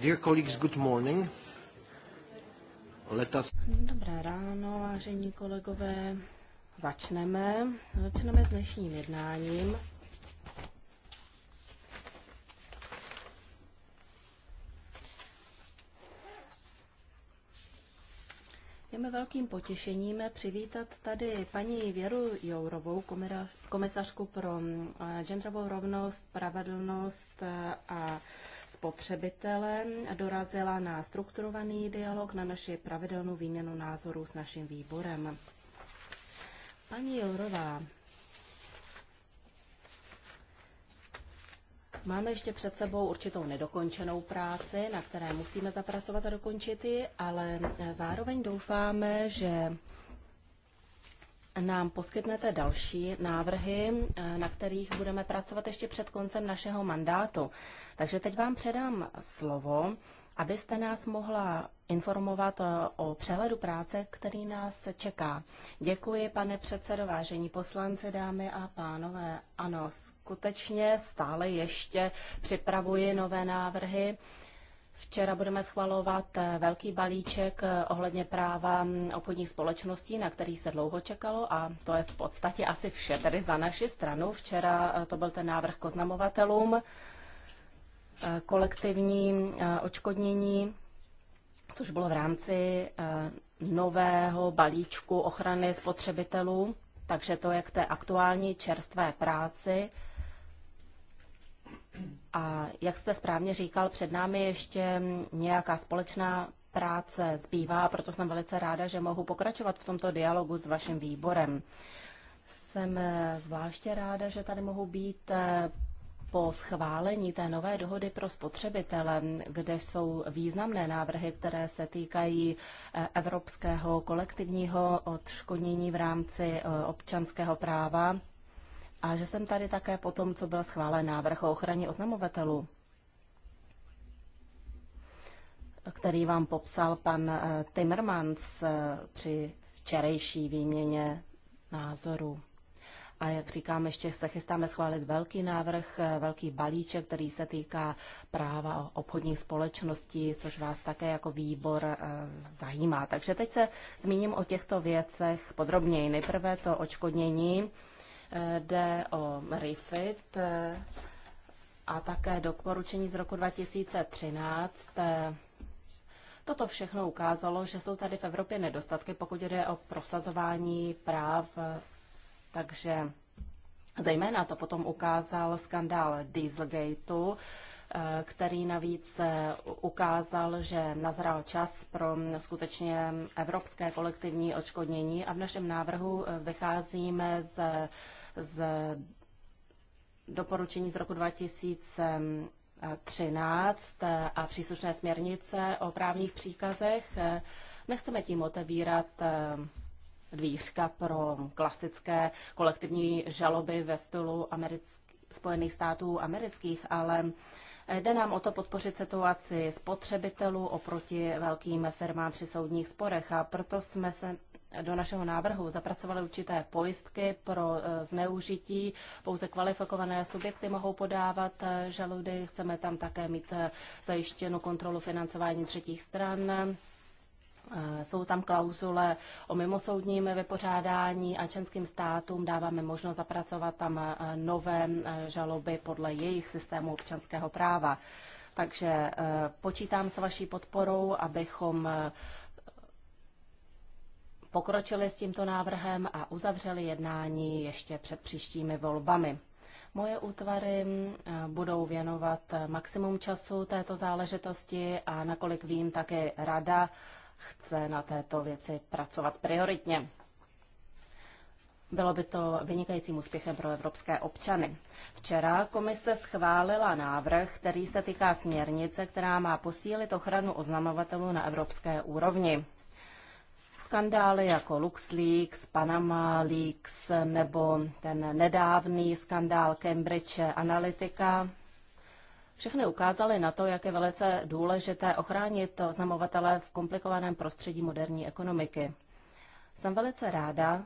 Dear colleagues, good morning. Let us... Dobré ráno, vážení kolegové. Začneme. Začneme s dnešním jednáním. Je mi velkým potěšením přivítat tady paní Věru Jourovou, komisařku pro eh, genderovou rovnost, spravedlnost eh, a spotřebitelem dorazila na strukturovaný dialog na naši pravidelnou výměnu názorů s naším výborem. Paní Jourová, Máme ještě před sebou určitou nedokončenou práci, na které musíme zapracovat a dokončit ji, ale zároveň doufáme, že nám poskytnete další návrhy, eh, na kterých budeme pracovat ještě před koncem našeho mandátu. Takže teď vám předám slovo, abyste nás mohla informovat eh, o přehledu práce, který nás čeká. Děkuji, pane předsedo, vážení poslanci, dámy a pánové. Ano, skutečně stále ještě připravuji nové návrhy. Včera budeme schvalovat eh, velký balíček eh, ohledně práva mm, obchodních společností, na který se dlouho čekalo a to je v podstatě asi vše tedy za naši stranu. Včera eh, to byl ten návrh k oznamovatelům, kolektivní očkodnění, což bylo v rámci nového balíčku ochrany spotřebitelů, takže to je k té aktuální čerstvé práci a jak jste správně říkal, před námi ještě nějaká společná práce zbývá, proto jsem velice ráda, že mohu pokračovat v tomto dialogu s vaším výborem. Jsem eh, zvláště ráda, že tady mohu být eh, po schválení té nové dohody pro spotřebitele, kde jsou významné návrhy, které se týkají eh, evropského kolektivního odškodnění v rámci občanského práva a že jsem tady také po tom, co byl schválen návrh o ochraně oznamovatelů, který vám popsal pan eh, Timmermans eh, při včerejší výměně názorů. A jak říkám, ještě se chystáme schválit velký návrh, eh, velký balíček, který se týká práva obchodních společností, což vás také jako výbor zajímá. Takže teď se zmíním o těchto věcech podrobněji. Nejprve to očkodnění jde o RIFIT eh, a také doporučení z roku 2013. Eh, toto všechno ukázalo, že jsou tady v Evropě nedostatky, pokud jde o prosazování práv, takže zejména to potom ukázal skandál Dieselgateu, eh, který navíc ukázal, že nazral čas pro skutečně evropské kolektivní očkodnění a v našem návrhu vycházíme z z doporučení z roku 2013 eh, a příslušné směrnice o právních příkazech. Nechceme eh, tím otevírat eh, dvířka pro klasické kolektivní žaloby ve stylu amerických Spojených států amerických, ale jde nám o to podpořit situaci spotřebitelů oproti velkým firmám při soudních sporech a proto jsme se do našeho návrhu zapracovali určité pojistky pro e, zneužití. Pouze kvalifikované subjekty mohou podávat e, žaludy. Chceme tam také mít e, zajištěnu kontrolu financování třetích stran. Jsou tam klauzule o mimosoudním vypořádání a členským státům dáváme možnost zapracovat tam nové žaloby podle jejich systému občanského práva. Takže počítám s vaší podporou, abychom pokročili s tímto návrhem a uzavřeli jednání ještě před příštími volbami. Moje útvary budou věnovat maximum času této záležitosti a nakolik vím, také rada chce na této věci pracovat prioritně. Bylo by to vynikajícím úspěchem pro evropské občany. Včera komise schválila návrh, který se týká směrnice, která má posílit ochranu oznamovatelů na evropské úrovni. Skandály jako LuxLeaks, Panama Leaks nebo ten nedávný skandál Cambridge Analytica všechny ukázaly na to, jak je velice důležité ochránit oznamovatele v komplikovaném prostředí moderní ekonomiky. Jsem velice ráda,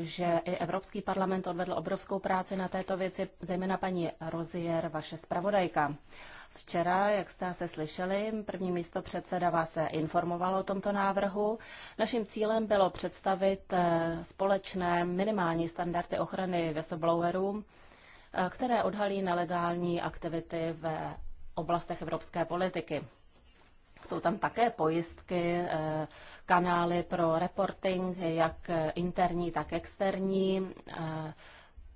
že i Evropský parlament odvedl obrovskou práci na této věci, zejména paní Rozier, vaše zpravodajka. Včera, jak jste se slyšeli, první místo předseda vás se informovalo o tomto návrhu. Naším cílem bylo představit eh, společné minimální standardy ochrany whistleblowerů, eh, které odhalí nelegální aktivity v oblastech evropské politiky. Jsou tam také pojistky, eh, kanály pro reporting, jak interní, tak externí. Eh,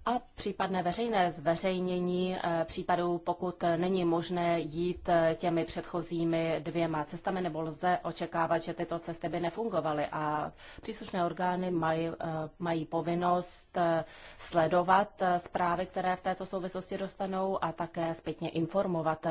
a případné veřejné zveřejnění eh, případů, pokud není možné jít eh, těmi předchozími dvěma cestami, nebo lze očekávat, že tyto cesty by nefungovaly. A příslušné orgány mají, eh, mají povinnost sledovat zprávy, které v této souvislosti dostanou a také zpětně informovat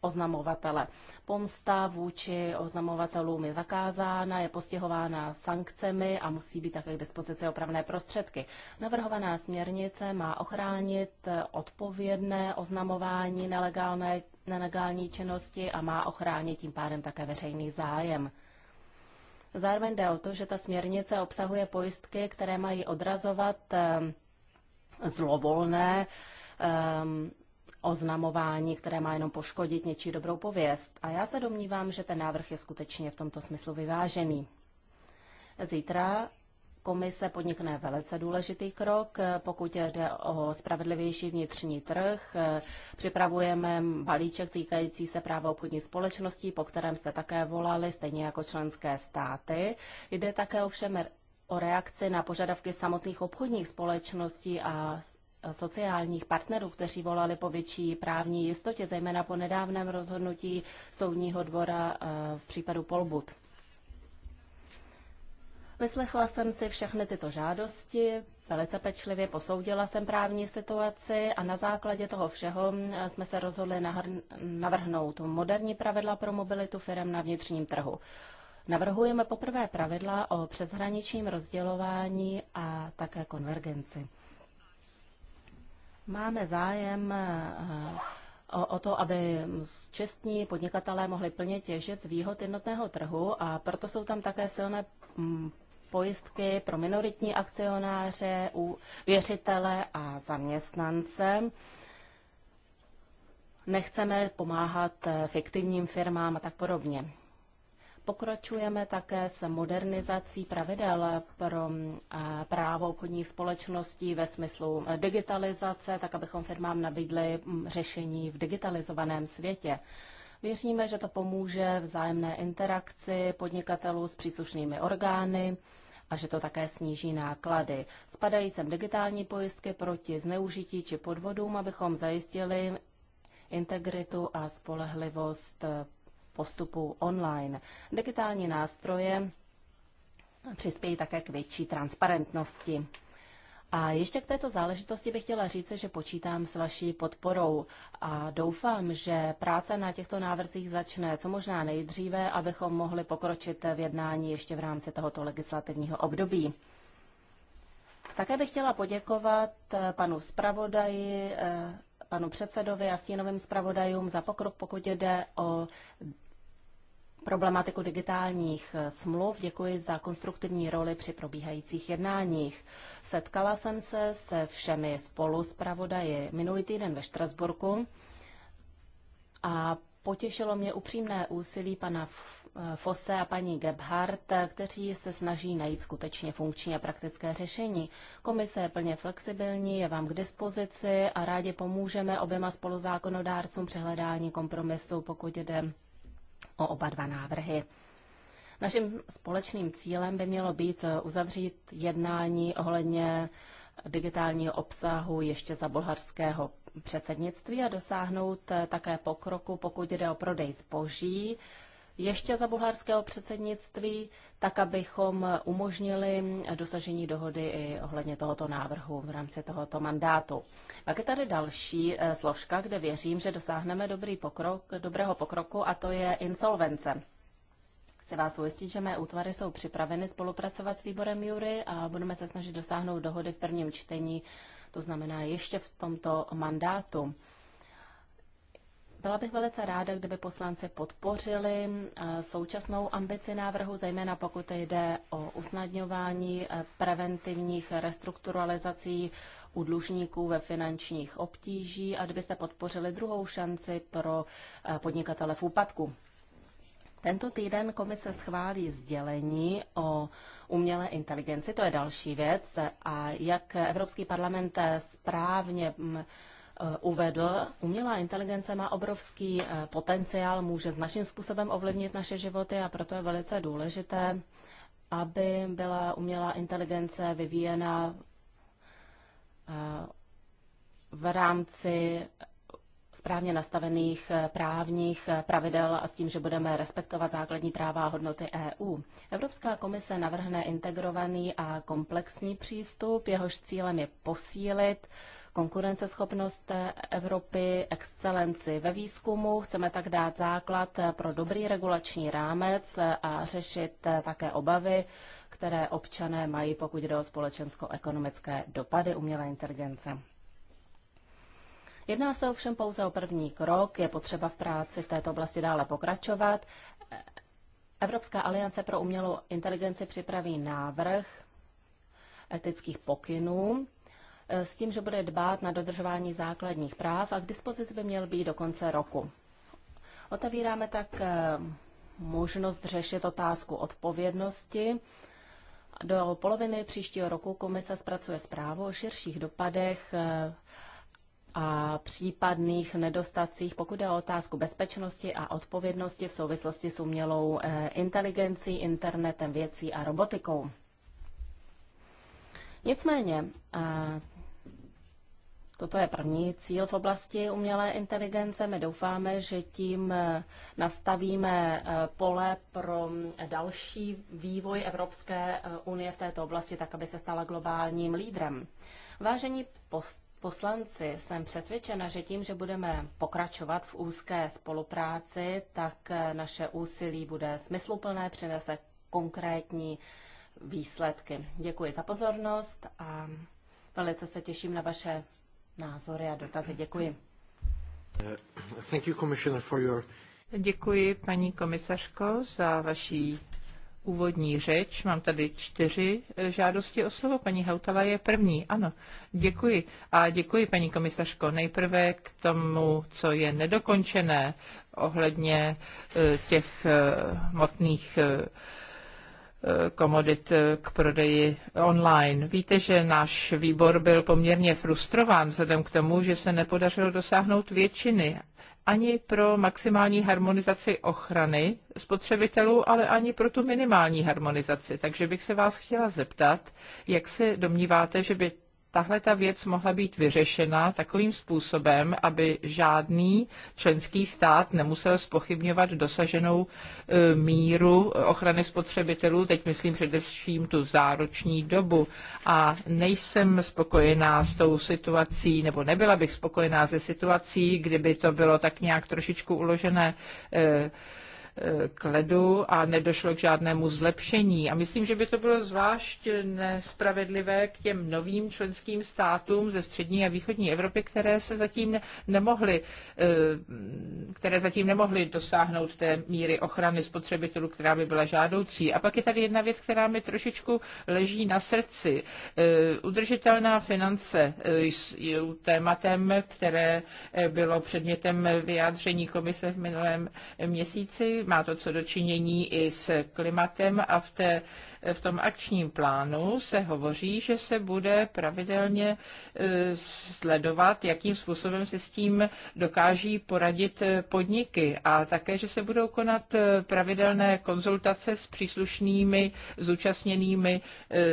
oznamovatele. Pomsta vůči oznamovatelům je zakázána, je postihována sankcemi a musí být také k dispozici opravné prostředky. Navrhovaná směrnice směrnice má ochránit odpovědné oznamování nelegálné, nelegální činnosti a má ochránit tím pádem také veřejný zájem. Zároveň jde o to, že ta směrnice obsahuje pojistky, které mají odrazovat ehm, zlovolné um, oznamování, které má jenom poškodit něčí dobrou pověst. A já se domnívám, že ten návrh je skutečně v tomto smyslu vyvážený. Zítra Komise podnikne velice důležitý krok, pokud jde o spravedlivější vnitřní trh. Připravujeme balíček týkající se práva obchodní společností, po kterém jste také volali, stejně jako členské státy. Jde také ovšem o reakci na požadavky samotných obchodních společností a sociálních partnerů, kteří volali po větší právní jistotě, zejména po nedávném rozhodnutí Soudního dvora eh, v případu Polbut. Vyslechla jsem si všechny tyto žádosti, velice pečlivě posoudila jsem právní situaci a na základě toho všeho mm, jsme se rozhodli navrhnout moderní pravidla pro mobilitu firm na vnitřním trhu. Navrhujeme poprvé pravidla o přeshraničním rozdělování a také konvergenci. Máme zájem eh, o, to, aby čestní podnikatelé mohli plně těžit z výhod jednotného trhu a proto jsou tam také silné mm, pojistky pro minoritní akcionáře, u věřitele a zaměstnance. Nechceme pomáhat eh, fiktivním firmám a tak podobně. Pokračujeme také s modernizací pravidel pro mm, eh, právo obchodních společností ve smyslu eh, digitalizace, tak abychom firmám nabídli mm, řešení v digitalizovaném světě. Věříme, že to pomůže vzájemné interakci podnikatelů s příslušnými orgány a že to také sníží náklady. Spadají sem digitální pojistky proti zneužití či podvodům, abychom zajistili integritu a spolehlivost postupu online. Digitální nástroje přispějí také k větší transparentnosti. A ještě k této záležitosti bych chtěla říct, že počítám s vaší podporou a doufám, že práce na těchto návrzích začne co možná nejdříve, abychom mohli pokročit v jednání ještě v rámci tohoto legislativního období. Také bych chtěla poděkovat eh, panu zpravodaji, eh, panu předsedovi a stínovým zpravodajům za pokrok, pokud jde o problematiku digitálních eh, smluv. Děkuji za konstruktivní roli při probíhajících jednáních. Setkala jsem se se všemi spolu s pravodaji minulý týden ve Štrasburku a potěšilo mě upřímné úsilí pana eh, Fosse a paní Gebhardt, eh, kteří se snaží najít skutečně funkční a praktické řešení. Komise je plně flexibilní, je vám k dispozici a rádi pomůžeme oběma spoluzákonodárcům přehledání kompromisu, pokud jde o oba dva návrhy. Naším společným cílem by mělo být uzavřít jednání ohledně digitálního obsahu ještě za bulharského předsednictví a dosáhnout také pokroku, pokud jde o prodej zboží ještě za bulharského předsednictví, tak abychom umožnili dosažení dohody i ohledně tohoto návrhu v rámci tohoto mandátu. Pak je tady další eh, složka, kde věřím, že dosáhneme dobrý pokrok, dobrého pokroku a to je insolvence. Chci vás ujistit, že mé útvary jsou připraveny spolupracovat s výborem Jury a budeme se snažit dosáhnout dohody v prvním čtení, to znamená ještě v tomto mandátu. Byla bych velice ráda, kdyby poslanci podpořili eh, současnou ambici návrhu, zejména pokud jde o usnadňování eh, preventivních restrukturalizací u dlužníků ve finančních obtíží a kdybyste podpořili druhou šanci pro eh, podnikatele v úpadku. Tento týden komise schválí sdělení o umělé inteligenci, to je další věc, a jak Evropský parlament správně mm, Eh, uvedl, umělá inteligence má obrovský eh, potenciál, může značným způsobem ovlivnit naše životy a proto je velice důležité, aby byla umělá inteligence vyvíjena eh, v rámci správně nastavených právních pravidel a s tím, že budeme respektovat základní práva a hodnoty EU. Evropská komise navrhne integrovaný a komplexní přístup, jehož cílem je posílit konkurenceschopnost Evropy, excelenci ve výzkumu. Chceme tak dát základ pro dobrý regulační rámec a řešit také obavy, které občané mají, pokud jde o společensko-ekonomické dopady umělé inteligence. Jedná se ovšem pouze o první krok, je potřeba v práci v této oblasti dále pokračovat. Evropská aliance pro umělou inteligenci připraví návrh etických pokynů Eh, s tím, že bude dbát na dodržování základních práv a k dispozici by měl být do konce roku. Otevíráme tak eh, možnost řešit otázku odpovědnosti. Do poloviny příštího roku komise zpracuje zprávu o širších dopadech eh, a případných nedostacích, pokud je o otázku bezpečnosti a odpovědnosti v souvislosti s umělou inteligencí, internetem věcí a robotikou. Nicméně Toto je první cíl v oblasti umělé inteligence. My doufáme, že tím eh, nastavíme eh, pole pro eh, další vývoj Evropské unie v této oblasti, tak aby se stala globálním lídrem. Vážení poslanci, jsem přesvědčena, že tím, že budeme pokračovat v úzké spolupráci, tak naše úsilí bude smysluplné, přinese konkrétní výsledky. Děkuji za pozornost a velice se těším na vaše názory a dotazy. Děkuji. Uh, děkuji, paní komisařko, za vaší úvodní řeč. Mám tady čtyři eh, žádosti o slovo. Paní Hautala je první. Ano, děkuji. A děkuji, paní komisařko. Nejprve k tomu, co je nedokončené ohledně eh, těch eh, motných komodit k prodeji online. Víte, že náš výbor byl poměrně frustrován vzhledem k tomu, že se nepodařilo dosáhnout většiny ani pro maximální harmonizaci ochrany spotřebitelů, ale ani pro tu minimální harmonizaci. Takže bych se vás chtěla zeptat, jak se domníváte, že by tahle ta věc mohla být vyřešena takovým způsobem, aby žádný členský stát nemusel spochybňovat dosaženou e, míru ochrany spotřebitelů, teď myslím především tu zároční dobu. A nejsem spokojená s tou situací, nebo nebyla bych spokojená se situací, kdyby to bylo tak nějak trošičku uložené e, kledu a nedošlo k žádnému zlepšení. A myslím, že by to bylo zvlášť nespravedlivé k těm novým členským státům ze střední a východní Evropy, které se zatím nemohly, eh, které zatím nemohly dosáhnout té míry ochrany spotřebitelů, která by byla žádoucí. A pak je tady jedna věc, která mi trošičku leží na srdci. Eh, udržitelná finance eh, je tématem, které bylo předmětem vyjádření komise v minulém měsíci má to co dočinění i s klimatem a v té v tom akčním plánu se hovoří, že se bude pravidelně e, sledovat, jakým způsobem se s tím dokáží poradit e, podniky a také, že se budou konat e, pravidelné konzultace s příslušnými zúčastněnými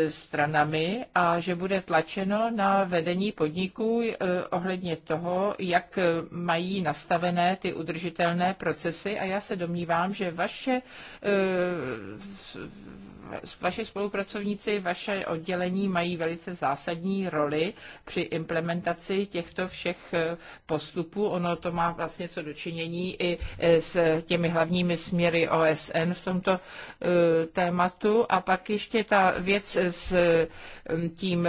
stranami a že bude tlačeno na vedení podniků ohledně toho, jak mají nastavené ty udržitelné procesy a já se domnívám, že vaše vaši spolupracovníci, vaše oddělení mají velice zásadní roli při implementaci těchto všech eh, postupů. Ono to má vlastně co dočinění i eh, s těmi hlavními směry OSN v tomto eh, tématu. A pak ještě ta věc s tím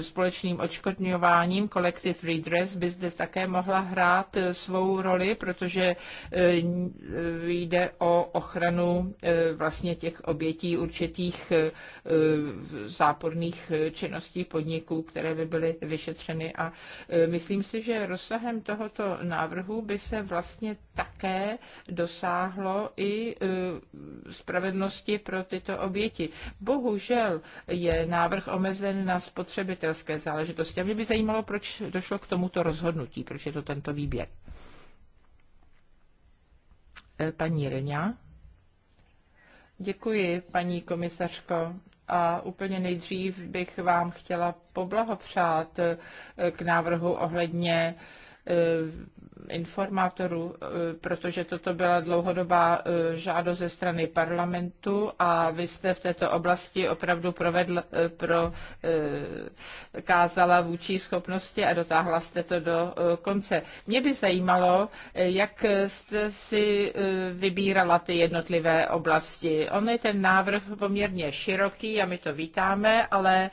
společným očkodňováním, Collective Redress by zde také mohla hrát svou roli, protože jde o ochranu vlastně těch obětí určitých těch eh, záporných eh, činností podniků, které by byly vyšetřeny. A eh, myslím si, že rozsahem tohoto návrhu by se vlastně také dosáhlo i spravedlnosti pro tyto oběti. Bohužel je návrh omezen na spotřebitelské záležitosti. A mě by zajímalo, proč došlo k tomuto rozhodnutí, proč je to tento výběr. Paní Reňa. Děkuji, paní komisařko. A úplně nejdřív bych vám chtěla poblahopřát eh, k návrhu ohledně eh, informátorů, eh, protože toto byla dlouhodobá eh, žádost ze strany parlamentu a vy jste v této oblasti opravdu provedl, eh, prokázala vůči schopnosti a dotáhla jste to do konce. Mě by zajímalo, jak jste si vybírala ty jednotlivé oblasti. On je ten návrh poměrně široký a my to vítáme, ale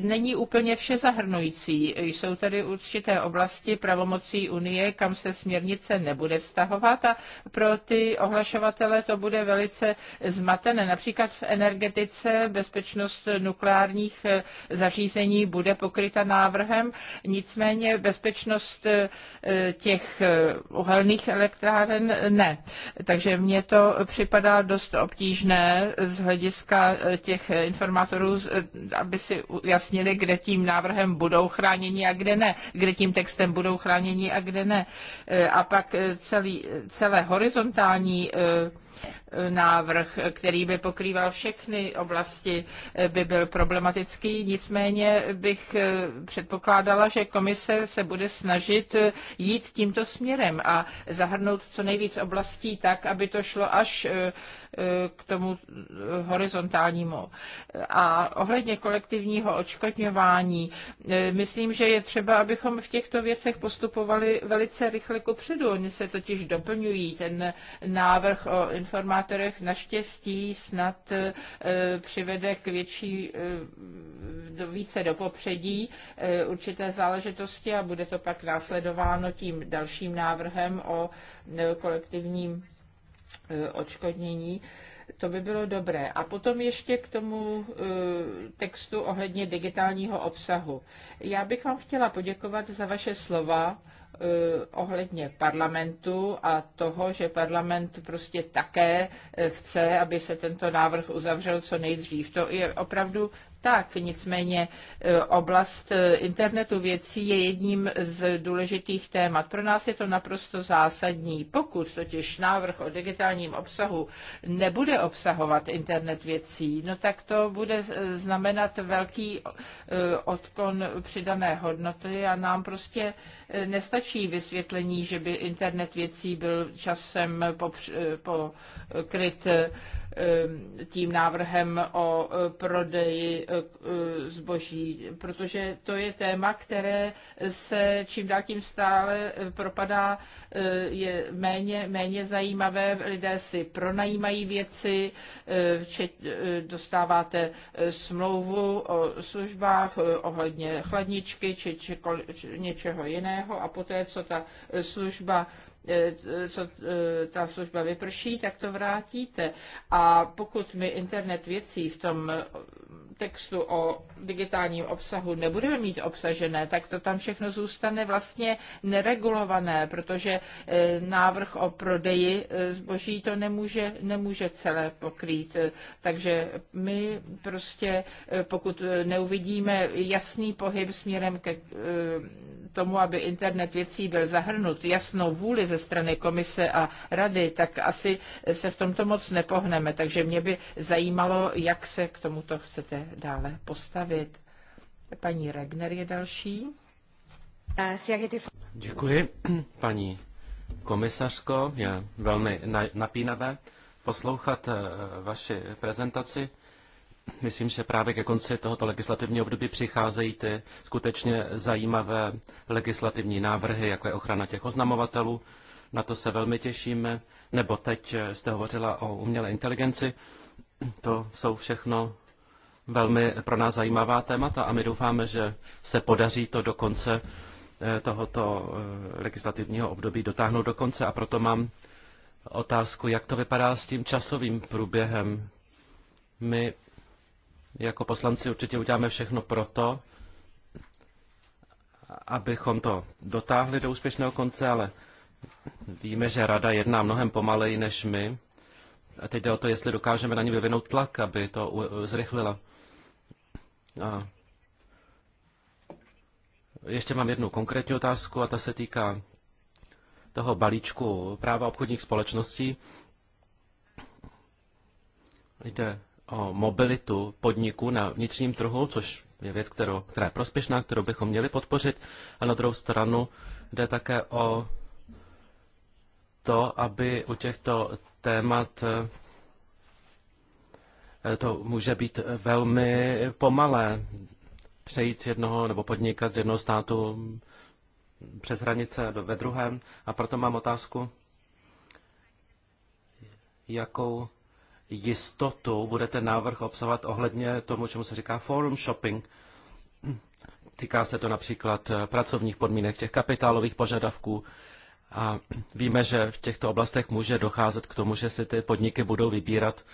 není úplně vše zahrnující. Jsou tady určité oblasti pravomocí Unie, kam se směrnice nebude vztahovat a pro ty ohlašovatele to bude velice zmatené. Například v energetice bezpečnost nukleárních eh, zařízení bude pokryta návrhem, nicméně bezpečnost eh, těch eh, uhelných elektráren ne. Takže mně to připadá dost obtížné z hlediska těch informátorů, aby si ujasnili, kde tím návrhem budou chráněni a kde ne, kde tím textem budou chráněni a kde ne. Eh, a pak eh, celý, celé horizontální eh, návrh, který by pokrýval všechny oblasti, eh, by byl problematický. Nicméně bych eh, předpokládala, že komise se bude snažit eh, jít tímto směrem a zahrnout co nejvíc oblastí tak, aby to šlo až k tomu horizontálnímu. A ohledně kolektivního očkodňování, myslím, že je třeba, abychom v těchto věcech postupovali velice rychle kupředu. Oni se totiž doplňují. Ten návrh o informátorech naštěstí snad e, přivede k větší, e, do, více do popředí e, určité záležitosti a bude to pak následováno tím dalším návrhem o kolektivním odškodnění. To by bylo dobré. A potom ještě k tomu textu ohledně digitálního obsahu. Já bych vám chtěla poděkovat za vaše slova Eh, ohledně parlamentu a toho, že parlament prostě také eh, chce, aby se tento návrh uzavřel co nejdřív. To je opravdu tak. Nicméně e, oblast e, internetu věcí je jedním z důležitých témat. Pro nás je to naprosto zásadní. Pokud totiž návrh o digitálním obsahu nebude obsahovat internet věcí, no tak to bude znamenat velký e, odklon přidané hodnoty a nám prostě nestačí vysvětlení, že by internet věcí byl časem pokryt po Um, tím návrhem o eh, prodeji eh, zboží, protože to je téma, které se čím dál tím stále eh, propadá, je méně, méně zajímavé. Lidé si pronajímají věci, dostáváte smlouvu o službách ohledně chladničky či, či, či něčeho jiného a poté, co ta služba E, co e, ta služba vyprší, tak to vrátíte. A pokud mi internet věcí v tom textu o digitálním obsahu nebudeme mít obsažené, tak to tam všechno zůstane vlastně neregulované, protože eh, návrh o prodeji eh, zboží to nemůže, nemůže celé pokrýt. Takže my prostě, eh, pokud neuvidíme jasný pohyb směrem ke tomu, aby internet věcí byl zahrnut, jasnou vůli ze strany komise a rady, tak asi se v tomto moc nepohneme. Takže mě by zajímalo, jak se k tomuto chcete dále postavit. Paní Regner je další. Děkuji, paní komisařko. Je velmi napínavé poslouchat eh, vaši prezentaci. Myslím, že právě ke konci tohoto legislativního období přicházejí ty skutečně zajímavé legislativní návrhy, jako je ochrana těch oznamovatelů. Na to se velmi těšíme. Nebo teď eh, jste hovořila o umělé inteligenci. To jsou všechno velmi pro nás zajímavá témata a my doufáme, že se podaří to do konce eh, tohoto eh, legislativního období dotáhnout do konce a proto mám otázku, jak to vypadá s tím časovým průběhem. My jako poslanci určitě uděláme všechno proto, abychom to dotáhli do úspěšného konce, ale víme, že rada jedná mnohem pomaleji než my. A teď jde o to, jestli dokážeme na ní vyvinout tlak, aby to zrychlila. A ještě mám jednu konkrétní otázku a ta se týká toho balíčku práva obchodních společností. Jde o mobilitu podniků na vnitřním trhu, což je věc, kterou, která je prospěšná, kterou bychom měli podpořit. A na druhou stranu jde také o to, aby u těchto témat Eh, to může být velmi pomalé přejít z jednoho nebo podnikat z jednoho státu přes hranice ve druhém. A proto mám otázku, jakou jistotu bude ten návrh obsahovat ohledně tomu, čemu se říká forum shopping. Týká se to například eh, pracovních podmínek, těch kapitálových požadavků. A víme, že v těchto oblastech může docházet k tomu, že si ty podniky budou vybírat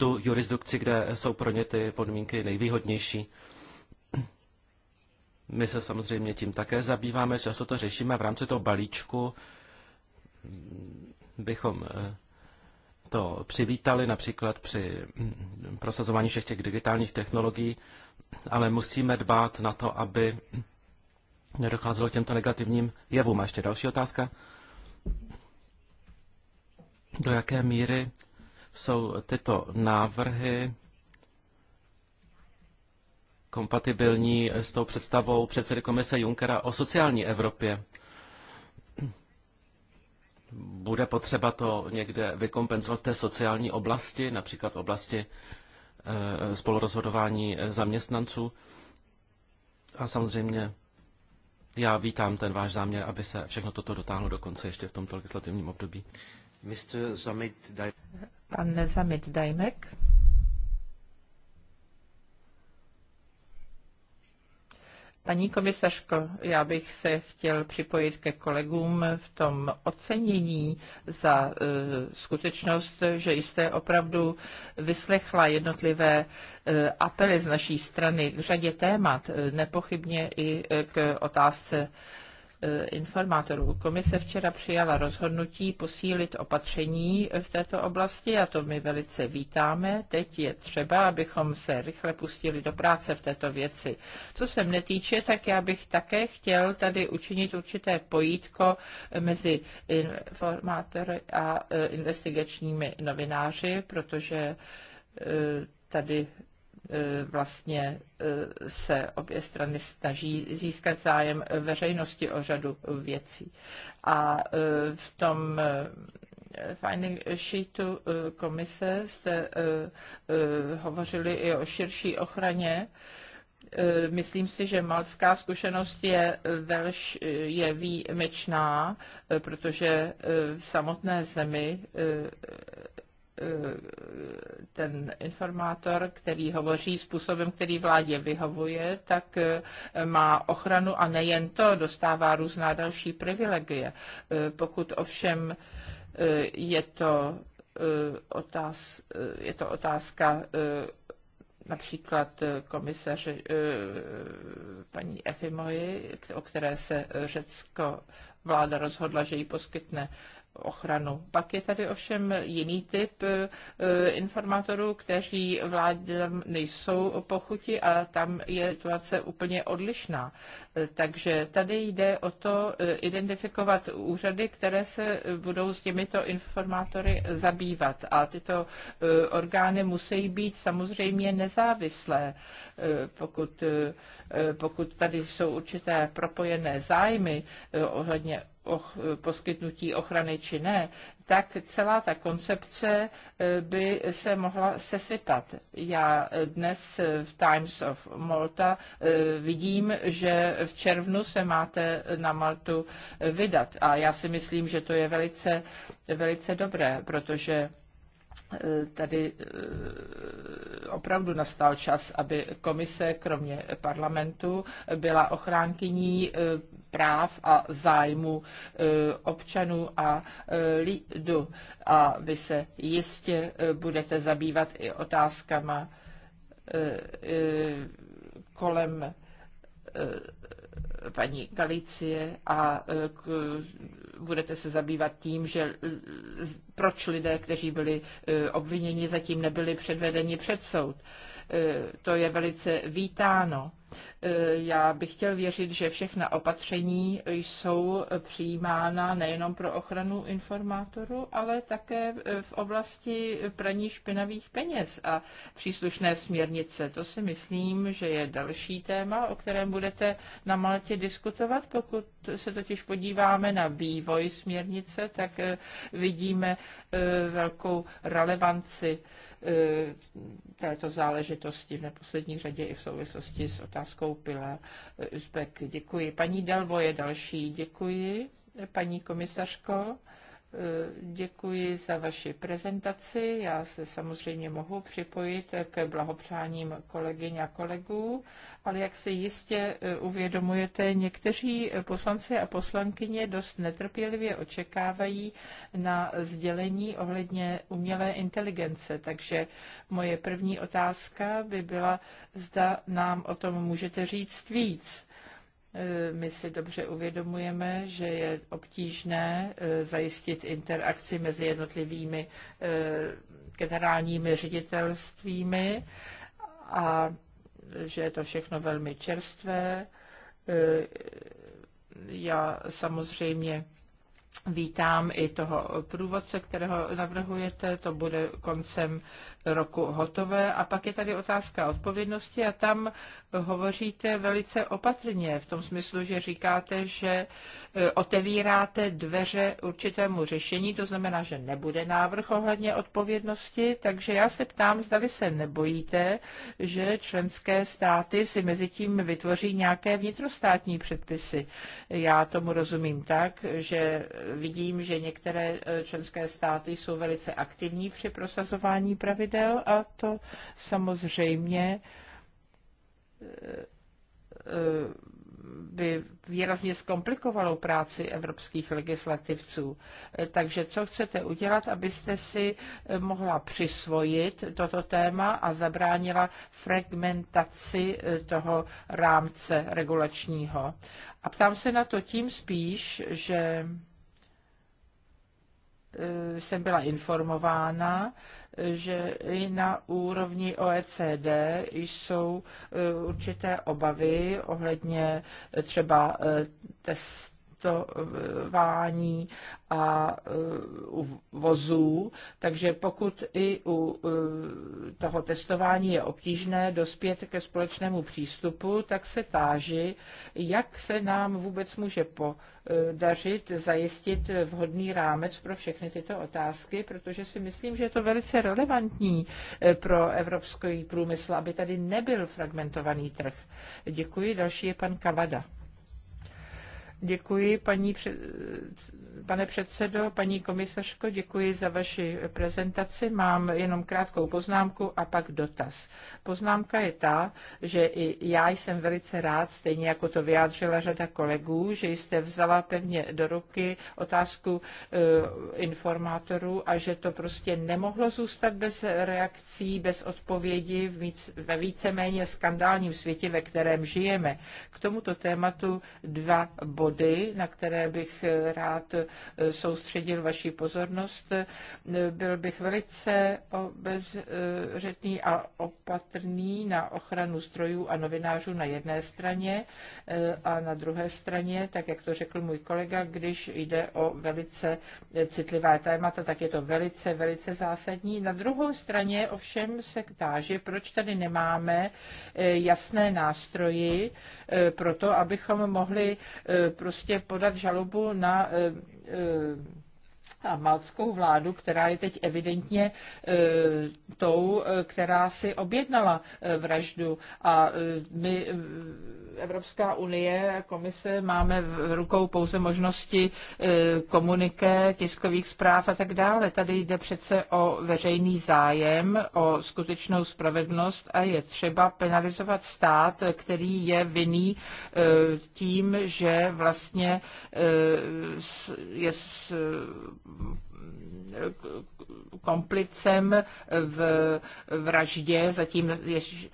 tu jurisdikci, kde jsou pro ně ty podmínky nejvýhodnější. My se samozřejmě tím také zabýváme, často to řešíme v rámci toho balíčku. Bychom eh, to přivítali například při mm, prosazování všech těch digitálních technologií, ale musíme dbát na to, aby nedocházelo k těmto negativním jevům. A ještě další otázka. Do jaké míry jsou tyto návrhy kompatibilní s tou představou předsedy komise Junckera o sociální Evropě. Bude potřeba to někde vykompenzovat v té sociální oblasti, například oblasti eh, spolurozhodování zaměstnanců. A samozřejmě já vítám ten váš záměr, aby se všechno toto dotáhlo do konce ještě v tomto legislativním období. Mr. Zamit, Pan Zamit Dajmek. Paní komisařko, já bych se chtěl připojit ke kolegům v tom ocenění za uh, skutečnost, že jste opravdu vyslechla jednotlivé uh, apely z naší strany k řadě témat, e, nepochybně i k otázce Eh, informátorů. Komise včera přijala rozhodnutí posílit opatření v této oblasti a to my velice vítáme. Teď je třeba, abychom se rychle pustili do práce v této věci. Co se mne týče, tak já bych také chtěl tady učinit určité pojítko mezi informátory a eh, investigačními novináři, protože eh, tady E, vlastně e, se obě strany snaží získat zájem veřejnosti o řadu věcí. A e, v tom finding sheetu komise jste hovořili i o širší ochraně myslím si, že maltská zkušenost je, velš, je výjimečná, protože v samotné zemi Eh, ten informátor, který hovoří způsobem, který vládě vyhovuje, tak eh, má ochranu a nejen to, dostává různá další privilegie. Eh, pokud ovšem je to, otáz, je to otázka například komisař paní Efimoji, o které se řecko vláda rozhodla, že jí poskytne ochranu. Pak je tady ovšem jiný typ eh, eh, informátorů, kteří vládám nejsou pochuti a tam je situace úplně odlišná. Eh, takže tady jde o to identifikovat úřady, které se budou s těmito informátory zabývat. A tyto orgány musí být samozřejmě nezávislé, pokud, pokud tady jsou určité propojené zájmy ohledně och, poskytnutí ochrany či ne, tak celá ta koncepce eh, by se mohla sesypat. Já dnes v Times of Malta eh, vidím, že v červnu se máte na Maltu vydat. A já si myslím, že to je velice, velice dobré, protože Eh, tady eh, opravdu nastal čas, aby komise, kromě parlamentu, byla ochránkyní eh, práv a zájmu občanů a lidu. A vy se jistě budete zabývat i otázkama kolem paní Galicie a budete se zabývat tím, že proč lidé, kteří byli e, obviněni, zatím nebyli předvedeni před soud. Eh, to je velice vítáno. Eh, já bych chtěl věřit, že všechna opatření jsou přijímána nejenom pro ochranu informátorů, ale také eh, v oblasti praní špinavých peněz a příslušné směrnice. To si myslím, že je další téma, o kterém budete na Maltě diskutovat. Pokud se totiž podíváme na vývoj směrnice, tak vidíme velkou relevanci E, této záležitosti, v neposlední řadě i v souvislosti s otázkou Pila Uzbek. Děkuji. Paní Delvo je další. Děkuji, paní komisařko. Eh, děkuji za vaši prezentaci. Já se samozřejmě mohu připojit k blahopřáním kolegyň a kolegů, ale jak si jistě eh, uvědomujete, někteří poslanci a poslankyně dost netrpělivě očekávají na sdělení ohledně umělé inteligence. Takže moje první otázka by byla, zda nám o tom můžete říct víc Eh, my si dobře uvědomujeme, že je obtížné eh, zajistit interakci mezi jednotlivými eh, generálními ředitelstvími a že je to všechno velmi čerstvé. Já samozřejmě vítám i toho průvodce, kterého navrhujete. To bude koncem roku hotové. A pak je tady otázka odpovědnosti a tam hovoříte velice opatrně v tom smyslu, že říkáte, že e, otevíráte dveře určitému řešení, to znamená, že nebude návrh ohledně odpovědnosti, takže já se ptám, zdali se nebojíte, že členské státy si mezi tím vytvoří nějaké vnitrostátní předpisy. Já tomu rozumím tak, že vidím, že některé e, členské státy jsou velice aktivní při prosazování pravidel pravidel a to samozřejmě eh, eh, by výrazně zkomplikovalo práci evropských legislativců. Eh, takže co chcete udělat, abyste si mohla přisvojit toto téma a zabránila fragmentaci toho rámce regulačního? A ptám se na to tím spíš, že jsem byla informována, že i na úrovni OECD jsou e, určité obavy ohledně e, třeba e, test testování a e, u vozů. Takže pokud i u e, toho testování je obtížné dospět ke společnému přístupu, tak se táži, jak se nám vůbec může po dařit zajistit vhodný rámec pro všechny tyto otázky, protože si myslím, že je to velice relevantní e, pro evropský průmysl, aby tady nebyl fragmentovaný trh. Děkuji. Další je pan Kavada. Děkuji, paní, pane předsedo, paní komisařko, děkuji za vaši prezentaci. Mám jenom krátkou poznámku a pak dotaz. Poznámka je ta, že i já jsem velice rád, stejně jako to vyjádřila řada kolegů, že jste vzala pevně do ruky otázku eh, informátorů a že to prostě nemohlo zůstat bez reakcí, bez odpovědi ve víceméně skandálním světě, ve kterém žijeme. K tomuto tématu dva body body, na které bych rád eh, soustředil vaši pozornost. Byl bych velice obezřetný a opatrný na ochranu strojů a novinářů na jedné straně eh, a na druhé straně, tak jak to řekl můj kolega, když jde o velice citlivá témata, tak je to velice, velice zásadní. Na druhou straně ovšem se táže, proč tady nemáme eh, jasné nástroji pro to, abychom mohli prostě podat žalobu na eh, eh, a maltskou vládu, která je teď evidentně e, tou, e, která si objednala e, vraždu. A e, my, Evropská unie, komise, máme v rukou pouze možnosti e, komuniké, tiskových zpráv a tak dále. Tady jde přece o veřejný zájem, o skutečnou spravedlnost a je třeba penalizovat stát, který je vinný e, tím, že vlastně je s, komplicem v vraždě, zatím jež,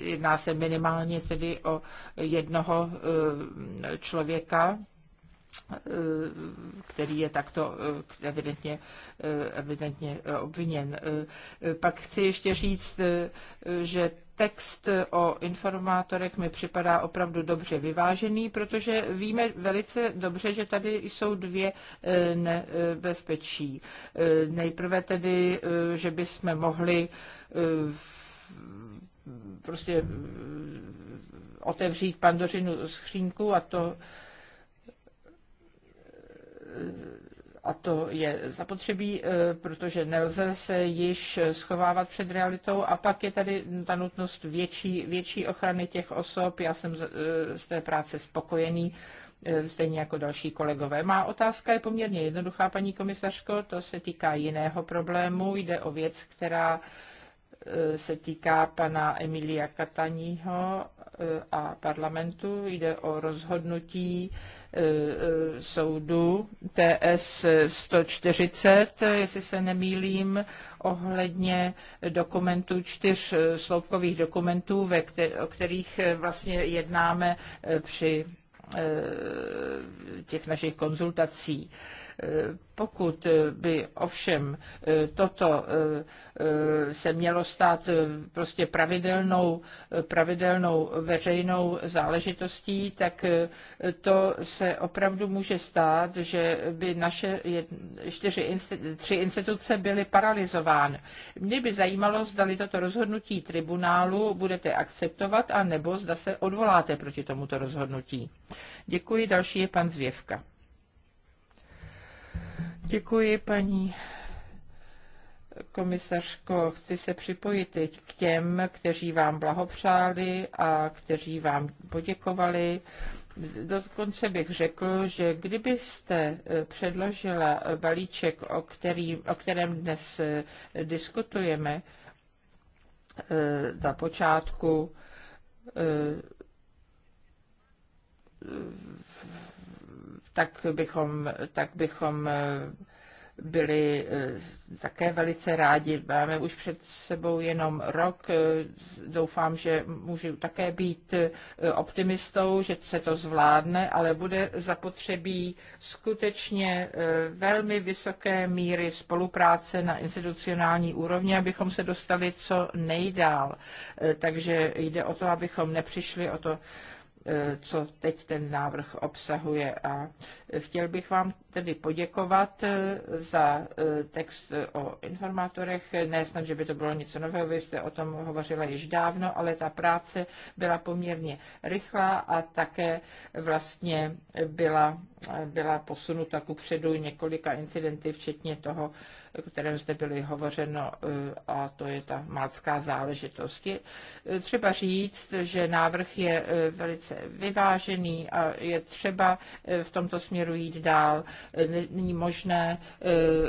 jedná se minimálně tedy o jednoho eh, člověka, eh, který je takto eh, evidentně, evidentně obviněn. Pak chci ještě říct, že text o informátorech mi připadá opravdu dobře vyvážený, protože víme velice dobře, že tady jsou dvě eh, nebezpečí. Eh, nejprve tedy, eh, že bychom mohli prostě otevřít pandořinu skřínku a to a to je zapotřebí, eh, protože nelze se již schovávat před realitou. A pak je tady ta nutnost větší, větší ochrany těch osob. Já jsem eh, z té práce spokojený, eh, stejně jako další kolegové. Má otázka je poměrně jednoduchá, paní komisařko, to se týká jiného problému. Jde o věc, která E, se týká pana Emilia Kataního e, a parlamentu. Jde o rozhodnutí e, soudu TS 140, jestli se nemýlím, ohledně dokumentů, čtyř sloupkových dokumentů, ve kter- o kterých vlastně jednáme při těch našich konzultací. Pokud by ovšem eh, toto eh, eh, se mělo stát prostě pravidelnou, pravidelnou veřejnou záležitostí, tak to se opravdu může stát, že by naše čtyři, tři instituce byly paralizovány. Mě by zajímalo, zdali toto rozhodnutí tribunálu budete akceptovat, a nebo zda se odvoláte proti tomuto rozhodnutí. Děkuji, další je pan Zvěvka. Děkuji, paní komisařko. Chci se připojit teď k těm, kteří vám blahopřáli a kteří vám poděkovali. Dokonce bych řekl, že kdybyste eh, předložila balíček, o, který, o kterém dnes eh, diskutujeme, eh, na počátku tak bychom, tak bychom eh, byli eh, také velice rádi. Máme už před sebou jenom rok. Eh, doufám, že můžu také být optimistou, že se to zvládne, ale bude zapotřebí skutečně velmi vysoké míry spolupráce na institucionální úrovni, abychom se dostali co nejdál. Takže jde o to, abychom nepřišli o to, E, co teď ten návrh obsahuje. A chtěl bych vám tedy poděkovat e, za e, text o informátorech. Ne snad, že by to bylo něco nového, vy jste o tom hovořila již dávno, ale ta práce byla poměrně rychlá a také vlastně byla, byla posunuta ku předu několika incidenty, včetně toho, o kterém zde byly hovořeno, eh, a to je ta malcká záležitost. Je eh, třeba říct, že návrh je eh, velice vyvážený a je třeba v tomto směru jít dál. Není možné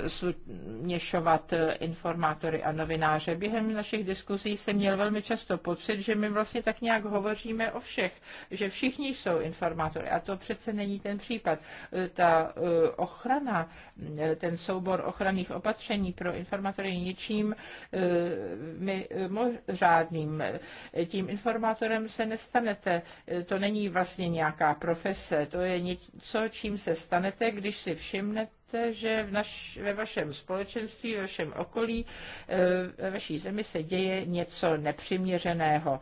směšovat informátory a novináře. Během našich diskuzí jsem měl velmi často pocit, že my vlastně tak nějak hovoříme o všech, že všichni jsou informátory a to přece není ten případ. Ta ochrana, ten soubor ochranných opatření, opatření pro informátory ničím e, e, mimořádným. Tím informátorem se nestanete, e, to není vlastně nějaká profese, to je něco, čím se stanete, když si všimnete, že v naš, ve vašem společenství, ve vašem okolí, ve vaší zemi se děje něco nepřiměřeného.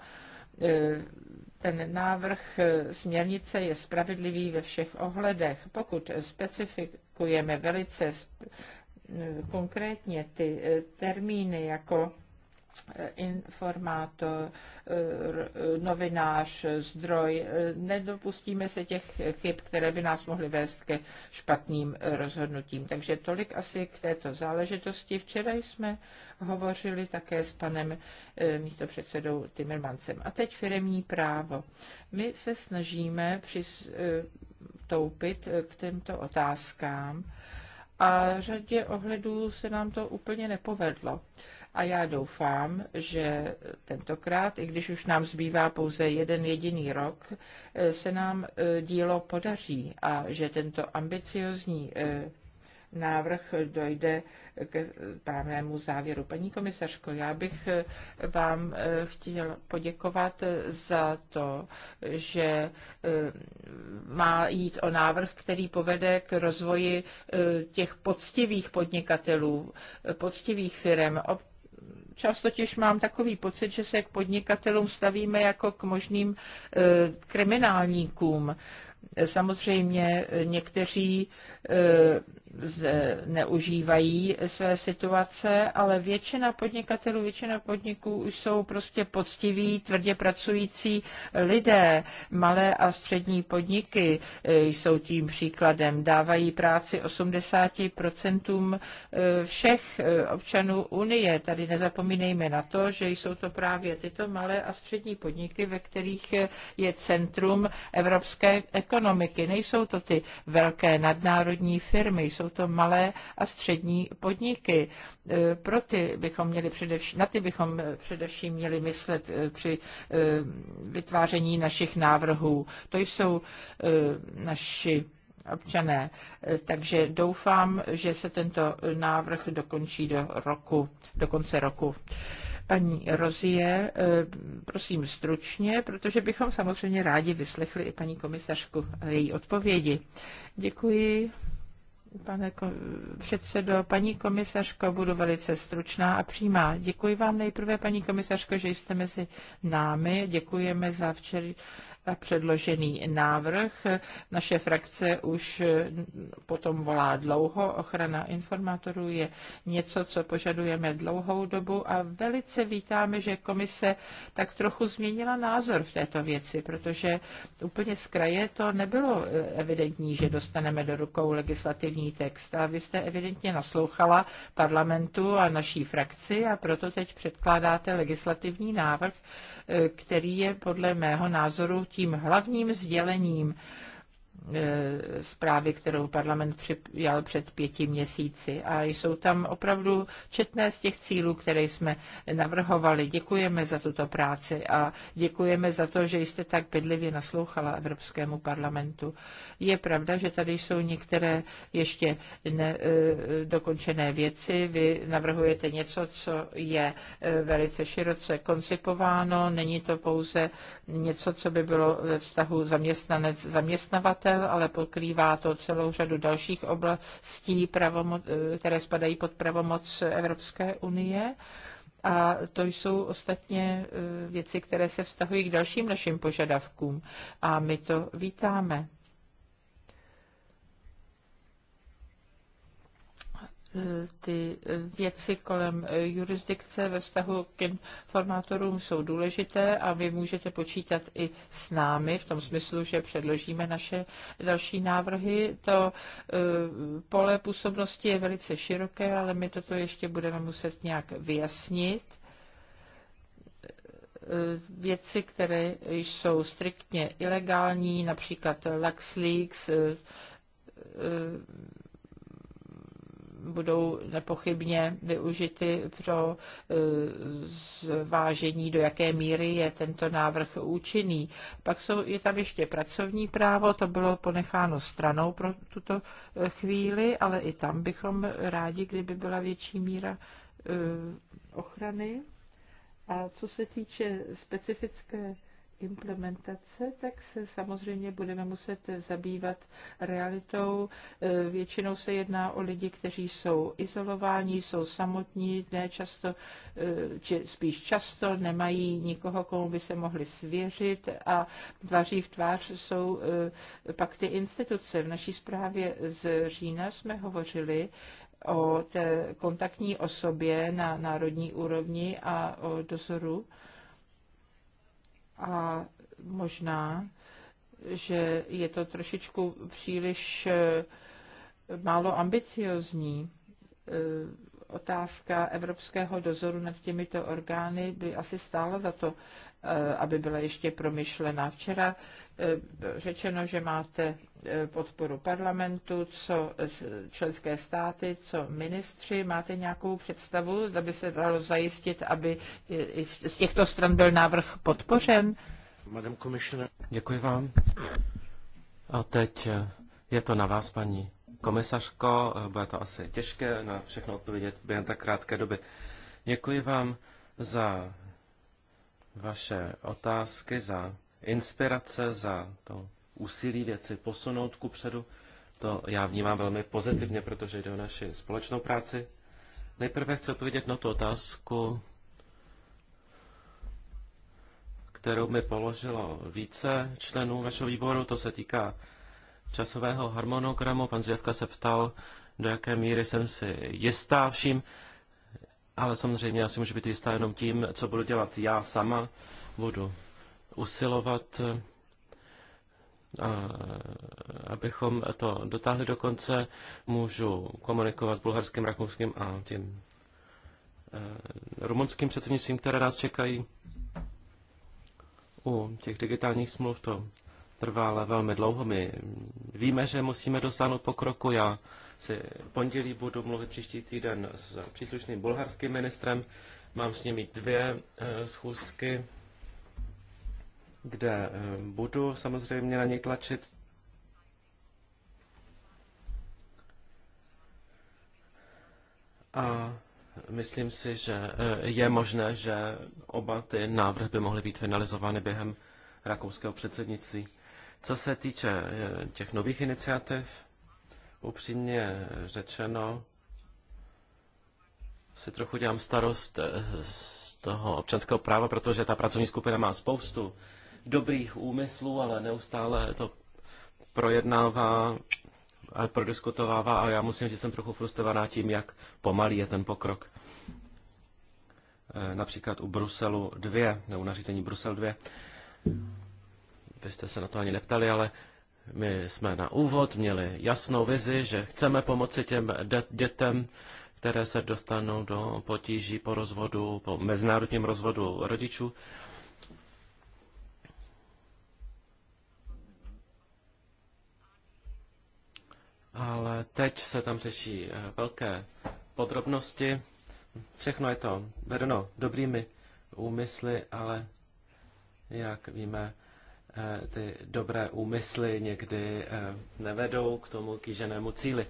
Ten návrh směrnice je spravedlivý ve všech ohledech. Pokud specifikujeme velice konkrétně ty eh, termíny jako eh, informátor, eh, novinář, zdroj. Nedopustíme se těch chyb, které by nás mohly vést ke špatným rozhodnutím. Takže tolik asi k této záležitosti. Včera jsme hovořili také s panem místopředsedou Timmermancem. A teď firemní právo. My se snažíme přistoupit k těmto otázkám a řadě ohledů se nám to úplně nepovedlo. A já doufám, že tentokrát, i když už nám zbývá pouze jeden jediný rok, eh, se nám eh, dílo podaří a že tento ambiciozní eh, návrh dojde k právnému závěru. Paní komisařko, já bych eh, vám eh, chtěl poděkovat eh, za to, že má jít o návrh, který povede k rozvoji těch poctivých podnikatelů, poctivých firm, Často těž mám takový pocit, že se k podnikatelům stavíme jako k možným kriminálníkům. Samozřejmě někteří neužívají své situace, ale většina podnikatelů, většina podniků už jsou prostě poctiví, tvrdě pracující lidé. Malé a střední podniky e, jsou tím příkladem. Dávají práci 80% e, všech e, občanů Unie. Tady nezapomínejme na to, že jsou to právě tyto malé a střední podniky, ve kterých je centrum evropské ekonomiky. Nejsou to ty velké nadnárodní firmy, jsou to malé a střední podniky. E, pro ty bychom měli především, na ty bychom e, především měli myslet e, při vytváření našich návrhů. To jsou naši občané. Takže doufám, že se tento návrh dokončí do roku, do konce roku. Paní Rozie, prosím stručně, protože bychom samozřejmě rádi vyslechli i paní komisařku a její odpovědi. Děkuji, Pane předsedo, paní komisařko, budu velice stručná a přímá. Děkuji vám nejprve, paní komisařko, že jste mezi námi. Děkujeme za včerejší na předložený návrh. Naše frakce už potom volá dlouho. Ochrana informátorů je něco, co požadujeme dlouhou dobu a velice vítáme, že komise tak trochu změnila názor v této věci, protože úplně z kraje to nebylo eh, evidentní, že dostaneme do rukou legislativní text. A vy jste evidentně naslouchala parlamentu a naší frakci a proto teď předkládáte legislativní návrh, který je podle mého názoru tím hlavním sdělením Eh, zprávy, kterou parlament přijal před pěti měsíci. A jsou tam opravdu četné z těch cílů, které jsme navrhovali. Děkujeme za tuto práci a děkujeme za to, že jste tak bedlivě naslouchala Evropskému parlamentu. Je pravda, že tady jsou některé ještě eh, dokončené věci. Vy navrhujete něco, co je eh, velice široce koncipováno. Není to pouze něco, co by bylo ve vztahu zaměstnanec-zaměstnavatel, obyvatel, ale pokrývá to celou řadu dalších oblastí, eh, které spadají pod pravomoc Evropské unie. A to jsou ostatně eh, věci, které se vztahují k dalším našim požadavkům. A my to vítáme. ty věci kolem jurisdikce ve vztahu k informátorům jsou důležité a vy můžete počítat i s námi v tom smyslu, že předložíme naše další návrhy. To eh, pole působnosti je velice široké, ale my toto ještě budeme muset nějak vyjasnit eh, věci, které jsou striktně ilegální, například LuxLeaks, eh, budou nepochybně využity pro eh, zvážení, do jaké míry je tento návrh účinný. Pak jsou, je tam ještě pracovní právo, to bylo ponecháno stranou pro tuto eh, chvíli, ale i tam bychom rádi, kdyby byla větší míra eh, ochrany. A co se týče specifické implementace, tak se samozřejmě budeme muset zabývat realitou. E, většinou se jedná o lidi, kteří jsou izolováni, jsou samotní, ne často, e, či spíš často nemají nikoho, komu by se mohli svěřit a tváří v tvář jsou e, pak ty instituce. V naší zprávě z října jsme hovořili o té kontaktní osobě na národní úrovni a o dozoru a možná, že je to trošičku příliš eh, málo ambiciozní. Eh, otázka evropského dozoru nad těmito orgány by asi stála za to, eh, aby byla ještě promyšlená. Včera řečeno, že máte Eh, podporu parlamentu, co členské státy, co ministři. Máte nějakou představu, aby by se dalo zajistit, aby i z těchto stran byl návrh podpořen? Madam Děkuji vám. A teď eh, je to na vás, paní komisařko. Eh, bude to asi těžké na všechno odpovědět během tak krátké doby. Děkuji vám za vaše otázky, za inspirace, za to úsilí věci posunout ku předu. To já vnímám velmi pozitivně, protože jde o naši společnou práci. Nejprve chci odpovědět na tu otázku, kterou mi položilo více členů vašeho výboru. To se týká časového harmonogramu. Pan Zvěvka se ptal, do jaké míry jsem si jistá vším, ale samozřejmě já si můžu být jistá jenom tím, co budu dělat já sama. Budu usilovat a abychom to dotáhli do konce, můžu komunikovat s bulharským, rakouským a tím eh, rumunským předsednictvím, které nás čekají. U těch digitálních smluv to trvá ale velmi dlouho. My víme, že musíme dosáhnout pokroku. Já si pondělí budu mluvit příští týden s příslušným bulharským ministrem. Mám s ním mít dvě eh, schůzky kde eh, budu samozřejmě na něj tlačit. A myslím si, že eh, je možné, že oba ty návrhy by mohly být finalizovány během rakouského předsednictví. Co se týče eh, těch nových iniciativ, upřímně řečeno, si trochu dělám starost z toho občanského práva, protože ta pracovní skupina má spoustu dobrých úmyslů, ale neustále to projednává a prodiskutovává a já musím, že jsem trochu frustrovaná tím, jak pomalý je ten pokrok. E, například u Bruselu 2, nebo nařízení Brusel 2. Vy jste se na to ani neptali, ale my jsme na úvod měli jasnou vizi, že chceme pomoci těm dětem, které se dostanou do potíží po rozvodu, po mezinárodním rozvodu rodičů. ale teď se tam řeší eh, velké podrobnosti. Všechno je to vedeno dobrými úmysly, ale jak víme, eh, ty dobré úmysly někdy eh, nevedou k tomu kýženému cíli.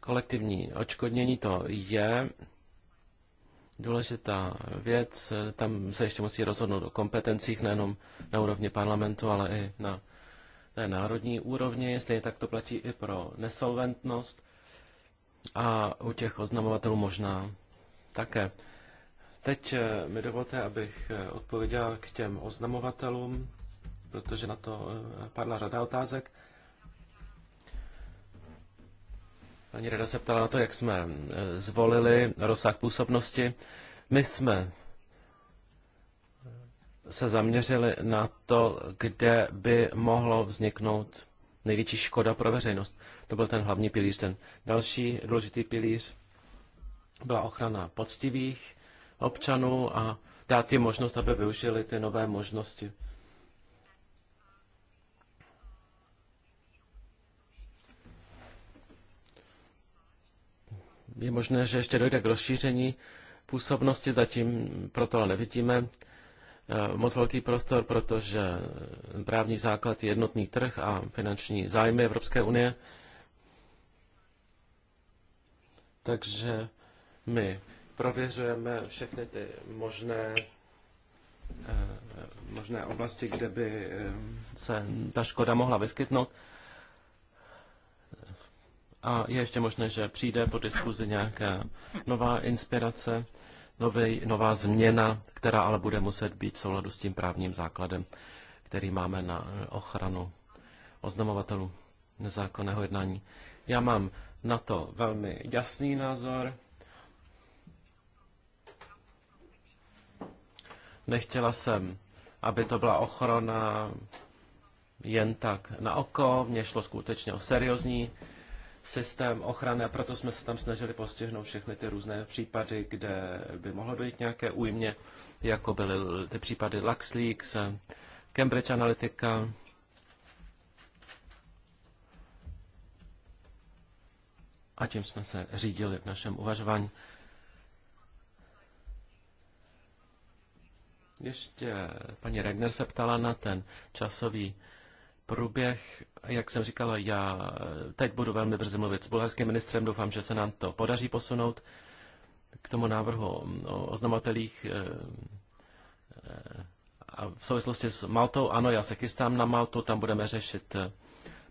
Kolektivní očkodnění to je důležitá věc. Tam se ještě musí rozhodnout o kompetencích nejenom na úrovni parlamentu, ale i na té národní úrovni, stejně tak to platí i pro nesolventnost a u těch oznamovatelů možná také. Teď eh, mi dovolte, abych eh, odpověděl k těm oznamovatelům, protože na to eh, padla řada otázek. Paní Rada se ptala na to, jak jsme zvolili rozsah působnosti. My jsme se zaměřili na to, kde by mohlo vzniknout největší škoda pro veřejnost. To byl ten hlavní pilíř. Ten další důležitý pilíř byla ochrana poctivých občanů a dát jim možnost, aby využili ty nové možnosti. Je možné, že ještě dojde k rozšíření působnosti, zatím proto ale nevidíme. Eh, moc velký prostor, protože právní základ je jednotný trh a finanční zájmy Evropské unie. Takže my prověřujeme všechny ty možné eh, možné oblasti, kde by eh, se ta škoda mohla vyskytnout. A je ještě možné, že přijde po diskuzi nějaká nová inspirace novej, nová změna, která ale bude muset být v souladu s tím právním základem, který máme na ochranu oznamovatelů nezákonného jednání. Já mám na to velmi jasný názor. Nechtěla jsem, aby to byla ochrana jen tak na oko. Mně šlo skutečně o seriózní systém ochrany a proto jsme se tam snažili postihnout všechny ty různé případy, kde by mohlo dojít nějaké újmě, jako byly ty případy LuxLeaks, Cambridge Analytica, a tím jsme se řídili v našem uvažování. Ještě paní Regner se ptala na ten časový průběh, jak jsem říkala, já teď budu velmi brzy mluvit s bulharským ministrem, doufám, že se nám to podaří posunout k tomu návrhu o oznamatelích eh, eh, a v souvislosti s Maltou. Ano, já se chystám na Maltu, tam budeme řešit eh,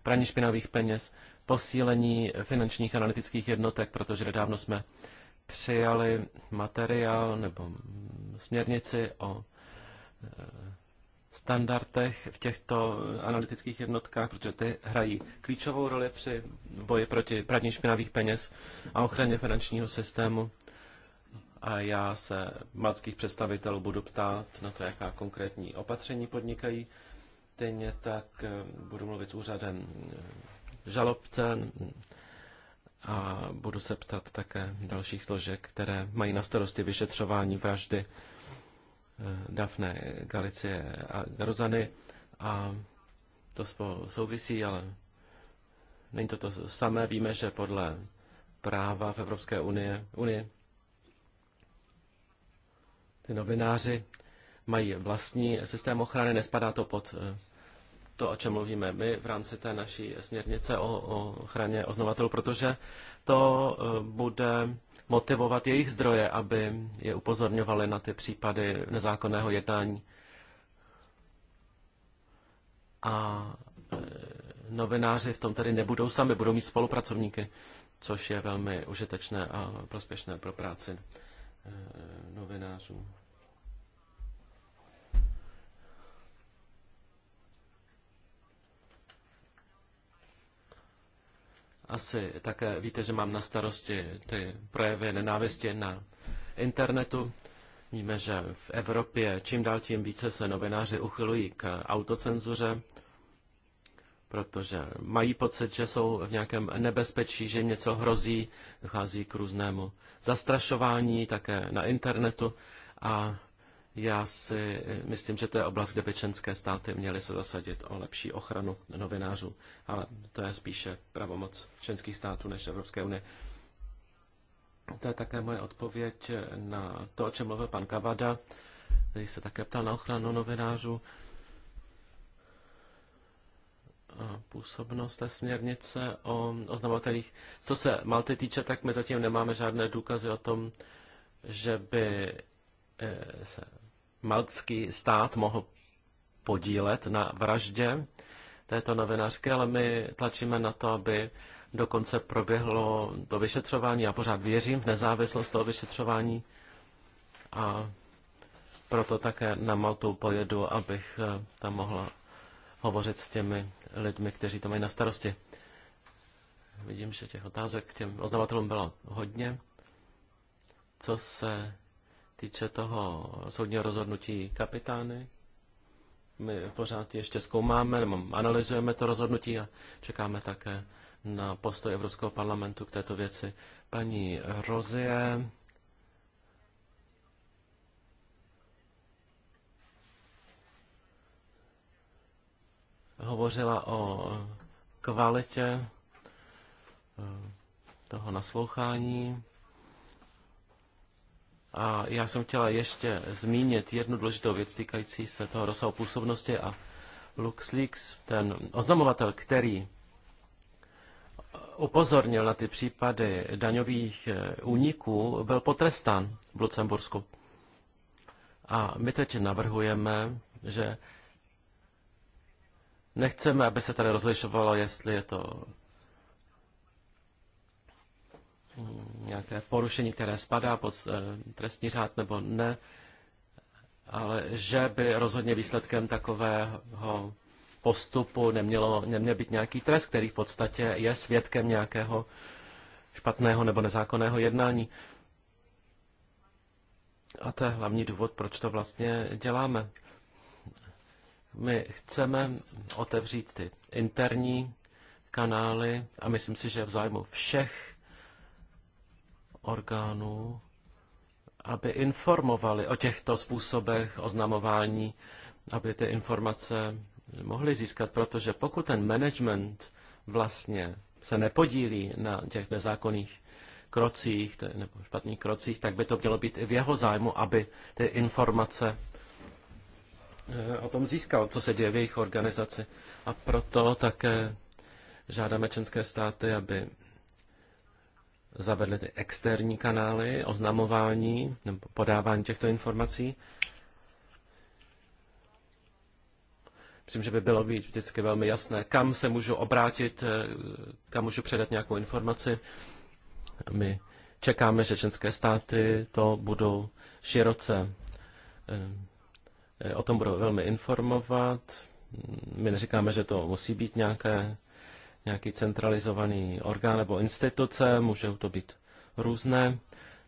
praní špinavých peněz, posílení finančních analytických jednotek, protože nedávno jsme přijali materiál nebo směrnici o standardech v těchto analytických jednotkách, protože ty hrají klíčovou roli při boji proti praní špinavých peněz a ochraně finančního systému. A já se matských představitelů budu ptát na to, jaká konkrétní opatření podnikají. Stejně tak eh, budu mluvit s úřadem eh, žalobce a budu se ptat také dalších složek, které mají na starosti vyšetřování vraždy Eh, Dafne Galicie a Rozany a to spolu souvisí, ale není to to samé. Víme, že podle práva v Evropské unie, unie ty novináři mají vlastní systém ochrany, nespadá to pod eh, to, o čem mluvíme my v rámci té naší směrnice o, o ochraně oznovatelů, protože to eh, bude motivovat jejich zdroje, aby je upozorňovali na ty případy nezákonného jednání. A eh, novináři v tom tady nebudou sami, budou mít spolupracovníky, což je velmi užitečné a prospěšné pro práci eh, novinářů. Asi také víte, že mám na starosti ty projevy nenávisti na internetu. Víme, že v Evropě čím dál tím více se novináři uchylují k autocenzuře, protože mají pocit, že jsou v nějakém nebezpečí, že něco hrozí, dochází k různému zastrašování také na internetu a já si eh, myslím, že to je oblast, kde by členské státy měly se zasadit o lepší ochranu novinářů, ale to je spíše pravomoc členských států než Evropské unie. To je také moje odpověď eh, na to, o čem mluvil pan Kavada, který se také ptal na ochranu novinářů a působnost té směrnice o oznamovatelích. Co se Malty týče, tak my zatím nemáme žádné důkazy o tom, že by eh, se maltský stát mohl podílet na vraždě této novinářky, ale my tlačíme na to, aby dokonce proběhlo to vyšetřování. Já pořád věřím v nezávislost toho vyšetřování a proto také na Maltu pojedu, abych eh, tam mohla hovořit s těmi lidmi, kteří to mají na starosti. Vidím, že těch otázek k těm oznamovatelům bylo hodně. Co se týče toho soudního rozhodnutí kapitány, my pořád ještě zkoumáme, analyzujeme to rozhodnutí a čekáme také na postoj Evropského parlamentu k této věci. Paní Rozie, hovořila o kvalitě eh, toho naslouchání. A já jsem chtěla ještě zmínit jednu důležitou věc týkající se toho rozsahu působnosti a LuxLeaks, ten oznamovatel, který upozornil na ty případy daňových eh, úniků, byl potrestán v Lucembursku. A my teď navrhujeme, že nechceme, aby se tady rozlišovalo, jestli je to Mm, nějaké porušení, které spadá pod eh, trestní řád nebo ne, ale že by rozhodně výsledkem takového postupu nemělo, neměl být nějaký trest, který v podstatě je svědkem nějakého špatného nebo nezákonného jednání. A to je hlavní důvod, proč to vlastně děláme. My chceme otevřít ty interní kanály a myslím si, že v zájmu všech orgánů, aby informovali o těchto způsobech oznamování, aby ty informace mohli získat, protože pokud ten management vlastně se nepodílí na těch nezákonných krocích nebo špatných krocích, tak by to mělo být i v jeho zájmu, aby ty informace eh, o tom získal, co se děje v jejich organizaci. A proto také žádáme členské státy, aby zavedli ty externí kanály oznamování nebo podávání těchto informací. Myslím, že by bylo být vždycky velmi jasné, kam se můžu obrátit, eh, kam můžu předat nějakou informaci. My čekáme, že členské státy to budou široce eh, eh, o tom budou velmi informovat. My neříkáme, že to musí být nějaké nějaký centralizovaný orgán nebo instituce, můžou to být různé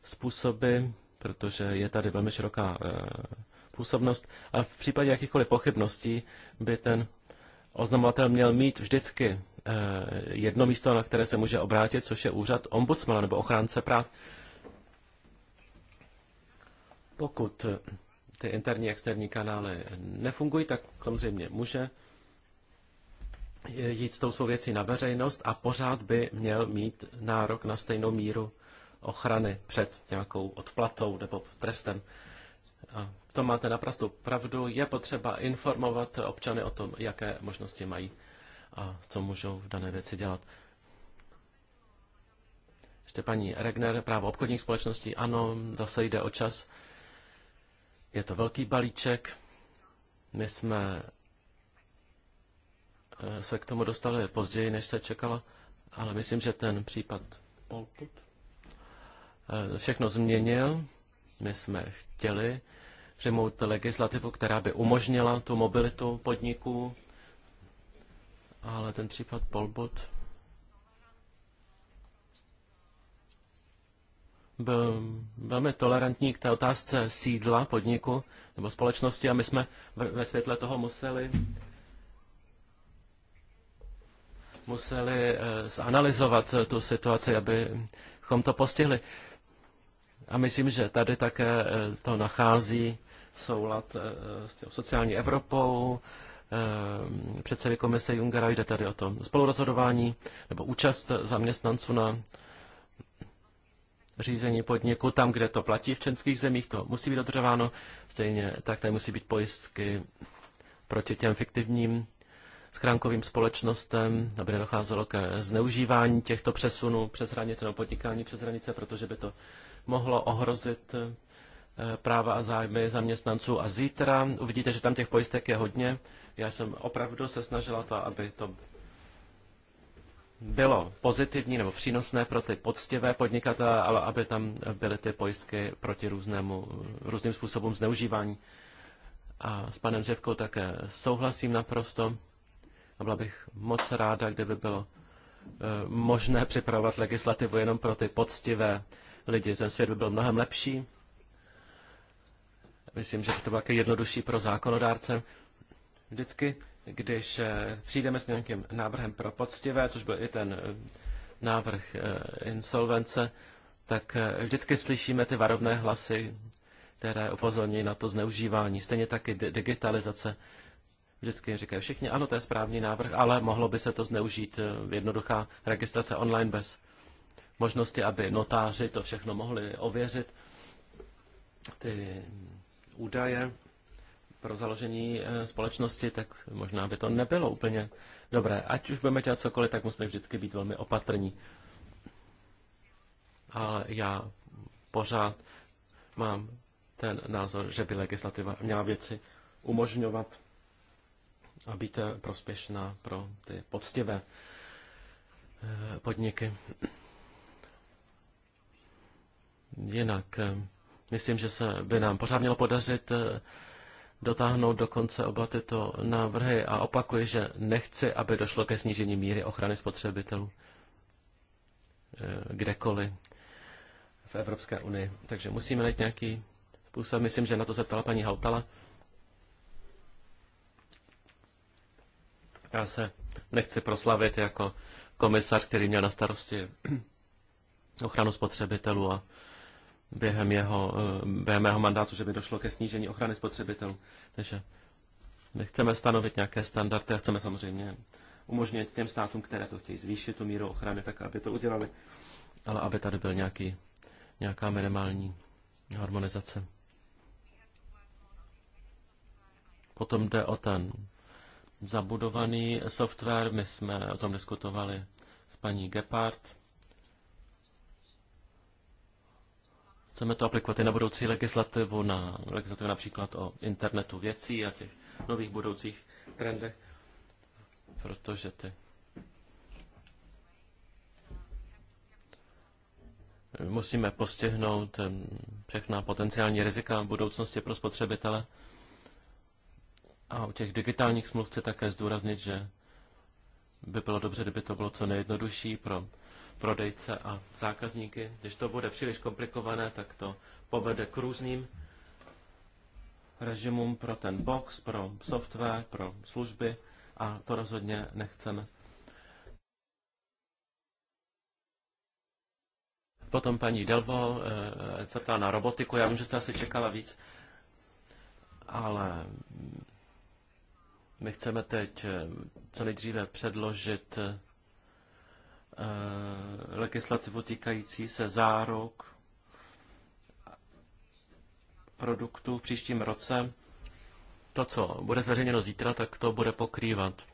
způsoby, protože je tady velmi široká eh, působnost. A v případě jakýchkoliv pochybností by ten oznamovatel měl mít vždycky eh, jedno místo, na které se může obrátit, což je úřad ombudsmana nebo ochránce práv. Pokud ty interní a externí kanály nefungují, tak samozřejmě může jít s tou svou věcí na veřejnost a pořád by měl mít nárok na stejnou míru ochrany před nějakou odplatou nebo trestem. A to máte naprosto pravdu. Je potřeba informovat občany o tom, jaké možnosti mají a co můžou v dané věci dělat. Ještě paní Regner, právo obchodních společností. Ano, zase jde o čas. Je to velký balíček. My jsme Eh, se k tomu dostali později, než se čekalo, ale myslím, že ten případ Polput eh, všechno změnil. My jsme chtěli přijmout legislativu, která by umožnila tu mobilitu podniků, ale ten případ polbot. byl velmi tolerantní k té otázce sídla podniku nebo společnosti a my jsme ve světle toho museli museli eh, zanalizovat eh, tu situaci, abychom to postihli. A myslím, že tady také eh, to nachází soulad s sociální Evropou, předsedy komise Jungera, jde tady o to spolurozhodování nebo účast zaměstnanců na řízení podniku. Tam, kde to platí v členských zemích, to musí být dodržováno. Stejně tak tady musí být pojistky proti těm fiktivním schránkovým společnostem, aby nedocházelo ke zneužívání těchto přesunů přes hranice nebo podnikání přes hranice, protože by to mohlo ohrozit eh, práva a zájmy zaměstnanců. A zítra uvidíte, že tam těch pojistek je hodně. Já jsem opravdu se snažila to, aby to bylo pozitivní nebo přínosné pro ty poctivé podnikatele, ale aby tam byly ty pojistky proti různému, různým způsobům zneužívání. A s panem Řevkou také souhlasím naprosto. A byla bych moc ráda, kdyby bylo eh, možné připravovat legislativu jenom pro ty poctivé lidi. Ten svět by byl mnohem lepší. Myslím, že by to bylo také jednodušší pro zákonodárce. Vždycky, když eh, přijdeme s nějakým návrhem pro poctivé, což byl i ten eh, návrh insolvence, tak vždycky slyšíme ty varovné hlasy, které upozorní na to zneužívání. Stejně taky digitalizace vždycky říkají všichni, ano, to je správný návrh, ale mohlo by se to zneužít eh, jednoduchá registrace online bez možnosti, aby notáři to všechno mohli ověřit. Ty údaje pro založení eh, společnosti, tak možná by to nebylo úplně dobré. Ať už budeme dělat cokoliv, tak musíme vždycky být velmi opatrní. Ale já pořád mám ten názor, že by legislativa měla věci umožňovat a být prospěšná pro ty poctivé eh, podniky. Jinak, eh, myslím, že se by nám pořád mělo podařit eh, dotáhnout do konce oba tyto návrhy a opakuji, že nechci, aby došlo ke snížení míry ochrany spotřebitelů kdekoliv v Evropské unii. Takže musíme najít nějaký způsob. Myslím, že na to se ptala paní Hautala. Já se nechci proslavit jako komisař, který měl na starosti ochranu spotřebitelů a během, jeho, eh, během mého mandátu, že by došlo ke snížení ochrany spotřebitelů. Takže my chceme stanovit nějaké standardy a chceme samozřejmě umožnit těm státům, které to chtějí zvýšit, tu míru ochrany, tak aby to udělali, ale aby tady byl nějaký, nějaká minimální harmonizace. Potom jde o ten zabudovaný software. My jsme o tom diskutovali s paní Gepard. Chceme to aplikovat i na budoucí legislativu, na legislativu například o internetu věcí a těch nových budoucích trendech, protože ty musíme postihnout všechna potenciální rizika v budoucnosti pro spotřebitele. A u těch digitálních smluv chci také zdůraznit, že by bylo dobře, kdyby to bylo co nejjednodušší pro prodejce a zákazníky. Když to bude příliš komplikované, tak to povede k různým režimům pro ten box, pro software, pro služby a to rozhodně nechceme. Potom paní Delbo, se eh, na robotiku, já vím, že jste asi čekala víc, ale my chceme teď eh, co nejdříve předložit eh, legislativu týkající se zárok produktů v příštím roce. To, co bude zveřejněno zítra, tak to bude pokrývat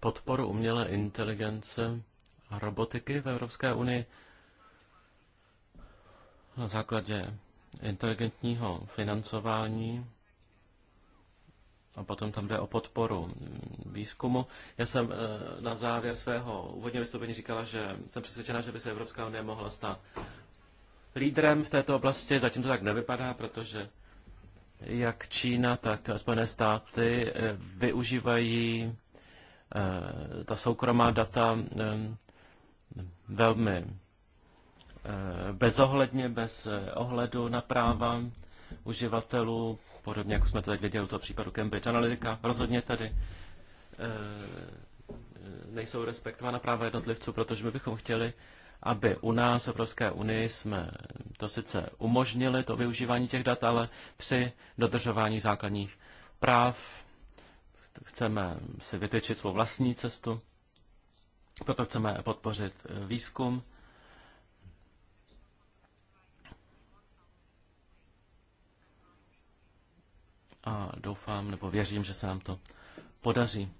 podporu umělé inteligence a robotiky v Evropské unii na základě inteligentního financování a potom tam jde o podporu výzkumu. Já jsem eh, na závěr svého úvodního vystoupení říkala, že jsem přesvědčena, že by se Evropská unie mohla stát lídrem v této oblasti. Zatím to tak nevypadá, protože jak Čína, tak Spojené státy eh, využívají eh, ta soukromá data velmi Eh, bezohledně, bez eh, ohledu na práva uživatelů, podobně jako jsme to teď viděli u toho případu Cambridge Analytica. Rozhodně tady eh, nejsou respektována práva jednotlivců, protože my bychom chtěli, aby u nás v Evropské unii jsme to sice umožnili, to využívání těch dat, ale při dodržování základních práv chceme si vytyčit svou vlastní cestu, proto chceme podpořit výzkum, a doufám, nebo věřím, že se nám to podaří.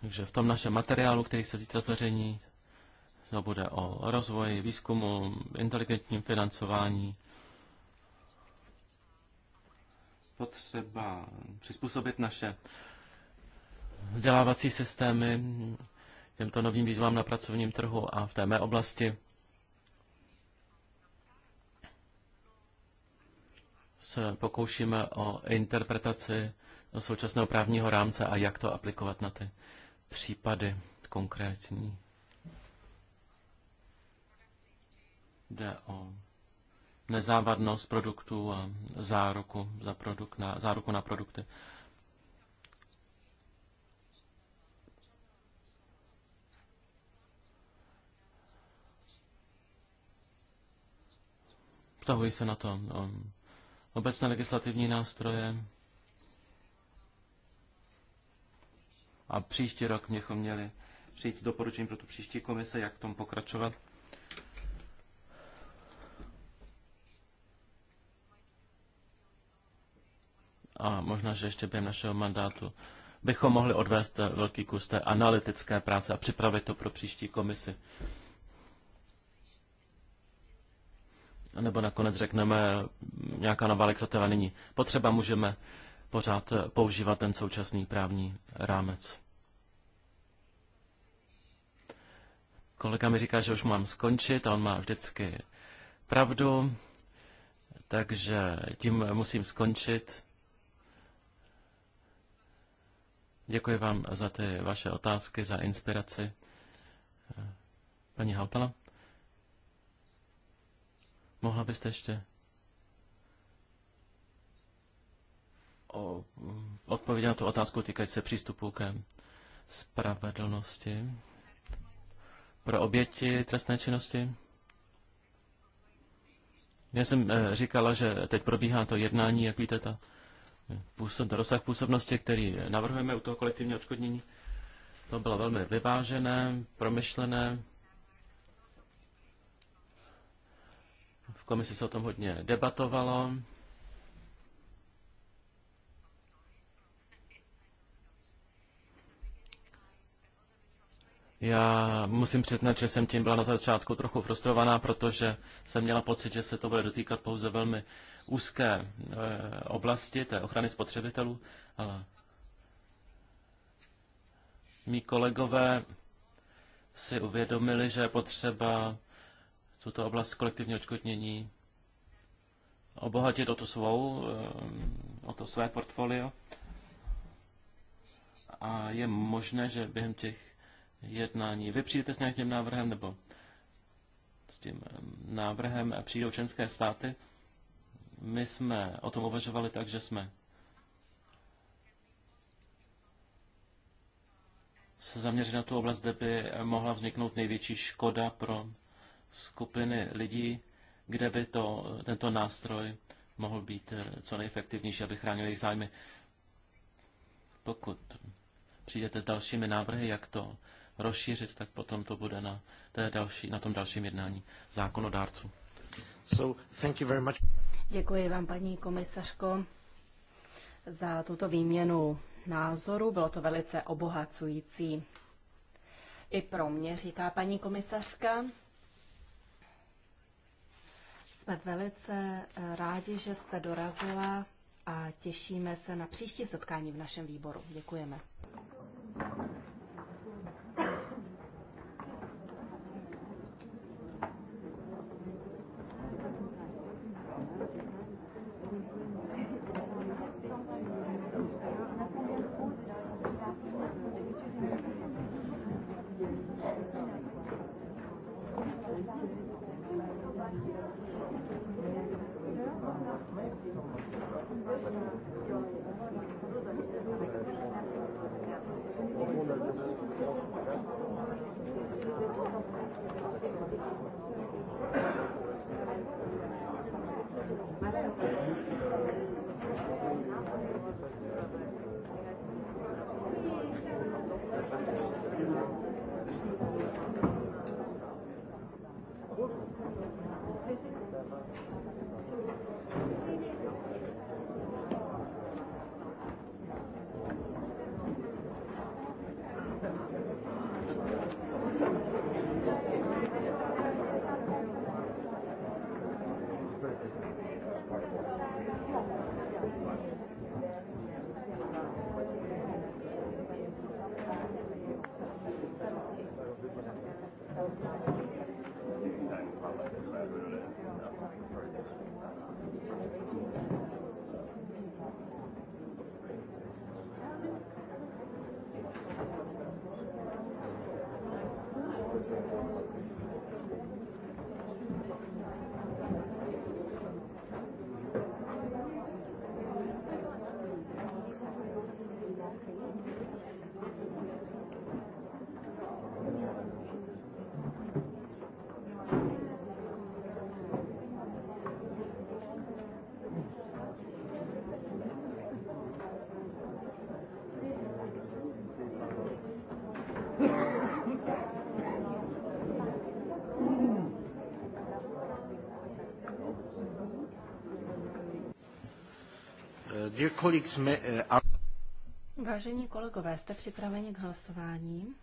Takže v tom našem materiálu, který se zítra zveřejní, to bude o rozvoji, výzkumu, inteligentním financování, potřeba přizpůsobit naše vzdělávací systémy těmto novým výzvám na pracovním trhu a v té mé oblasti se pokoušíme o interpretaci současného právního rámce a jak to aplikovat na ty případy konkrétní. Jde o nezávadnost produktů a záruku, za produkt na, záruku na produkty. Vztahují se na to um, obecné legislativní nástroje. A příští rok měchom měli přijít s doporučením pro tu příští komise, jak v tom pokračovat. A možná, že ještě během našeho mandátu bychom mohli odvést velký kus té analytické práce a připravit to pro příští komisi. nebo nakonec řekneme, nějaká nová legislativa není potřeba, můžeme pořád používat ten současný právní rámec. Kolega mi říká, že už mám skončit a on má vždycky pravdu, takže tím musím skončit. Děkuji vám za ty vaše otázky, za inspiraci. Paní Hautala? Mohla byste ještě o, odpovědět na tu otázku týkající se přístupu ke spravedlnosti pro oběti trestné činnosti? Já jsem eh, říkala, že teď probíhá to jednání, jak víte, ta eh, působ, rozsah působnosti, který navrhujeme u toho kolektivního odškodnění. To bylo velmi vyvážené, promyšlené. komisi se o tom hodně debatovalo. Já musím přiznat, že jsem tím byla na začátku trochu frustrovaná, protože jsem měla pocit, že se to bude dotýkat pouze velmi úzké e, oblasti té ochrany spotřebitelů, ale mí kolegové si uvědomili, že je potřeba to oblast kolektivního odškodnění obohatit o to svou, eh, o to své portfolio. A je možné, že během těch jednání vy přijdete s nějakým návrhem nebo s tím eh, návrhem eh, přijdou členské státy. My jsme o tom uvažovali tak, že jsme se zaměřili na tu oblast, kde by mohla vzniknout největší škoda pro skupiny lidí, kde by to, tento nástroj mohl být eh, co nejefektivnější, aby chránil jejich zájmy. Pokud přijdete s dalšími návrhy, jak to rozšířit, tak potom to bude na, té další, na tom dalším jednání zákonodárců. So, thank you very much. Děkuji vám, paní komisařko, za tuto výměnu názoru. Bylo to velice obohacující. I pro mě, říká paní komisařka jsme velice eh, rádi, že jste dorazila a těšíme se na příští setkání v našem výboru. Děkujeme. Dear colleagues, uh, Vážení kolegové, jste připraveni k hlasování?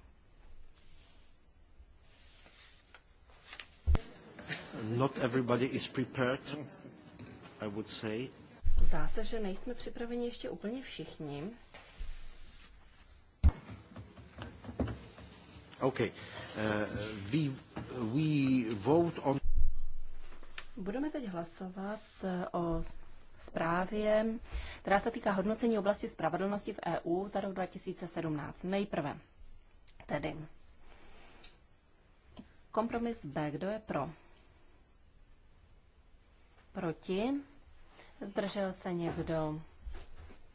Not everybody is prepared, I would say. Zdá se, že nejsme připraveni ještě úplně všichni. Okay. Uh, we, we vote on... Budeme teď hlasovat uh, o zprávě, která se týká hodnocení oblasti spravedlnosti v EU za rok 2017. Nejprve tedy kompromis B. Kdo je pro? Proti? Zdržel se někdo?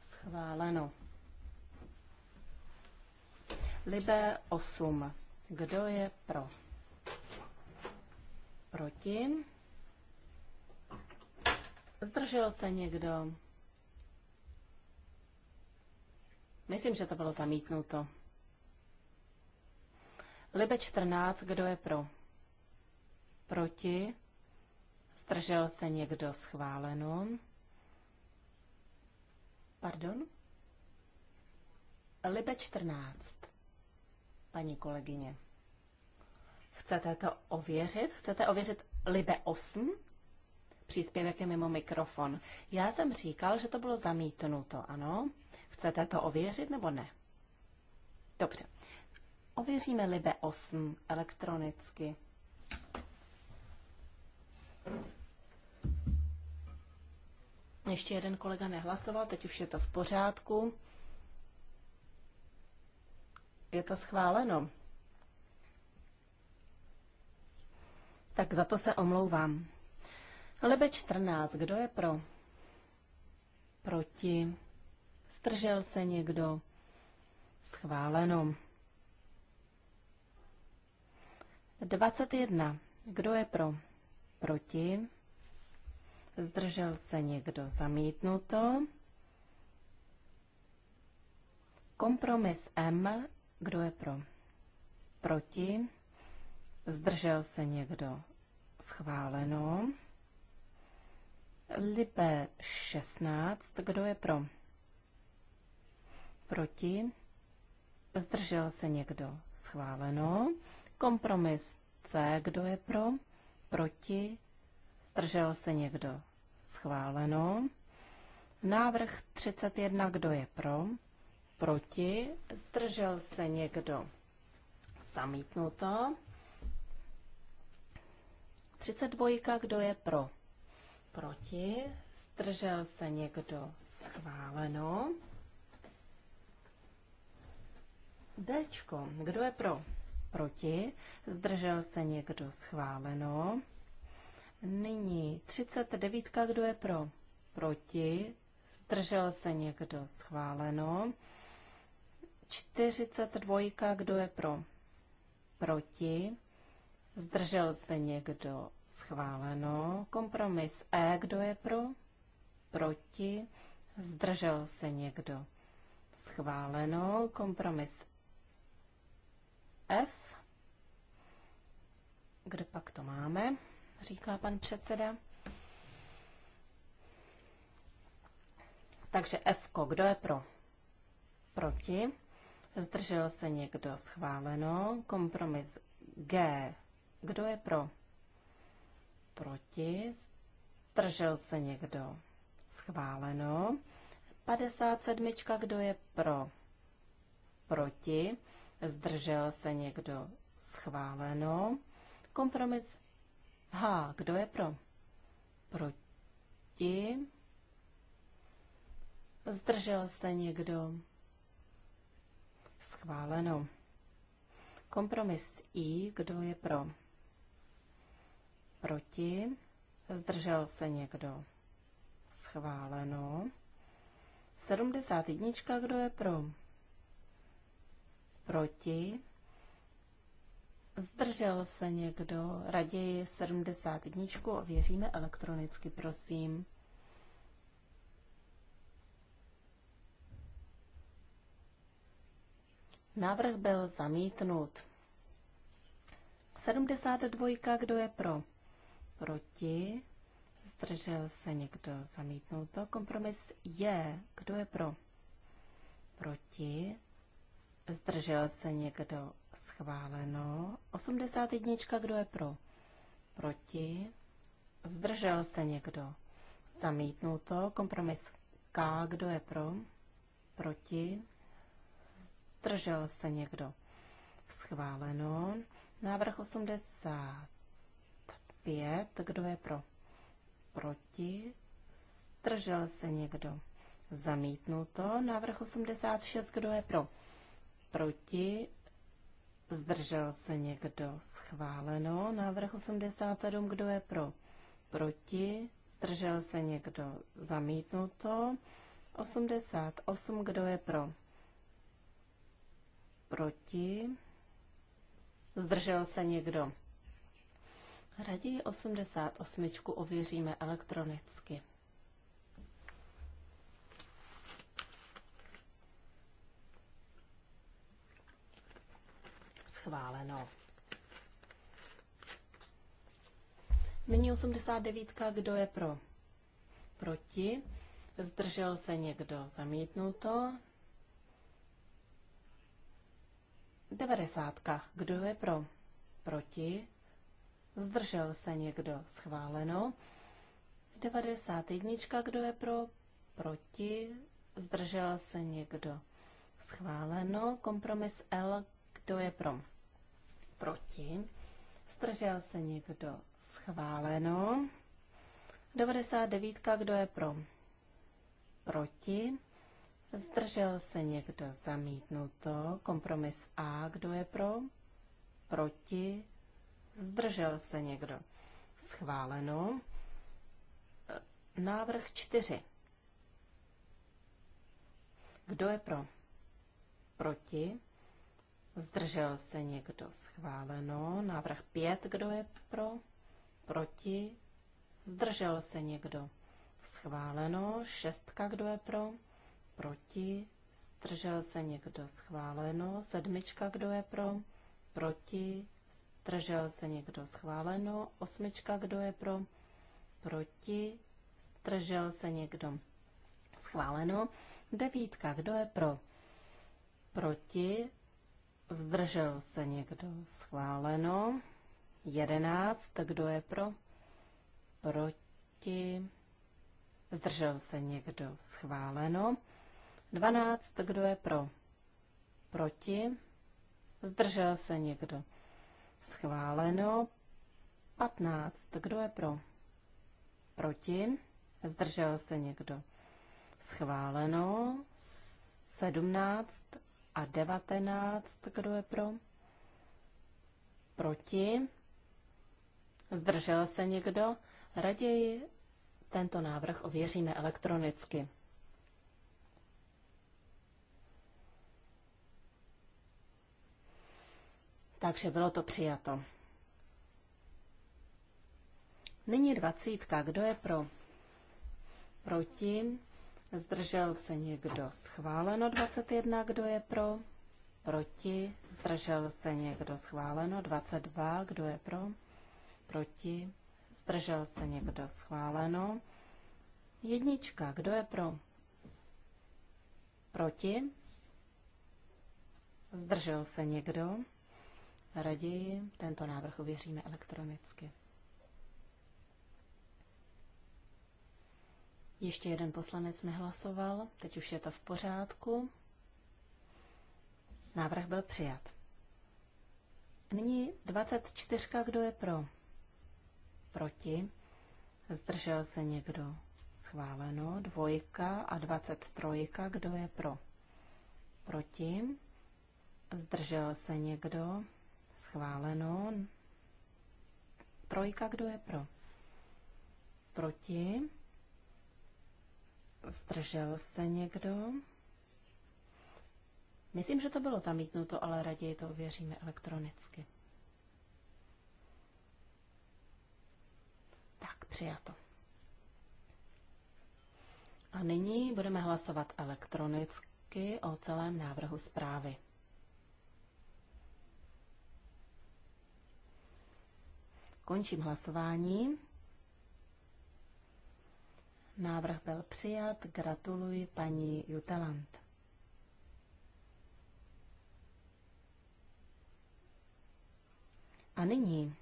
Schváleno. Libe 8. Kdo je pro? Proti? Zdržel se někdo? Myslím, že to bylo zamítnuto. Libe 14, kdo je pro? Proti? Zdržel se někdo schváleno? Pardon? Libe 14, paní kolegyně. Chcete to ověřit? Chcete ověřit Libe 8? příspěvek je mimo mikrofon. Já jsem říkal, že to bylo zamítnuto, ano? Chcete to ověřit nebo ne? Dobře. Ověříme Libe 8 elektronicky. Ještě jeden kolega nehlasoval, teď už je to v pořádku. Je to schváleno. Tak za to se omlouvám. Lebe 14, kdo je pro? Proti? Zdržel se někdo? Schváleno. 21. Kdo je pro? Proti? Zdržel se někdo? Zamítnuto. Kompromis M. Kdo je pro? Proti? Zdržel se někdo? Schváleno. Libe 16. Kdo je pro? Proti? Zdržel se někdo? Schváleno. Kompromis C. Kdo je pro? Proti? Zdržel se někdo? Schváleno. Návrh 31. Kdo je pro? Proti? Zdržel se někdo? Zamítnuto. 32. Kdo je pro? proti, zdržel se někdo schváleno. Dčko, Kdo je pro? Proti. Zdržel se někdo schváleno. Nyní 39. Kdo je pro? Proti. Zdržel se někdo schváleno. 42. Kdo je pro? Proti. Zdržel se někdo Schváleno. Kompromis E. Kdo je pro? Proti? Zdržel se někdo? Schváleno. Kompromis F. Kde pak to máme? Říká pan předseda. Takže F. Kdo je pro? Proti? Zdržel se někdo? Schváleno. Kompromis G. Kdo je pro? proti, zdržel se někdo, schváleno. 57. Kdo je pro? Proti. Zdržel se někdo? Schváleno. Kompromis H. Kdo je pro? Proti. Zdržel se někdo? Schváleno. Kompromis I. Kdo je pro? Proti? Zdržel se někdo? Schváleno. 71. Kdo je pro? Proti? Zdržel se někdo? Raději 71. Ověříme elektronicky, prosím. Návrh byl zamítnut. 72. Kdo je pro? proti, zdržel se někdo zamítnout to Kompromis je, kdo je pro, proti, zdržel se někdo schváleno. 81, kdo je pro, proti, zdržel se někdo zamítnout to Kompromis K, kdo je pro, proti, zdržel se někdo schváleno. Návrh 80. 5. Kdo je pro? Proti? Zdržel se někdo? to. Návrh 86. Kdo je pro? Proti? Zdržel se někdo? Schváleno. Návrh 87. Kdo je pro? Proti? Zdržel se někdo? to. 88. Kdo je pro? Proti? Zdržel se někdo? Raději 88 ověříme elektronicky. Schváleno. Nyní 89. Kdo je pro? Proti? Zdržel se někdo? Zamítnuto? 90. Kdo je pro? Proti? Zdržel se někdo? Schváleno. 91. Kdo je pro? Proti. Zdržel se někdo? Schváleno. Kompromis L. Kdo je pro? Proti. Zdržel se někdo? Schváleno. 99. Kdo je pro? Proti. Zdržel se někdo? Zamítnuto. Kompromis A. Kdo je pro? Proti. Zdržel se někdo? Schváleno. Návrh čtyři. Kdo je pro? Proti? Zdržel se někdo? Schváleno. Návrh pět. Kdo je pro? Proti? Zdržel se někdo? Schváleno. Šestka. Kdo je pro? Proti? Zdržel se někdo? Schváleno. Sedmička. Kdo je pro? Proti? Zdržel se někdo schváleno. Osmička, kdo je pro? Proti. Zdržel se někdo schváleno. Devítka, kdo je pro? Proti. Zdržel se někdo schváleno. Jedenáct, kdo je pro? Proti. Zdržel se někdo schváleno. Dvanáct, kdo je pro? Proti. Zdržel se někdo schváleno. Schváleno. 15. Kdo je pro? Proti? Zdržel se někdo? Schváleno. 17 a 19. Kdo je pro? Proti? Zdržel se někdo? Raději tento návrh ověříme elektronicky. takže bylo to přijato. Nyní dvacítka. Kdo je pro? Proti? Zdržel se někdo? Schváleno 21. Kdo je pro? Proti? Zdržel se někdo? Schváleno 22. Kdo je pro? Proti? Zdržel se někdo? Schváleno. Jednička. Kdo je pro? Proti? Zdržel se někdo? Raději tento návrh ověříme elektronicky. Ještě jeden poslanec nehlasoval, teď už je to v pořádku. Návrh byl přijat. Nyní 24. Kdo je pro? Proti? Zdržel se někdo? Schváleno. Dvojka a 23. Kdo je pro? Proti? Zdržel se někdo? Schváleno. Trojka, kdo je pro? Proti? Zdržel se někdo? Myslím, že to bylo zamítnuto, ale raději to ověříme elektronicky. Tak, přijato. A nyní budeme hlasovat elektronicky o celém návrhu zprávy. Končím hlasování. Návrh byl přijat. Gratuluji paní Jutelant. A nyní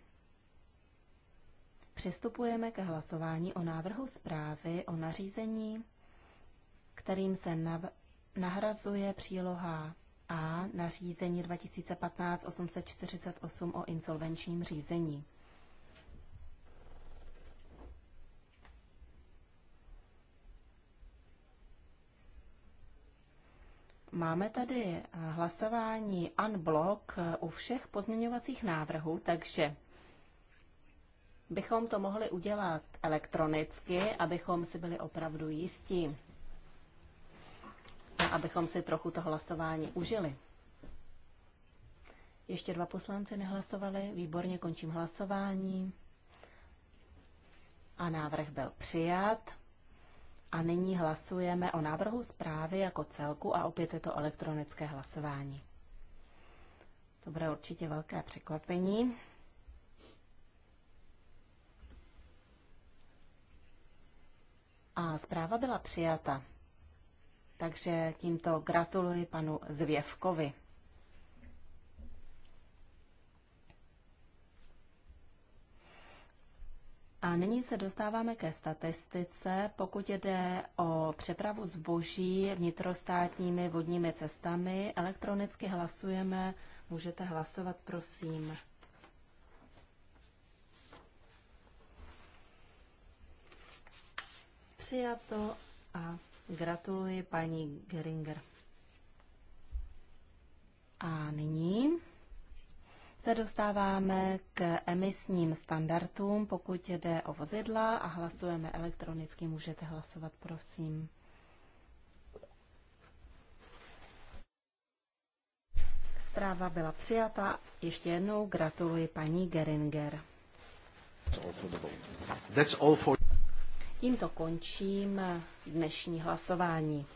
přistupujeme k hlasování o návrhu zprávy o nařízení, kterým se nav- nahrazuje příloha a nařízení 2015-848 o insolvenčním řízení. Máme tady eh, hlasování unblock eh, u všech pozměňovacích návrhů, takže bychom to mohli udělat elektronicky, abychom si byli opravdu jistí a abychom si trochu to hlasování užili. Ještě dva poslanci nehlasovali, výborně končím hlasování. A návrh byl přijat. A nyní hlasujeme o návrhu zprávy jako celku a opět je to elektronické hlasování. To bude určitě velké překvapení. A zpráva byla přijata. Takže tímto gratuluji panu Zvěvkovi. A nyní se dostáváme ke statistice, pokud jde o přepravu zboží vnitrostátními vodními cestami. Elektronicky hlasujeme, můžete hlasovat, prosím. Přijato a gratuluji paní Geringer. A nyní se dostáváme k emisním standardům. Pokud jde o vozidla a hlasujeme elektronicky, můžete hlasovat, prosím. Zpráva byla přijata. Ještě jednou gratuluji paní Geringer. Tímto končím dnešní hlasování.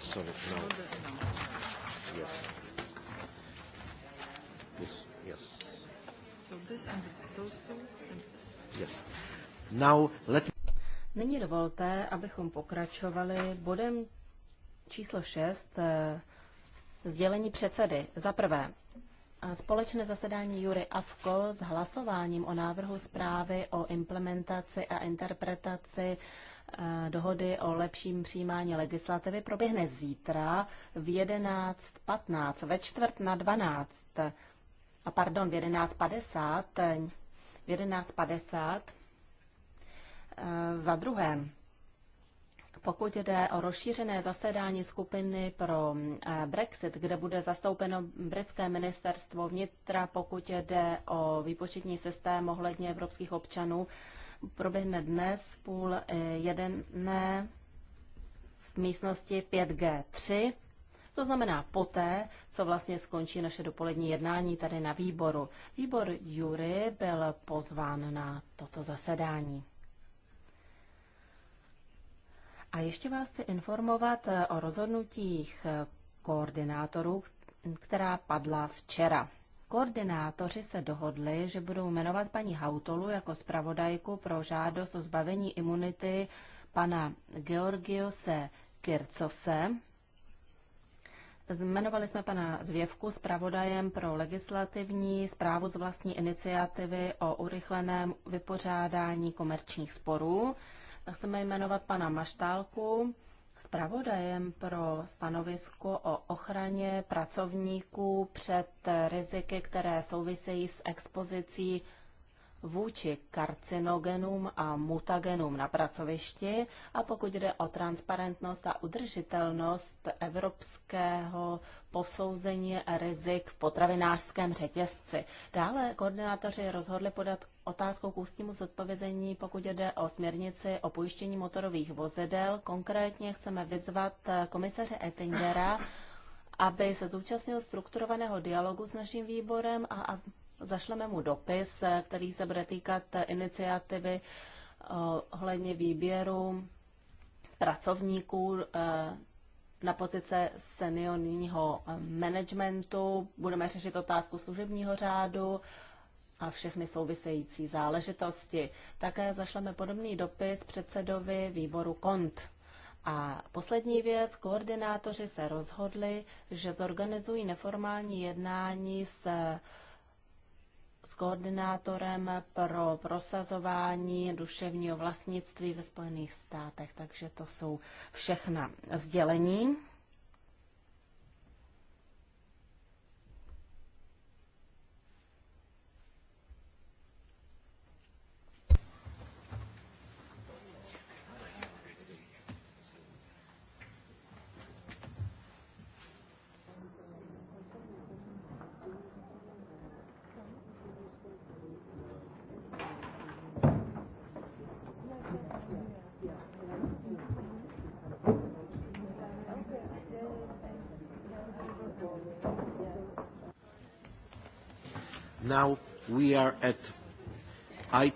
Sorry, no. yes. Yes. yes. So this and those two and this. Yes. Now let me... Nyní dovolte, abychom pokračovali bodem číslo 6, eh, sdělení předsedy. Za prvé, Společné zasedání Jury Avko s hlasováním o návrhu zprávy o implementaci a interpretaci eh, dohody o lepším přijímání legislativy proběhne zítra v 11.15, ve čtvrt na 12 a pardon, v 11.50, v 11.50 eh, za druhé, pokud jde o rozšířené zasedání skupiny pro eh, Brexit, kde bude zastoupeno britské ministerstvo vnitra, pokud jde o výpočetní systém ohledně evropských občanů, proběhne dnes půl eh, jedné v místnosti 5G3. To znamená poté, co vlastně skončí naše dopolední jednání tady na výboru. Výbor Jury byl pozván na toto zasedání. A ještě vás chci informovat eh, o rozhodnutích eh, koordinátorů, která padla včera. Koordinátoři se dohodli, že budou jmenovat paní Hautolu jako zpravodajku pro žádost o zbavení imunity pana Georgiose Kircose Zmenovali jsme pana Zvěvku pravodajem pro legislativní zprávu z vlastní iniciativy o urychleném vypořádání komerčních sporů. Chceme jmenovat pana Maštálku pravodajem pro stanovisko o ochraně pracovníků před riziky, které souvisejí s expozicí vůči karcinogenům a mutagenům na pracovišti a pokud jde o transparentnost a udržitelnost evropského posouzení rizik v potravinářském řetězci. Dále koordinátoři rozhodli podat otázkou k ústnímu zodpovězení, pokud jde o směrnici o pojištění motorových vozidel. Konkrétně chceme vyzvat komisaře Ettingera, aby se zúčastnil strukturovaného dialogu s naším výborem a zašleme mu dopis, který se bude týkat iniciativy eh, ohledně výběru pracovníků eh, na pozice seniorního managementu. Budeme řešit otázku služebního řádu a všechny související záležitosti. Také zašleme podobný dopis předsedovi výboru KONT. A poslední věc, koordinátoři se rozhodli, že zorganizují neformální jednání s s koordinátorem pro prosazování duševního vlastnictví ve Spojených státech. Takže to jsou všechna sdělení. now we are at I...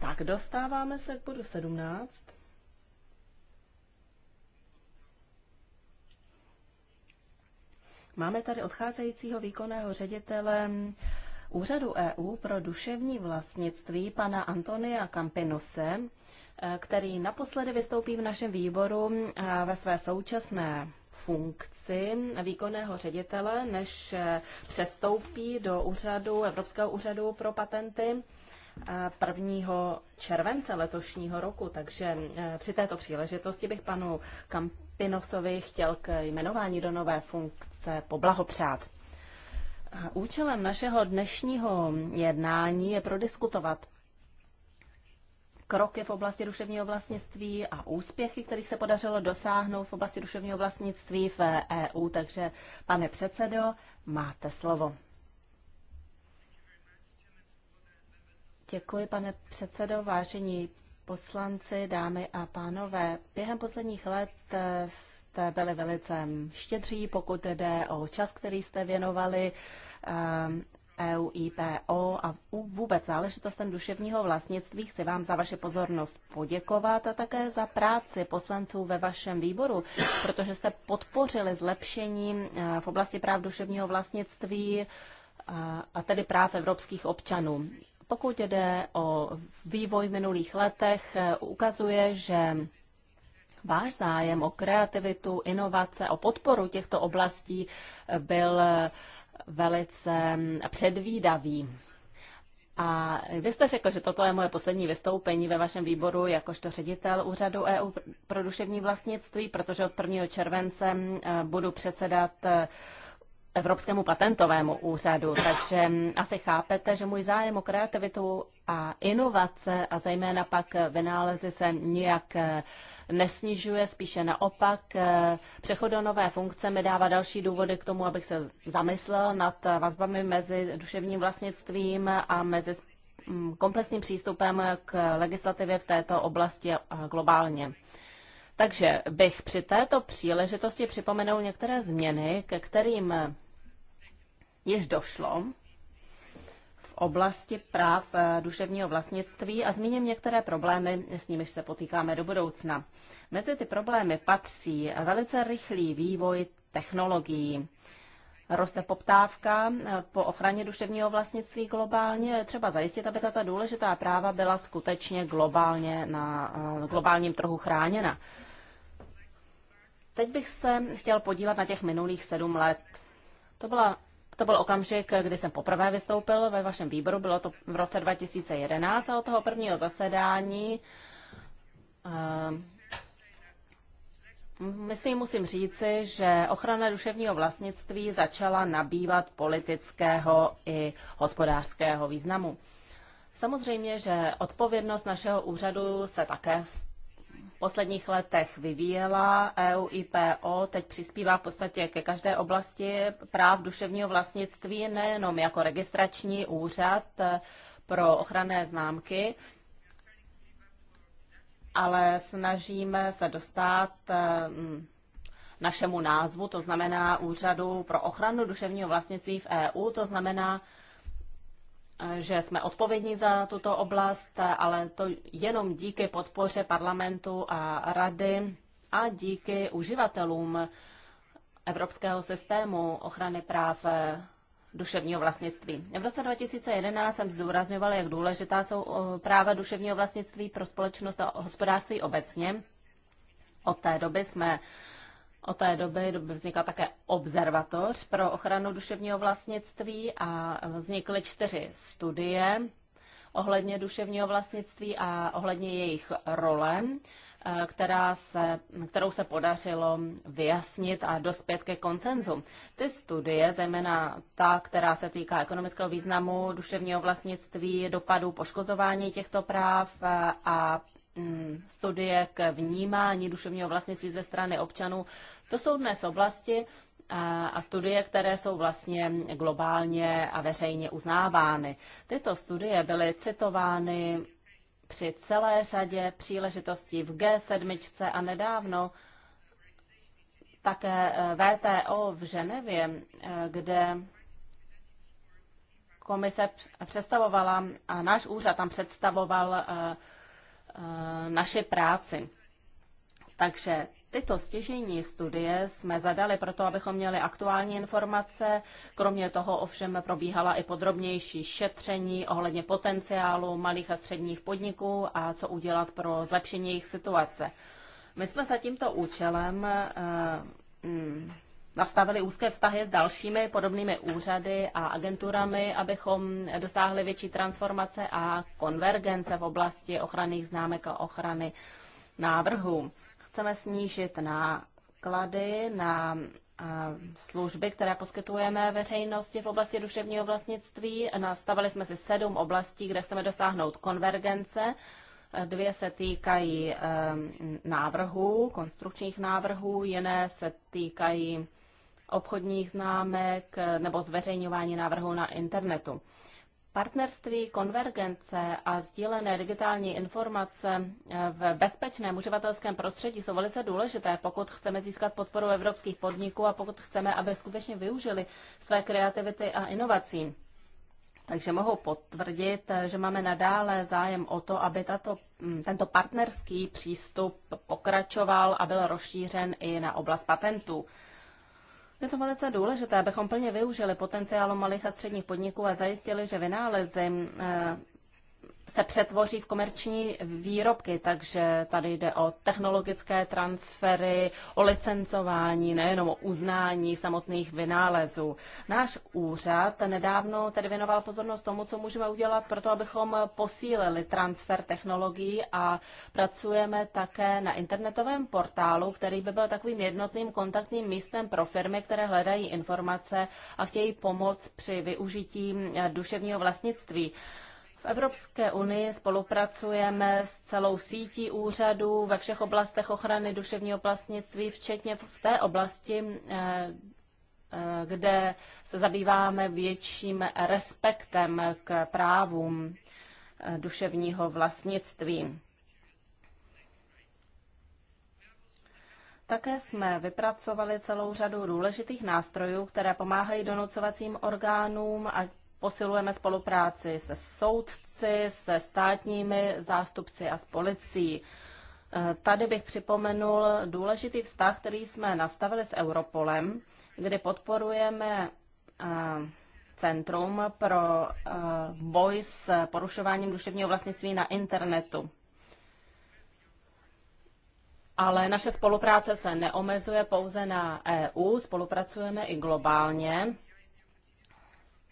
Tak dostáváme se k bodu 17. Máme tady odcházejícího výkonného ředitele Úřadu EU pro duševní vlastnictví pana Antonia Campinuse, eh, který naposledy vystoupí v našem výboru eh, ve své současné funkci výkonného ředitele, než přestoupí do úřadu, Evropského úřadu pro patenty 1. Eh, července letošního roku. Takže eh, při této příležitosti bych panu Kampinosovi chtěl k jmenování do nové funkce poblahopřát. Účelem našeho dnešního jednání je prodiskutovat kroky v oblasti duševního vlastnictví a úspěchy, kterých se podařilo dosáhnout v oblasti duševního vlastnictví v EU. Takže, pane předsedo, máte slovo. Děkuji, pane předsedo, vážení poslanci, dámy a pánové. Během posledních let eh, jste byli velice mm, štědří, pokud jde o čas, který jste věnovali ehm, EU IPO a vůbec záležitostem duševního vlastnictví chci vám za vaši pozornost poděkovat a také za práci poslanců ve vašem výboru, protože jste podpořili zlepšení e, v oblasti práv duševního vlastnictví a tedy práv evropských občanů. Pokud jde o vývoj v minulých letech, e, ukazuje, že váš zájem o kreativitu, inovace, o podporu těchto oblastí byl velice předvídavý. A vy jste řekl, že toto je moje poslední vystoupení ve vašem výboru jakožto ředitel úřadu EU pro duševní vlastnictví, protože od 1. července eh, budu předsedat eh, Evropskému patentovému úřadu, takže asi chápete, že můj zájem o kreativitu a inovace a zejména pak vynálezy se nijak eh, nesnižuje, spíše naopak. Eh, přechod do nové funkce mi dává další důvody k tomu, abych se zamyslel nad vazbami mezi duševním vlastnictvím a mezi mm, komplexním přístupem k legislativě v této oblasti globálně. Takže bych při této příležitosti připomenul některé změny, ke kterým již došlo v oblasti práv eh, duševního vlastnictví a zmíním některé problémy, s nimiž se potýkáme do budoucna. Mezi ty problémy patří velice rychlý vývoj technologií. Roste poptávka eh, po ochraně duševního vlastnictví globálně. Třeba zajistit, aby tato důležitá práva byla skutečně globálně na eh, globálním trhu chráněna. Teď bych se chtěl podívat na těch minulých sedm let. To, byla, to byl okamžik, kdy jsem poprvé vystoupil ve vašem výboru, bylo to v roce 2011 a od toho prvního zasedání ehm, Myslím, musím říci, že ochrana duševního vlastnictví začala nabývat politického i hospodářského významu. Samozřejmě, že odpovědnost našeho úřadu se také v posledních letech vyvíjela. EU IPO teď přispívá v podstatě ke každé oblasti práv duševního vlastnictví, nejenom jako registrační úřad eh, pro ochranné známky, ale snažíme se dostat eh, našemu názvu, to znamená Úřadu pro ochranu duševního vlastnictví v EU, to znamená že jsme odpovědní za tuto oblast, ale to jenom díky podpoře parlamentu a rady a díky uživatelům evropského systému ochrany práv eh, duševního vlastnictví. V roce 2011 jsem zdůrazňovala, jak důležitá jsou eh, práva duševního vlastnictví pro společnost a hospodářství obecně. Od té doby jsme od té doby vznikla také observatoř pro ochranu duševního vlastnictví a vznikly čtyři studie ohledně duševního vlastnictví a ohledně jejich role, eh, která se, kterou se podařilo vyjasnit a dospět ke koncenzu. Ty studie, zejména ta, která se týká ekonomického významu duševního vlastnictví, dopadů poškozování těchto práv eh, a Mm, studie k vnímání duševního vlastnictví ze strany občanů. To jsou dnes oblasti a studie, které jsou vlastně globálně a veřejně uznávány. Tyto studie byly citovány při celé řadě příležitostí v G7 a nedávno také eh, VTO v Ženevě, eh, kde komise představovala, a náš úřad tam představoval eh, Eh, naše práci. Takže tyto stěžejní studie jsme zadali proto, abychom měli aktuální informace. Kromě toho ovšem probíhala i podrobnější šetření ohledně potenciálu malých a středních podniků a co udělat pro zlepšení jejich situace. My jsme za tímto účelem eh, mm, nastavili úzké vztahy s dalšími podobnými úřady a agenturami, abychom dosáhli větší transformace a konvergence v oblasti ochranných známek a ochrany návrhu. Chceme snížit náklady na služby, které poskytujeme veřejnosti v oblasti duševního vlastnictví. Nastavili jsme si sedm oblastí, kde chceme dosáhnout konvergence. Dvě se týkají e, návrhů, konstrukčních návrhů, jiné se týkají obchodních známek nebo zveřejňování návrhů na internetu. Partnerství, konvergence a sdílené digitální informace eh, v bezpečném uživatelském prostředí jsou velice důležité, pokud chceme získat podporu evropských podniků a pokud chceme, aby skutečně využili své kreativity a inovací. Takže mohu potvrdit, eh, že máme nadále zájem o to, aby tato, mm, tento partnerský přístup pokračoval a byl rozšířen i na oblast patentů. Je to velice důležité, abychom plně využili potenciálu malých a středních podniků a zajistili, že vynálezy eh, se přetvoří v komerční výrobky, takže tady jde o technologické transfery, o licencování, nejenom o uznání samotných vynálezů. Náš úřad nedávno tedy věnoval pozornost tomu, co můžeme udělat pro to, abychom posílili transfer technologií a pracujeme také na internetovém portálu, který by byl takovým jednotným kontaktním místem pro firmy, které hledají informace a chtějí pomoc při využití duševního vlastnictví. V Evropské unii spolupracujeme s celou sítí úřadů ve všech oblastech ochrany duševního vlastnictví, včetně v té oblasti, eh, eh, kde se zabýváme větším respektem k právům eh, duševního vlastnictví. Také jsme vypracovali celou řadu důležitých nástrojů, které pomáhají donucovacím orgánům a Posilujeme spolupráci se soudci, se státními zástupci a s policií. E, tady bych připomenul důležitý vztah, který jsme nastavili s Europolem, kdy podporujeme e, Centrum pro e, boj s porušováním duševního vlastnictví na internetu. Ale naše spolupráce se neomezuje pouze na EU, spolupracujeme i globálně.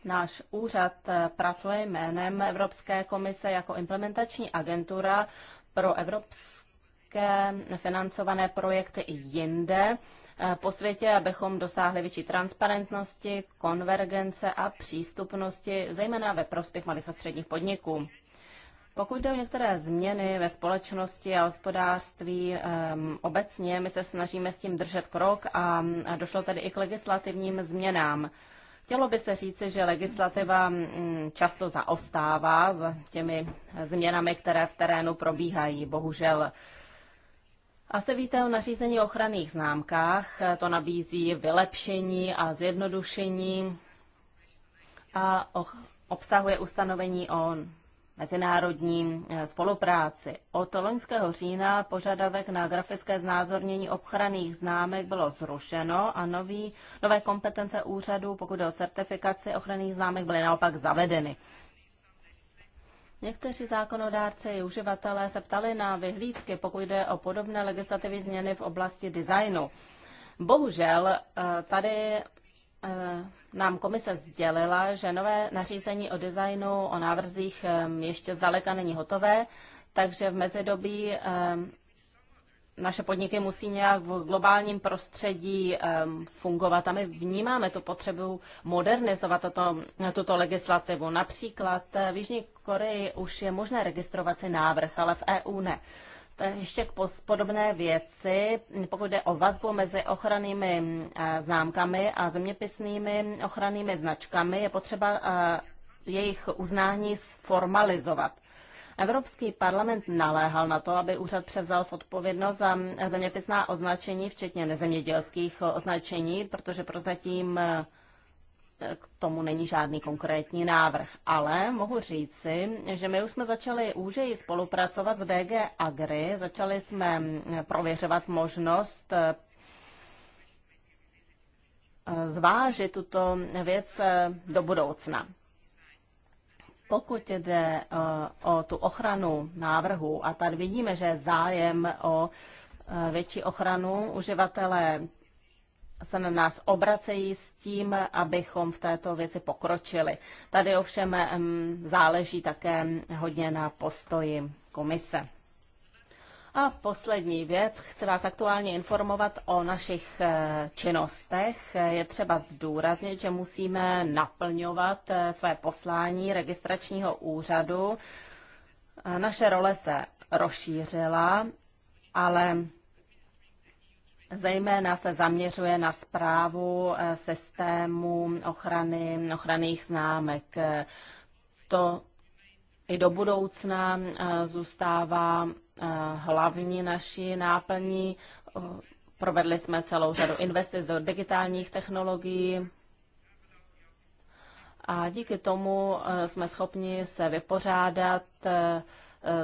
Náš úřad eh, pracuje jménem Evropské komise jako implementační agentura pro evropské financované projekty i jinde eh, po světě, abychom dosáhli větší transparentnosti, konvergence a přístupnosti, zejména ve prospěch malých a středních podniků. Pokud jde o některé změny ve společnosti a hospodářství um, obecně, my se snažíme s tím držet krok a došlo tedy i k legislativním změnám. Chtělo by se říci, že legislativa mm, často zaostává s těmi změnami, které v terénu probíhají. Bohužel asi víte o nařízení o ochranných známkách. To nabízí vylepšení a zjednodušení a obsahuje ustanovení o mezinárodní eh, spolupráci. Od loňského října požadavek na grafické znázornění obchranných známek bylo zrušeno a nový, nové kompetence úřadu, pokud jde o certifikaci ochranných známek, byly naopak zavedeny. Někteří zákonodárci i uživatelé se ptali na vyhlídky, pokud jde o podobné legislativní změny v oblasti designu. Bohužel eh, tady eh, nám komise sdělila, že nové nařízení o designu, o návrzích ještě zdaleka není hotové, takže v mezidobí naše podniky musí nějak v globálním prostředí fungovat a my vnímáme tu potřebu modernizovat toto, tuto legislativu. Například eh, v Jižní Koreji už je možné registrovat si návrh, ale v EU ne ještě k podobné věci, pokud jde o vazbu mezi ochrannými eh, známkami a zeměpisnými ochrannými značkami, je potřeba eh, jejich uznání sformalizovat. Evropský parlament naléhal na to, aby úřad převzal v odpovědnost za eh, zeměpisná označení, včetně nezemědělských označení, protože prozatím k tomu není žádný konkrétní návrh, ale mohu říci, že my už jsme začali úžeji spolupracovat s DG Agri, začali jsme prověřovat možnost eh, zvážit tuto věc eh, do budoucna. Pokud jde eh, o tu ochranu návrhu, a tady vidíme, že je zájem o větší ochranu uživatele se na nás obracejí s tím, abychom v této věci pokročili. Tady ovšem záleží také hodně na postoji komise. A poslední věc, chci vás aktuálně informovat o našich eh, činnostech. Je třeba zdůraznit, že musíme naplňovat eh, své poslání registračního úřadu. Eh, naše role se rozšířila, ale Zejména se zaměřuje na zprávu eh, systému ochrany, ochranných známek. To i do budoucna eh, zůstává eh, hlavní naší náplní. Provedli jsme celou řadu investic do digitálních technologií a díky tomu jsme schopni se vypořádat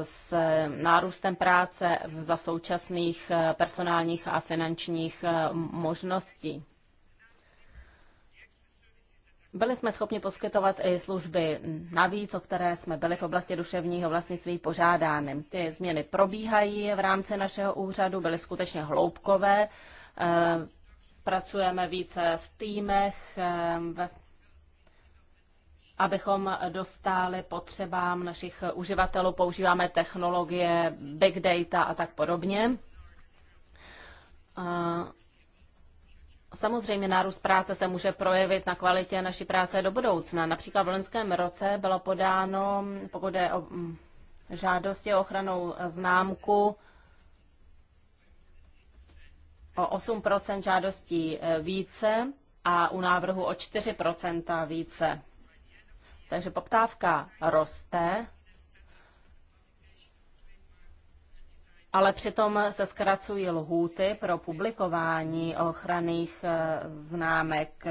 s nárůstem práce za současných eh, personálních a finančních eh, možností. Byli jsme schopni poskytovat i služby navíc, o které jsme byli v oblasti duševního vlastnictví požádány. Ty změny probíhají v rámci našeho úřadu, byly skutečně hloubkové. Eh, Pracujeme více v týmech, ve abychom dostali potřebám našich uživatelů. Používáme technologie big data a tak podobně. Samozřejmě nárůst práce se může projevit na kvalitě naší práce do budoucna. Například v loňském roce bylo podáno, pokud je o mm, žádosti o ochranou známku, o 8 žádostí e, více a u návrhu o 4 více. Takže poptávka roste, ale přitom se zkracují lhůty pro publikování ochranných eh, známek.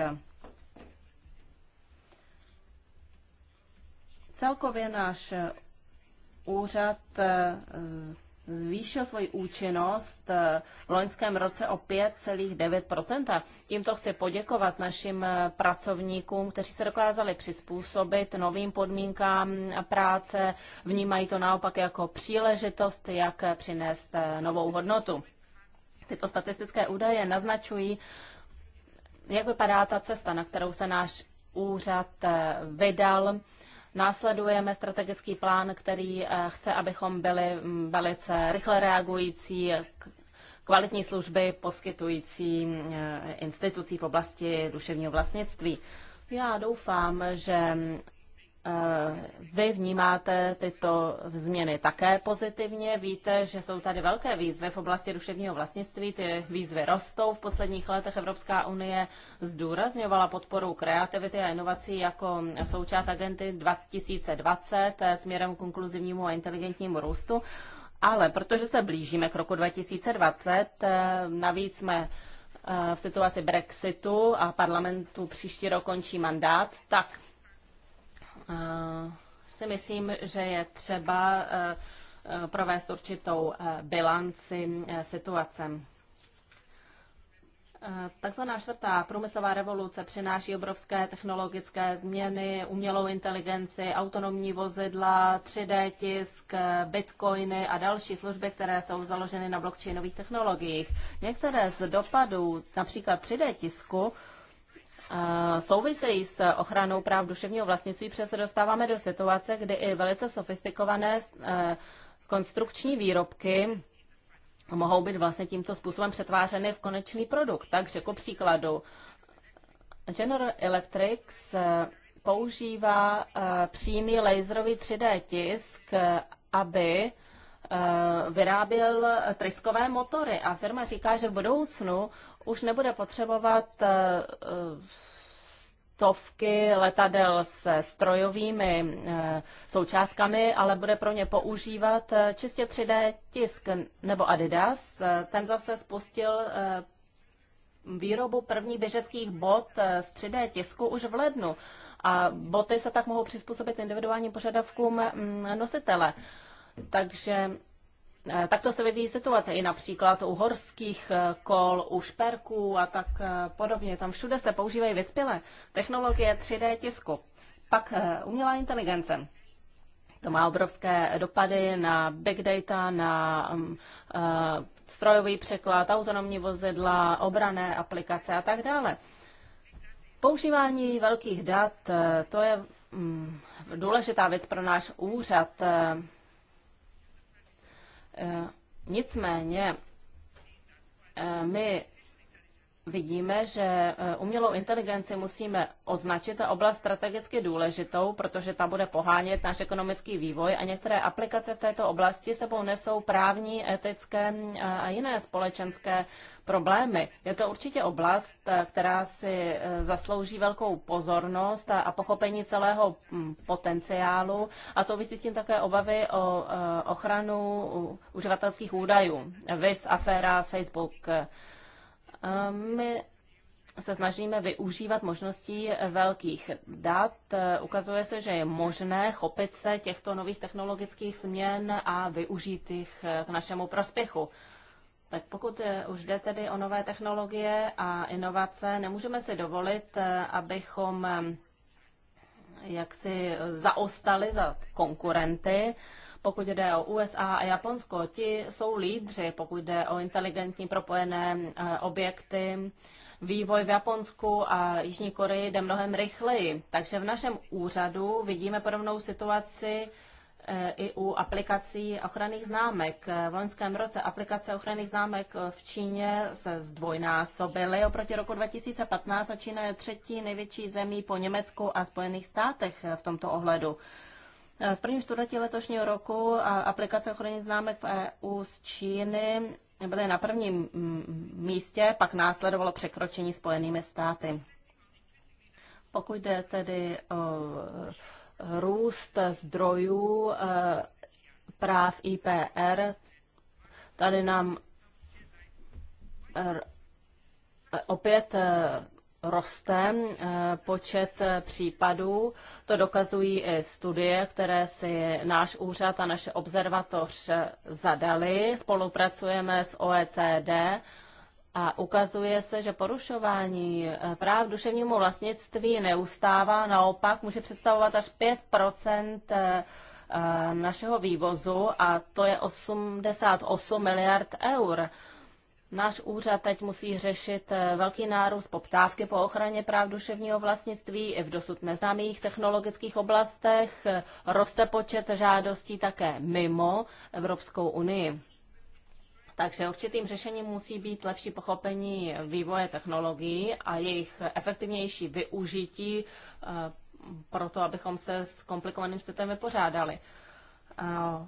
Celkově náš úřad eh, zvýšil svoji účinnost eh, v loňském roce o 5,9 Tímto chci poděkovat našim eh, pracovníkům, kteří se dokázali přizpůsobit novým podmínkám eh, práce, vnímají to naopak jako příležitost, jak přinést novou hodnotu. Tyto statistické údaje naznačují, jak vypadá ta cesta, na kterou se náš úřad vydal následujeme strategický plán, který eh, chce, abychom byli mm, velice rychle reagující, kvalitní služby poskytující eh, institucí v oblasti duševního vlastnictví. Já doufám, že mm, Eh, vy vnímáte tyto změny také pozitivně. Víte, že jsou tady velké výzvy v oblasti duševního vlastnictví. Ty výzvy rostou. V posledních letech Evropská unie zdůrazňovala podporu kreativity a inovací jako součást agenty 2020 eh, směrem k inkluzivnímu a inteligentnímu růstu. Ale protože se blížíme k roku 2020, eh, navíc jsme v situaci Brexitu a parlamentu příští rok končí mandát, tak si myslím, že je třeba eh, eh, provést určitou eh, bilanci situace. Takzvaná čtvrtá průmyslová revoluce přináší obrovské technologické změny, umělou inteligenci, autonomní vozidla, 3D tisk, bitcoiny a další služby, které jsou založeny na blockchainových technologiích. Některé z dopadů, například 3D tisku, souvisejí s ochranou práv duševního vlastnictví, protože se dostáváme do situace, kdy i velice sofistikované eh, konstrukční výrobky mohou být vlastně tímto způsobem přetvářeny v konečný produkt. Takže ku příkladu, General Electric eh, používá eh, přímý laserový 3D tisk, aby vyráběl tryskové motory a firma říká, že v budoucnu už nebude potřebovat eh, eh, stovky letadel se strojovými eh, součástkami, ale bude pro ně používat čistě 3D tisk nebo Adidas. Ten zase spustil výrobu prvních běžeckých bot z 3D tisku už v lednu. A boty se tak mohou přizpůsobit individuálním požadavkům mm, nositele. Takže Eh, Takto se vyvíjí situace i například u horských eh, kol, u šperků a tak eh, podobně. Tam všude se používají vyspělé technologie 3D tisku. Pak umělá inteligence. To má obrovské dopady na big data, na um, uh, strojový překlad, autonomní vozidla, obrané aplikace a tak dále. Používání velkých dat, to je um, důležitá věc pro náš úřad. Eh, nicméně eh, my vidíme, že eh, umělou inteligenci musíme označit za oblast strategicky důležitou, protože ta bude pohánět náš ekonomický vývoj a některé aplikace v této oblasti sebou nesou právní, etické eh, a jiné společenské problémy. Je to určitě oblast, eh, která si zaslouží velkou pozornost a pochopení celého hm, potenciálu a souvisí s tím také obavy o ochranu uživatelských údajů. Vys, aféra Facebook my se snažíme využívat možností velkých dat. Ukazuje se, že je možné chopit se těchto nových technologických změn a využít jich k našemu prospěchu. Tak pokud už jde tedy o nové technologie a inovace, nemůžeme si dovolit, abychom eh, jaksi zaostali za konkurenty pokud jde o USA a Japonsko, ti jsou lídři, pokud jde o inteligentní propojené eh, objekty. Vývoj v Japonsku a Jižní Koreji jde mnohem rychleji. Takže v našem úřadu vidíme podobnou situaci eh, i u aplikací ochranných známek. V loňském roce aplikace ochranných známek v Číně se zdvojnásobily oproti roku 2015 a Čína je třetí největší zemí po Německu a Spojených státech eh, v tomto ohledu. Eh, v prvním čtvrtletí letošního roku aplikace ochrany známek v EU z Číny byly na prvním mm, místě, pak následovalo překročení Spojenými státy. Pokud jde tedy o eh, růst zdrojů eh, práv IPR, tady nám opět roste počet případů to dokazují i studie, které si náš úřad a naše observatoř zadali. Spolupracujeme s OECD a ukazuje se, že porušování eh, práv duševnímu vlastnictví neustává, naopak může představovat až 5 eh, eh, našeho vývozu a to je 88 miliard eur. Náš úřad teď musí řešit eh, velký nárůst poptávky po ochraně práv duševního vlastnictví i v dosud neznámých technologických oblastech. Roste počet žádostí také mimo Evropskou unii. Takže určitým řešením musí být lepší pochopení vývoje technologií a jejich efektivnější využití eh, proto, abychom se s komplikovaným světem vypořádali. Eh,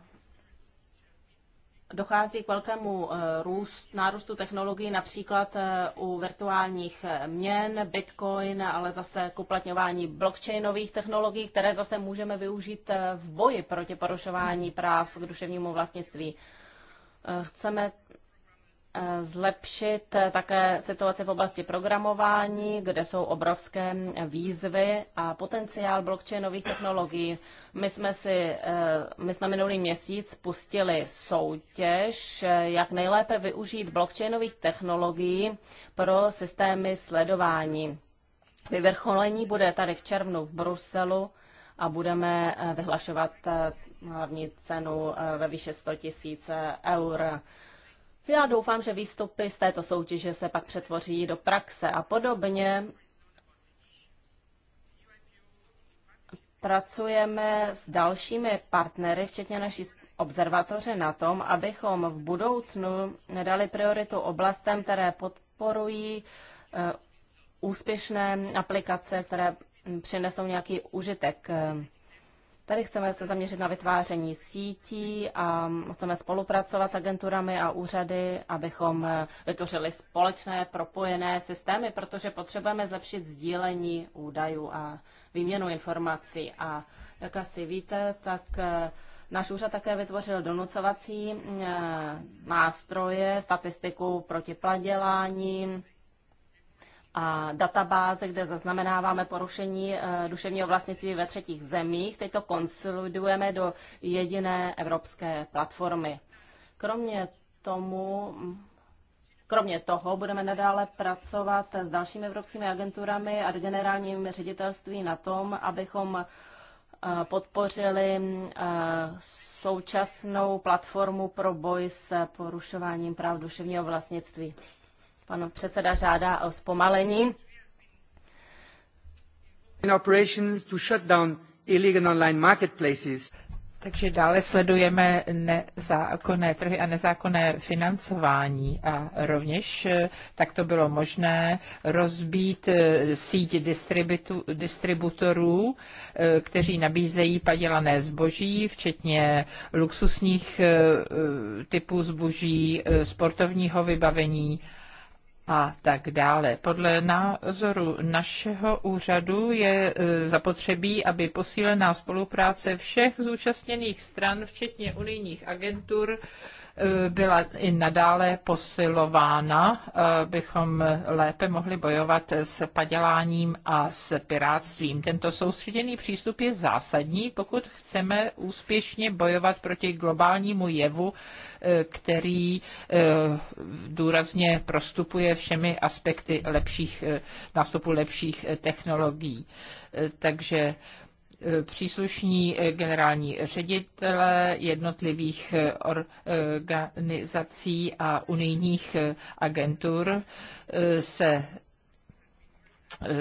dochází k velkému eh, růst, nárůstu technologií, například eh, u virtuálních eh, měn, bitcoin, ale zase k uplatňování blockchainových technologií, které zase můžeme využít v boji proti porušování práv k duševnímu vlastnictví. Chceme Eh, zlepšit eh, také situaci v oblasti programování, kde jsou obrovské eh, výzvy a potenciál blockchainových technologií. My jsme, si, my jsme minulý měsíc spustili soutěž, jak nejlépe využít blockchainových technologií pro systémy sledování. Vyvrcholení bude tady v červnu v Bruselu a budeme vyhlašovat hlavní cenu ve výši 100 000 eur. Já doufám, že výstupy z této soutěže se pak přetvoří do praxe a podobně. Pracujeme s dalšími partnery, včetně naší observatoře, na tom, abychom v budoucnu nedali prioritu oblastem, které podporují eh, úspěšné aplikace, které přinesou nějaký užitek eh, Tady chceme se zaměřit na vytváření sítí a chceme spolupracovat s agenturami a úřady, abychom eh, vytvořili společné propojené systémy, protože potřebujeme zlepšit sdílení údajů a výměnu informací. A jak asi víte, tak eh, Náš úřad také vytvořil donucovací eh, nástroje, statistiku proti pladělání, a databáze, kde zaznamenáváme porušení eh, duševního vlastnictví ve třetích zemích. Teď to konsolidujeme do jediné evropské platformy. Kromě tomu Kromě toho budeme nadále pracovat s dalšími evropskými agenturami a generálním ředitelství na tom, abychom eh, podpořili eh, současnou platformu pro boj s porušováním práv duševního vlastnictví. Pan předseda žádá o zpomalení. Takže dále sledujeme nezákonné trhy a nezákonné financování a rovněž eh, tak to bylo možné rozbít eh, síť distributorů, eh, kteří nabízejí padělané zboží, včetně luxusních typů zboží, sportovního vybavení a tak dále. Podle názoru našeho úřadu je e, zapotřebí, aby posílená spolupráce všech zúčastněných stran, včetně unijních agentur, Eh, byla i nadále posilována, eh, bychom lépe mohli bojovat s paděláním a s pirátstvím. Tento soustředěný přístup je zásadní, pokud chceme úspěšně bojovat proti globálnímu jevu, eh, který důrazně prostupuje všemi aspekty lepších, nástupu lepších technologií. Takže příslušní eh, generální ředitele jednotlivých eh, organizací a unijních eh, agentur se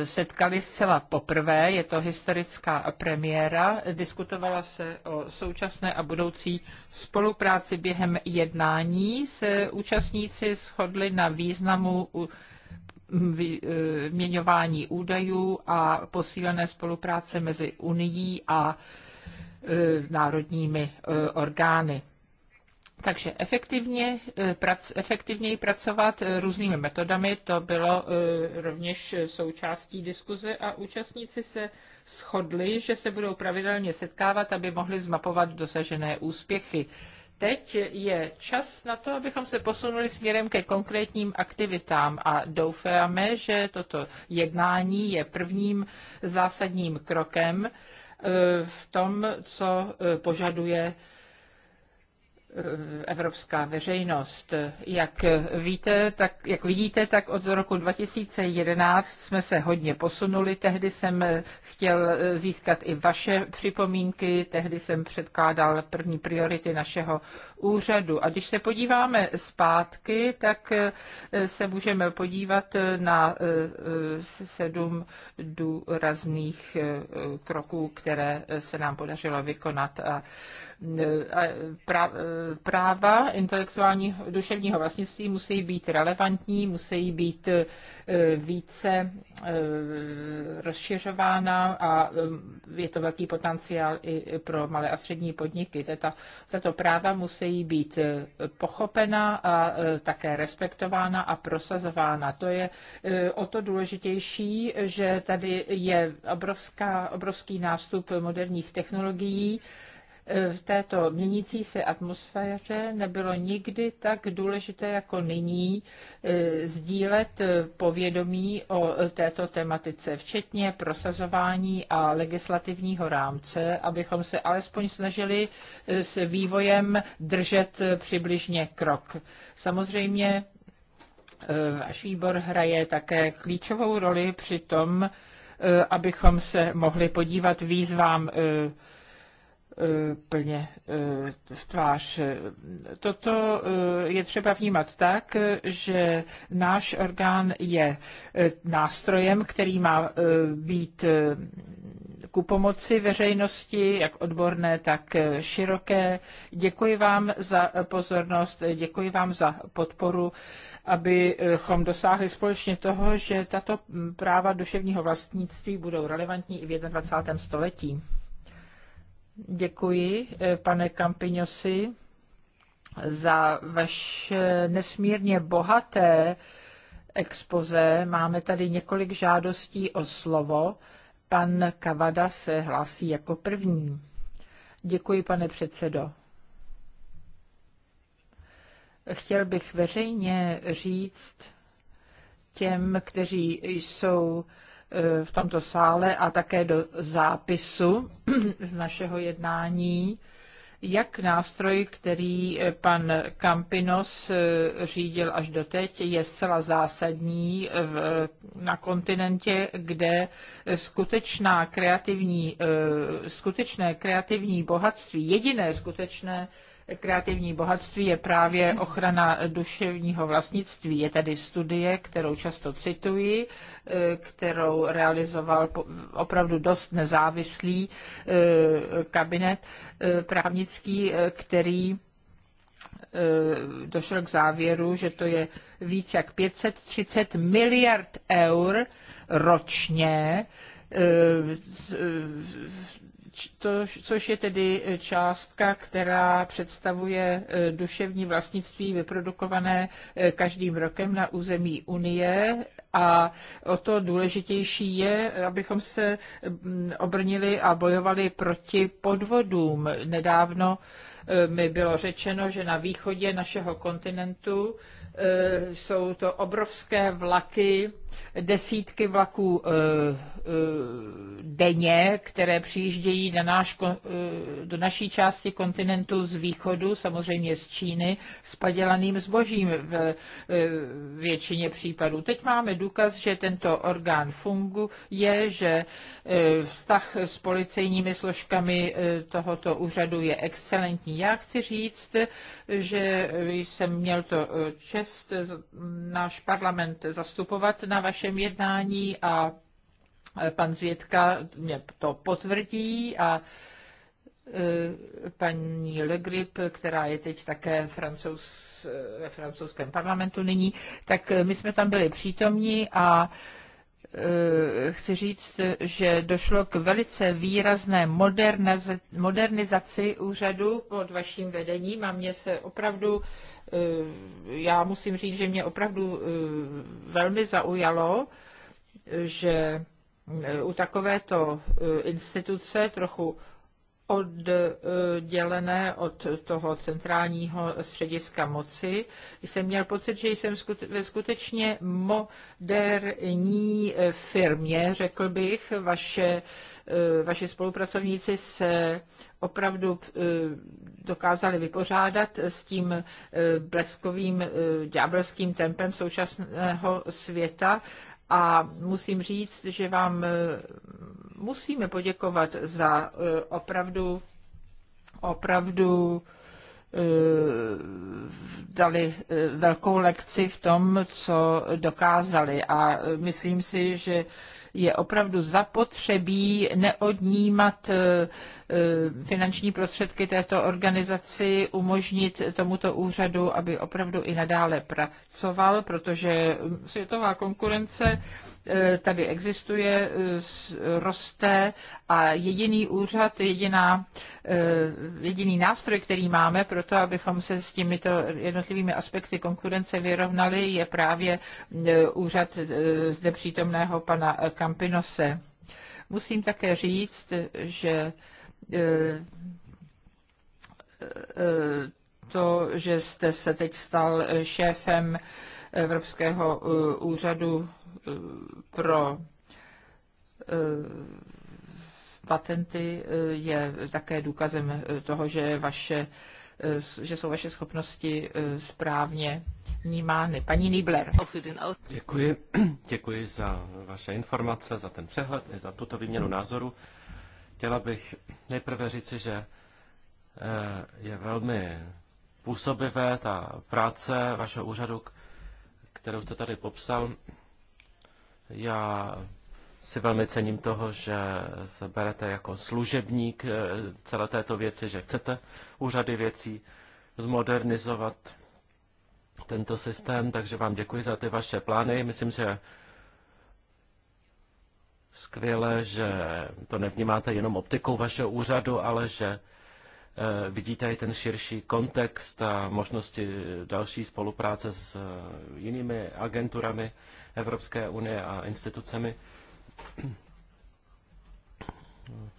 setkali zcela poprvé, je to historická premiéra. Diskutovala se o současné a budoucí spolupráci během jednání. Se účastníci shodli na významu vyměňování e, údajů a posílené spolupráce mezi Unií a e, národními e, orgány. Takže efektivně, prac, efektivněji pracovat různými metodami, to bylo rovněž součástí diskuze a účastníci se shodli, že se budou pravidelně setkávat, aby mohli zmapovat dosažené úspěchy teď je čas na to, abychom se posunuli směrem ke konkrétním aktivitám a doufáme, že toto jednání je prvním zásadním krokem eh, v tom, co eh, požaduje evropská veřejnost. Jak víte, tak, jak vidíte, tak od roku 2011 jsme se hodně posunuli. Tehdy jsem chtěl získat i vaše připomínky, tehdy jsem předkládal první priority našeho úřadu. A když se podíváme zpátky, tak eh, se můžeme podívat eh, na eh, sedm důrazných kroků, které se nám podařilo vykonat. A práva intelektuálního duševního vlastnictví musí být relevantní, musí být více rozšiřována a je to velký potenciál i pro malé a střední podniky. Tato, tato práva musí musí být eh, pochopena a eh, také respektována a prosazována. To je eh, o to důležitější, že tady je obrovská, obrovský nástup moderních technologií, v této měnící se atmosféře nebylo nikdy tak důležité jako nyní eh, sdílet povědomí o této tematice, včetně prosazování a legislativního rámce, abychom se alespoň snažili eh, s vývojem držet přibližně krok. Samozřejmě eh, váš výbor hraje také klíčovou roli při tom, abychom se mohli podívat výzvám Eh, plně eh, v tvář. Toto eh, je třeba vnímat tak, že náš orgán je nástrojem, který má být ku pomoci veřejnosti, jak odborné, tak široké. Děkuji vám za pozornost, děkuji vám za podporu, abychom dosáhli společně toho, že tato práva duševního vlastnictví budou relevantní i v 21. století. Děkuji, eh, pane Kampiňosi, za vaše nesmírně bohaté expoze. Máme tady několik žádostí o slovo. Pan Kavada se hlásí jako první. Děkuji, pane předsedo. Chtěl bych veřejně říct těm, kteří jsou v tomto sále a také do zápisu z našeho jednání, jak nástroj, který pan Campinos eh, řídil až doteď, je zcela zásadní v, na kontinentě, kde skutečná kreativní, eh, skutečné kreativní bohatství, jediné skutečné kreativní bohatství je právě ochrana duševního vlastnictví. Je tady studie, kterou často cituji, eh, kterou realizoval opravdu dost nezávislý eh, kabinet eh, právnický, který došel k závěru, že to je více jak 530 miliard eur ročně to, což je tedy e, částka, která představuje e, duševní vlastnictví vyprodukované e, každým rokem na území Unie a o to důležitější je, abychom se obrnili a bojovali proti podvodům. Nedávno mi bylo řečeno, že na východě našeho kontinentu jsou to obrovské vlaky, desítky vlaků Eh, denně, které přijíždějí na náš, eh, do naší části kontinentu z východu, samozřejmě z Číny, s padělaným zbožím v eh, většině případů. Teď máme důkaz, že tento orgán funguje, že vztah s policejními složkami tohoto úřadu je excelentní. Já chci říct, že jsem měl to čest náš parlament zastupovat na vašem jednání a Eh, pan Zvědka mě to potvrdí a eh, paní Le Grip, která je teď také francouz, eh, ve francouzském parlamentu nyní, tak my jsme tam byli přítomní a chci říct, že došlo k velice výrazné modernizaci úřadu pod vaším vedením a mě se opravdu, já musím říct, že mě opravdu velmi zaujalo, že u takovéto eh, instituce trochu oddělené od toho centrálního střediska moci. Jsem měl pocit, že jsem ve skutečně moderní eh, firmě, řekl bych. Vaše, eh, vaši spolupracovníci se opravdu dokázali vypořádat s tím bleskovým ďábelským tempem současného světa a musím říct, že vám e, musíme poděkovat za e, opravdu, opravdu e, dali velkou lekci v tom, co dokázali. A myslím si, že je opravdu zapotřebí neodnímat Eh, finanční prostředky této organizaci, umožnit tomuto úřadu, aby opravdu i nadále pracoval, protože světová konkurence eh, tady existuje, eh, roste a jediný úřad, jediná, jediný nástroj, který máme pro to, abychom se s těmito jednotlivými aspekty konkurence vyrovnali, je právě úřad zde přítomného pana Kampinose. Musím také říct, že Eh, eh, to, že jste se teď stal šéfem Evropského eh, úřadu pro patenty, je také důkazem toho, že, vaše, že jsou vaše schopnosti správně vnímány. Paní Nibler. Děkuji. Děkuji za vaše informace, za ten přehled, za tuto výměnu názoru. Chtěla bych nejprve říci, že eh, je velmi působivé ta práce vašeho úřadu, kterou jste tady popsal. Já si velmi cením toho, že se berete jako služebník eh, celé této věci, že chcete úřady věcí zmodernizovat tento systém, takže vám děkuji za ty vaše plány. Myslím, že skvěle, že to nevnímáte jenom optikou vašeho úřadu, ale že eh, vidíte i ten širší kontext a možnosti další spolupráce s eh, jinými agenturami Evropské unie a institucemi.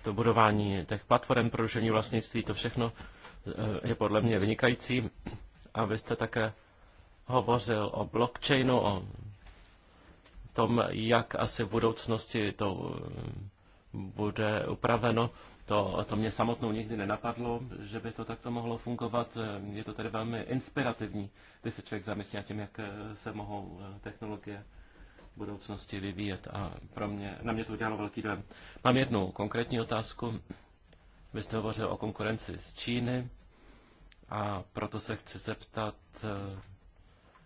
To budování těch platform pro rušení vlastnictví, to všechno eh, je podle mě vynikající. A vy jste také hovořil o blockchainu, o tom, jak asi v budoucnosti to eh, bude upraveno. To, to mě samotnou nikdy nenapadlo, že by to takto mohlo fungovat. Eh, je to tedy velmi inspirativní, když se člověk zamyslí nad tím, jak eh, se mohou technologie v budoucnosti vyvíjet. A pro mě, na mě to udělalo velký dojem. Mám jednu konkrétní otázku. Vy jste hovořil o konkurenci z Číny a proto se chci zeptat,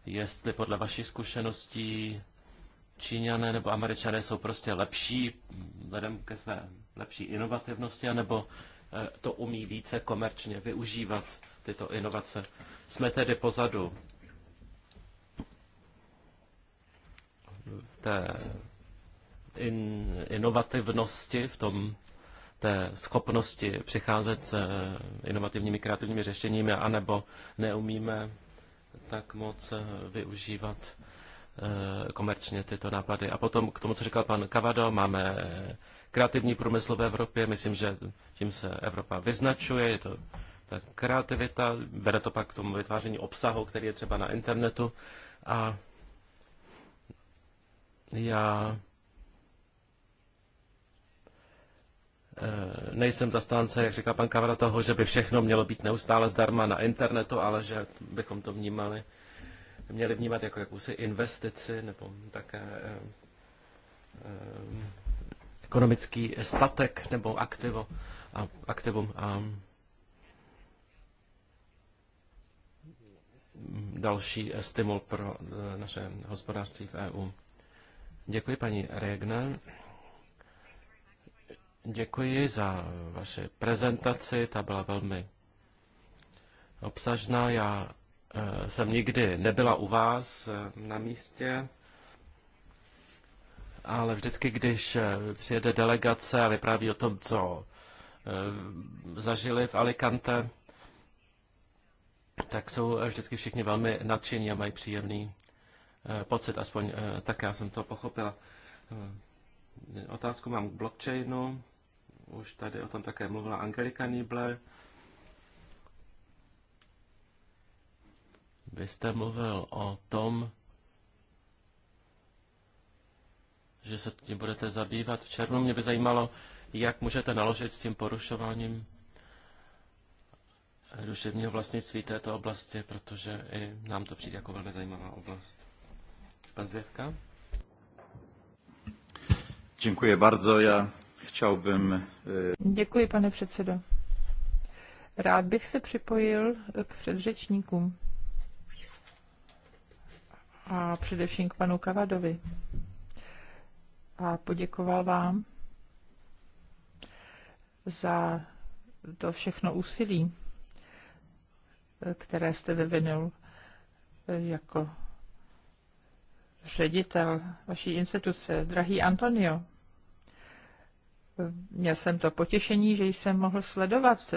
jestli podle vaší zkušeností Číňané nebo Američané jsou prostě lepší vzhledem ke své lepší inovativnosti, anebo eh, to umí více komerčně využívat tyto inovace. Jsme tedy pozadu v té in, inovativnosti, v tom té schopnosti přicházet s eh, inovativními kreativními řešeními, anebo neumíme tak moc eh, využívat Eh, komerčně tyto nápady. A potom k tomu, co říkal pan Kavado, máme kreativní průmysl v Evropě. Myslím, že tím se Evropa vyznačuje. Je to ta kreativita, vede to pak k tomu vytváření obsahu, který je třeba na internetu. A já eh, nejsem zastánce, jak říká pan Kavada, toho, že by všechno mělo být neustále zdarma na internetu, ale že bychom to vnímali měli vnímat jako jakousi investici nebo také eh, eh, ekonomický statek nebo aktivo, a, aktivum. A další stimul pro eh, naše hospodářství v EU. Děkuji paní Regner. Děkuji za vaši prezentaci, ta byla velmi obsažná. Já Eh, jsem nikdy nebyla u vás eh, na místě, ale vždycky, když eh, přijede delegace a vypráví o tom, co zažili v Alicante, tak jsou vždycky všichni velmi nadšení a mají příjemný pocit, aspoň tak já jsem to pochopila. Otázku mám k blockchainu, už tady o tom také mluvila Angelika Niebler. Vy jste mluvil o tom, že se tím budete zabývat v červnu. Mě by zajímalo, jak můžete naložit s tím porušováním duševního vlastnictví této oblasti, protože i nám to přijde jako velmi zajímavá oblast. Pan Zvěvka? Děkuji bardzo. Já bym... Eh, Děkuji, pane předsedo. Rád bych se připojil k předřečníkům a především k panu Kavadovi. A poděkoval vám za to všechno úsilí, které jste vyvinul jako ředitel vaší instituce, drahý Antonio. Měl jsem to potěšení, že jsem mohl sledovat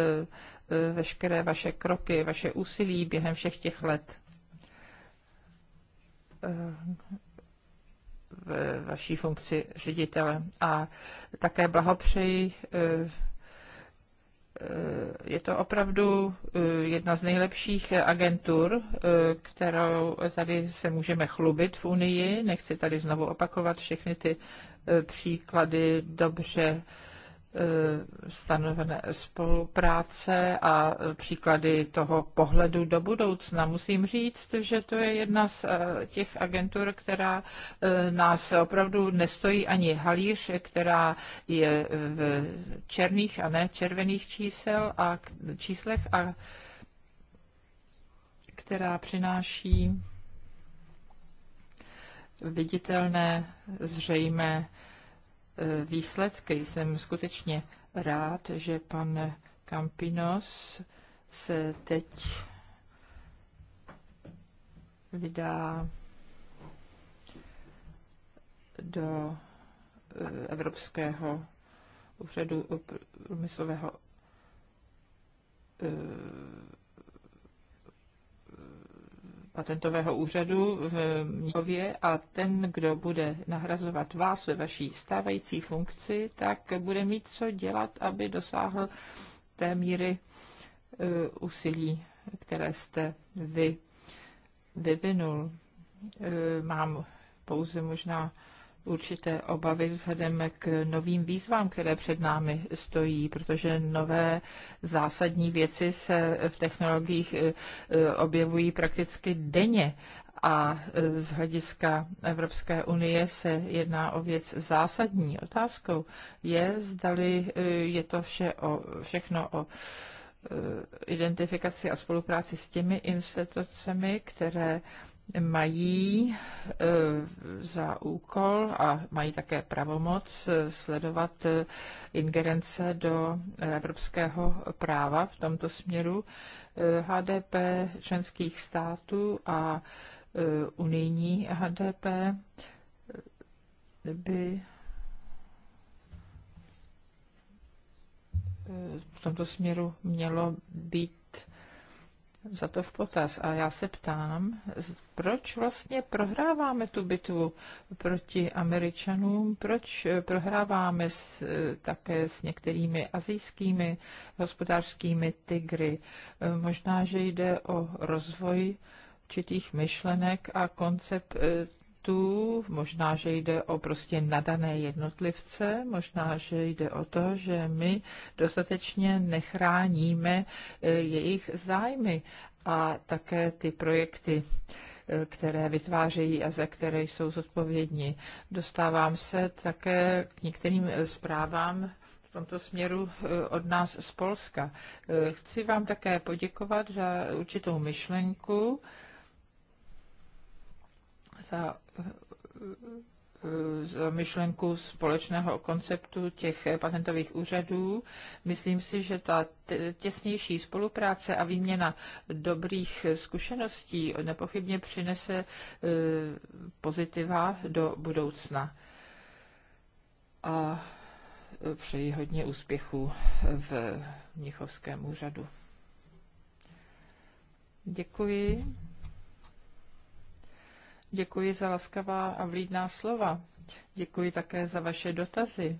veškeré vaše kroky, vaše úsilí během všech těch let. Eh, ve vaší funkci ředitele. A také blahopřeji eh, eh, je to opravdu jedna z nejlepších agentur, kterou tady se můžeme chlubit v Unii. Nechci tady znovu opakovat všechny ty příklady dobře E, stanovené spolupráce a příklady toho pohledu do budoucna. Musím říct, že to je jedna z e, těch agentur, která e, nás opravdu nestojí ani halíř, která je v černých a ne červených čísel a číslech a která přináší viditelné, zřejmé výsledky. Jsem skutečně rád, že pan Campinos se teď vydá do eh, Evropského úřadu průmyslového eh, patentového úřadu v Mnichově a ten, kdo bude nahrazovat vás ve vaší stávající funkci, tak bude mít co dělat, aby dosáhl té míry eh, úsilí, které jste vy vyvinul. Eh, mám pouze možná určité obavy vzhledem k novým výzvám, které před námi stojí, protože nové zásadní věci se v technologiích eh, eh, objevují prakticky denně a eh, z hlediska Evropské unie se jedná o věc zásadní. Otázkou je, zdali je to vše o, všechno o identifikaci a spolupráci s těmi institucemi, které mají eh, za úkol a mají také pravomoc eh, sledovat eh, ingerence do evropského práva v tomto směru HDP členských států a unijní HDP by v tomto směru mělo být za to v potaz. A já se ptám, proč vlastně prohráváme tu bitvu proti Američanům, proč eh, prohráváme s, eh, také s některými azijskými hospodářskými tygry. Eh, možná, že jde o rozvoj určitých myšlenek a koncept států, možná, že jde o prostě nadané jednotlivce, možná, že jde o to, že my dostatečně nechráníme eh, jejich zájmy a také ty projekty eh, které vytvářejí a za které jsou zodpovědní. Dostávám se také k některým eh, zprávám v tomto směru od nás z Polska. Chci vám také poděkovat za určitou myšlenku, za myšlenku společného konceptu těch patentových úřadů. Myslím si, že ta těsnější spolupráce a výměna dobrých zkušeností nepochybně přinese e, pozitiva do budoucna. A přeji hodně úspěchů v Mnichovském úřadu. Děkuji. Děkuji za laskavá a vlídná slova. Děkuji také za vaše dotazy.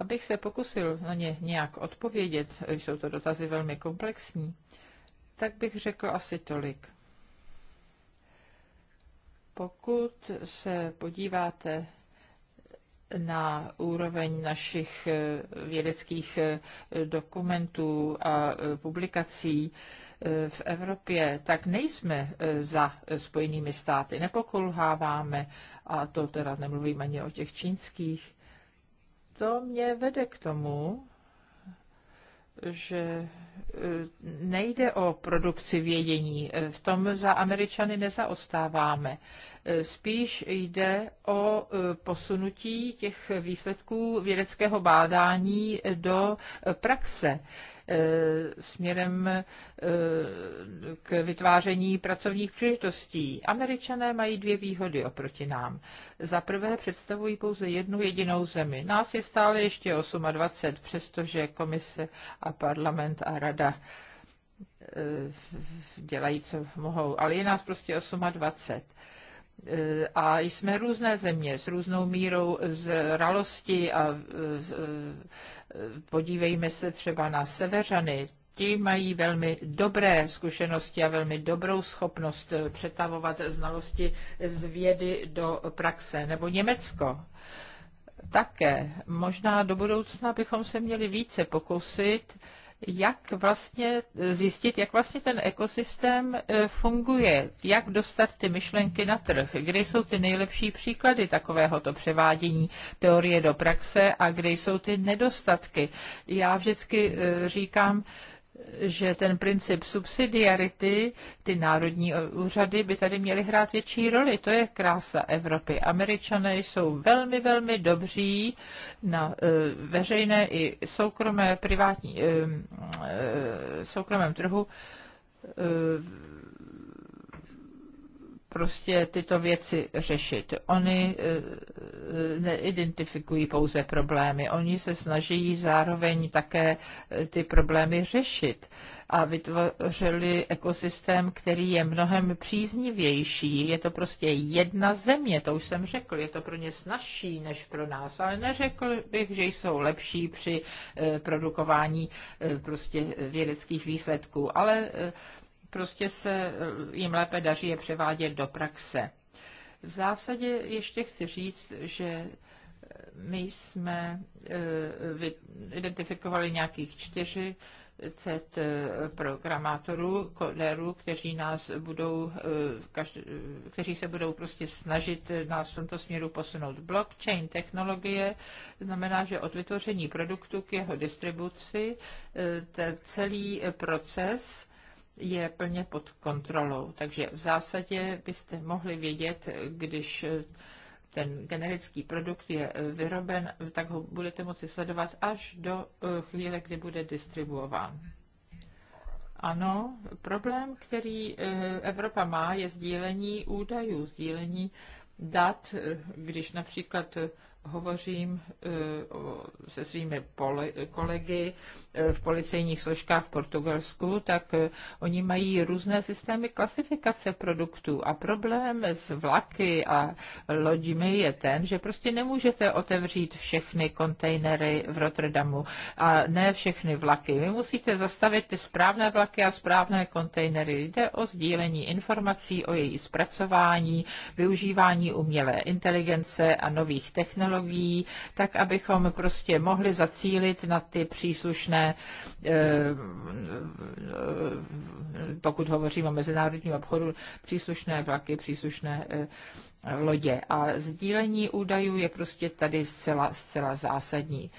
Abych se pokusil na ně nějak odpovědět, jsou to dotazy velmi komplexní, tak bych řekl asi tolik. Pokud se podíváte na úroveň našich vědeckých dokumentů a publikací, Eh, v Evropě, tak nejsme eh, za spojenými státy, nepokulháváme, a to teda nemluvím ani o těch čínských. To mě vede k tomu, že nejde o produkci vědění. V tom za Američany nezaostáváme. Spíš jde o e, posunutí těch výsledků vědeckého bádání do praxe e, směrem e, k vytváření pracovních příležitostí. Američané mají dvě výhody oproti nám. Za prvé představují pouze jednu jedinou zemi. Nás je stále ještě 28, přestože komise a parlament a rada rada eh, dělají, co mohou, ale je nás prostě 28 eh, a jsme různé země s různou mírou zralosti a eh, podívejme se třeba na Severany. Ti mají velmi dobré zkušenosti a velmi dobrou schopnost přetavovat znalosti z vědy do praxe. Nebo Německo také. Možná do budoucna bychom se měli více pokusit jak vlastně zjistit, jak vlastně ten ekosystém e, funguje, jak dostat ty myšlenky na trh, kde jsou ty nejlepší příklady takovéhoto převádění teorie do praxe a kde jsou ty nedostatky. Já vždycky e, říkám, že ten princip subsidiarity, ty národní úřady by tady měly hrát větší roli. To je krása Evropy. Američané jsou velmi, velmi dobří na eh, veřejné i soukromé privátní, eh, eh, soukromém trhu prostě tyto věci řešit. Oni neidentifikují pouze problémy, oni se snaží zároveň také eh, ty problémy řešit a vytvořili ekosystém, který je mnohem příznivější. Je to prostě jedna země, to už jsem řekl, je to pro ně snažší než pro nás, ale neřekl bych, že jsou lepší při eh, produkování eh, prostě vědeckých výsledků, ale prostě se jim lépe daří je převádět do praxe. V zásadě ještě chci říct, že my jsme eh, identifikovali nějakých čtyři 40 eh, programátorů, kodérů, kteří nás budou, eh, kteří se budou prostě snažit nás v tomto směru posunout. Blockchain technologie znamená, že od vytvoření produktu k jeho distribuci ten celý proces je plně pod kontrolou. Takže v zásadě byste mohli vědět, když eh, ten generický produkt je eh, vyroben, tak ho budete moci sledovat až do eh, chvíle, kdy bude distribuován. Ano, problém, který Evropa má, je sdílení údajů, sdílení dat, když například hovořím eh, se svými kolegy eh, v policejních složkách v Portugalsku, tak eh, oni mají různé systémy klasifikace produktů a problém s vlaky a loďmi je ten, že prostě nemůžete otevřít všechny kontejnery v Rotterdamu a ne všechny vlaky. Vy musíte zastavit ty správné vlaky a správné kontejnery. Jde o sdílení informací, o její zpracování, využívání umělé inteligence a nových technologií technologií, tak abychom prostě mohli zacílit na ty příslušné, eh, eh, pokud hovořím o mezinárodním obchodu, příslušné vlaky, příslušné eh, lodě. A sdílení údajů je prostě tady zcela, zcela zásadní.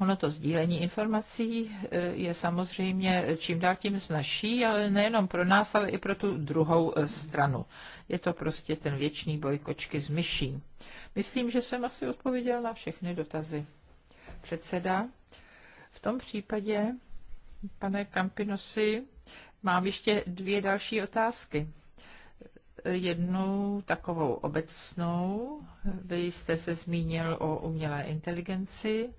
Ono to sdílení informací je samozřejmě čím dál tím snažší, ale nejenom pro nás, ale i pro tu druhou stranu. Je to prostě ten věčný boj kočky s myší. Myslím, že jsem asi odpověděl na všechny dotazy. Předseda, v tom případě, pane Kampinosi, mám ještě dvě další otázky. Jednu takovou obecnou. Vy jste se zmínil o umělé inteligenci.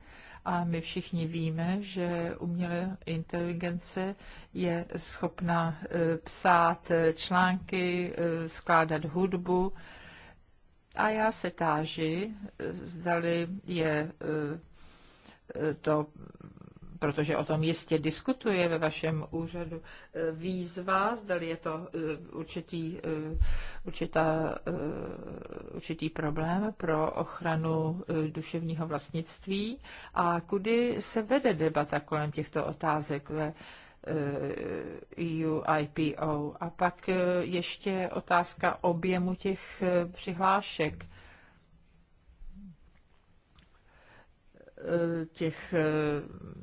A my všichni víme, že umělá inteligence je schopna eh, psát eh, články, eh, skládat hudbu a já se táži, zdali je eh, eh, to, protože o tom jistě diskutuje ve vašem úřadu, eh, výzva, zdali je to určitý, určitá, určitý problém pro ochranu duševního vlastnictví a kudy se vede debata kolem těchto otázek ve EU eh, IPO. A pak eh, ještě otázka objemu těch eh, přihlášek. těch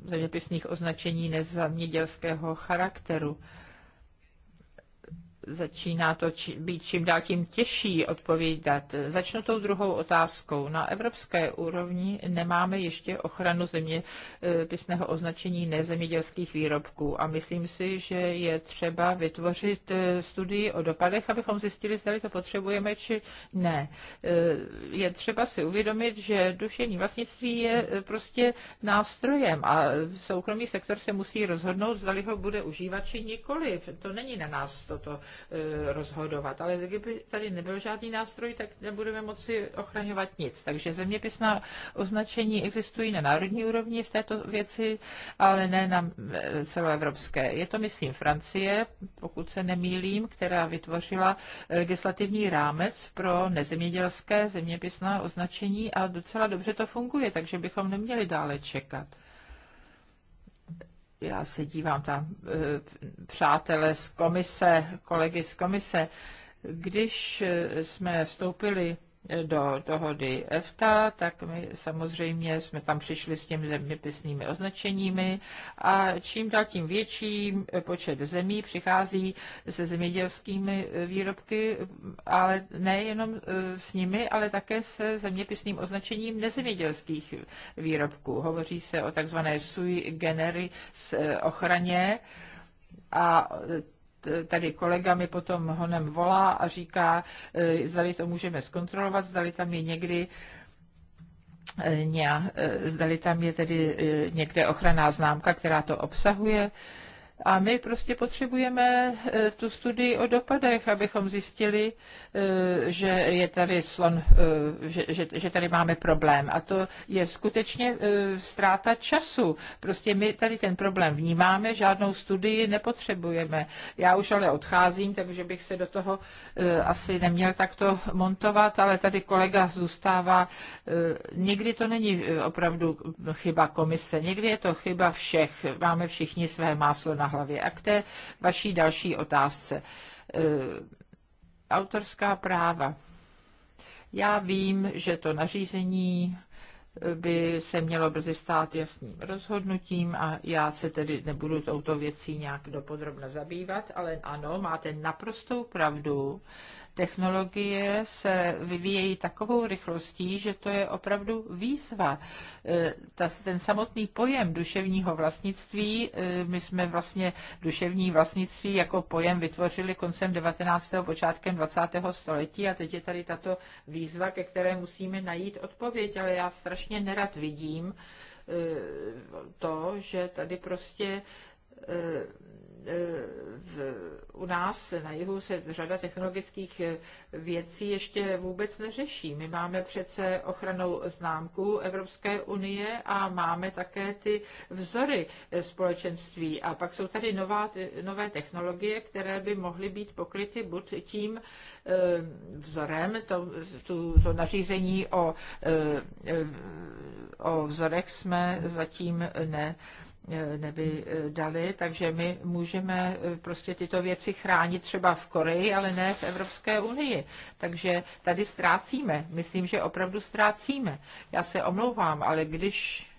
zeměpisných označení nezamědělského charakteru začíná to či, být čím dál tím těžší odpovídat. Začnu tou druhou otázkou. Na evropské úrovni nemáme ještě ochranu zeměpisného označení nezemědělských výrobků a myslím si, že je třeba vytvořit eh, studii o dopadech, abychom zjistili, zda to potřebujeme, či ne. Eh, je třeba si uvědomit, že duševní vlastnictví je eh, prostě nástrojem a soukromý sektor se musí rozhodnout, zda ho bude užívat, či nikoliv. To není na nás toto Eh, rozhodovat. Ale kdyby tady nebyl žádný nástroj, tak nebudeme moci ochraňovat nic. Takže zeměpisná označení existují na národní úrovni v této věci, ale ne na eh, celoevropské. Je to, myslím, Francie, pokud se nemýlím, která vytvořila legislativní rámec pro nezemědělské zeměpisná označení a docela dobře to funguje, takže bychom neměli dále čekat já se dívám tam, eh, přátelé z komise, kolegy z komise, když eh, jsme vstoupili do dohody EFTA, tak my samozřejmě jsme tam přišli s těmi zeměpisnými označeními a čím dál tím větší počet zemí přichází se zemědělskými výrobky, ale nejenom e, s nimi, ale také se zeměpisným označením nezemědělských výrobků. Hovoří se o takzvané sui generis e, ochraně a tady kolega mi potom honem volá a říká, e, zdali to můžeme zkontrolovat, zdali tam je někdy e, e, zdali tam je tedy někde ochranná známka, která to obsahuje. A my prostě potřebujeme eh, tu studii o dopadech, abychom zjistili, eh, že je tady slon, eh, že, že, že tady máme problém. A to je skutečně ztráta času. Prostě my tady ten problém vnímáme, žádnou studii nepotřebujeme. Já už ale odcházím, takže bych se do toho asi neměl takto montovat, ale tady kolega zůstává. Někdy to není opravdu chyba komise, někdy je to chyba všech. Máme všichni své máslo na hlavě. A k té vaší další otázce. E, autorská práva. Já vím, že to nařízení by se mělo brzy stát jasným rozhodnutím a já se tedy nebudu touto věcí nějak dopodrobna zabývat, ale ano, máte naprostou pravdu, Technologie se vyvíjejí takovou rychlostí, že to je opravdu výzva. E, ten samotný pojem duševního vlastnictví, e, my jsme vlastně duševní vlastnictví jako pojem vytvořili koncem 19. počátkem 20. století a teď je tady tato výzva, ke které musíme najít odpověď, ale já strašně nerad vidím, e, to, že tady prostě E, e, v, u nás na jihu se řada technologických e, věcí ještě vůbec neřeší. My máme přece ochranou známku Evropské unie a máme také ty vzory společenství. A pak jsou tady nová, nové technologie, které by mohly být pokryty buď tím vzorem, to, to, to nařízení o, o vzorech jsme zatím ne E, nevydali, takže my můžeme e, prostě tyto věci chránit třeba v Koreji, ale ne v Evropské unii. Takže tady ztrácíme. Myslím, že opravdu ztrácíme. Já se omlouvám, ale když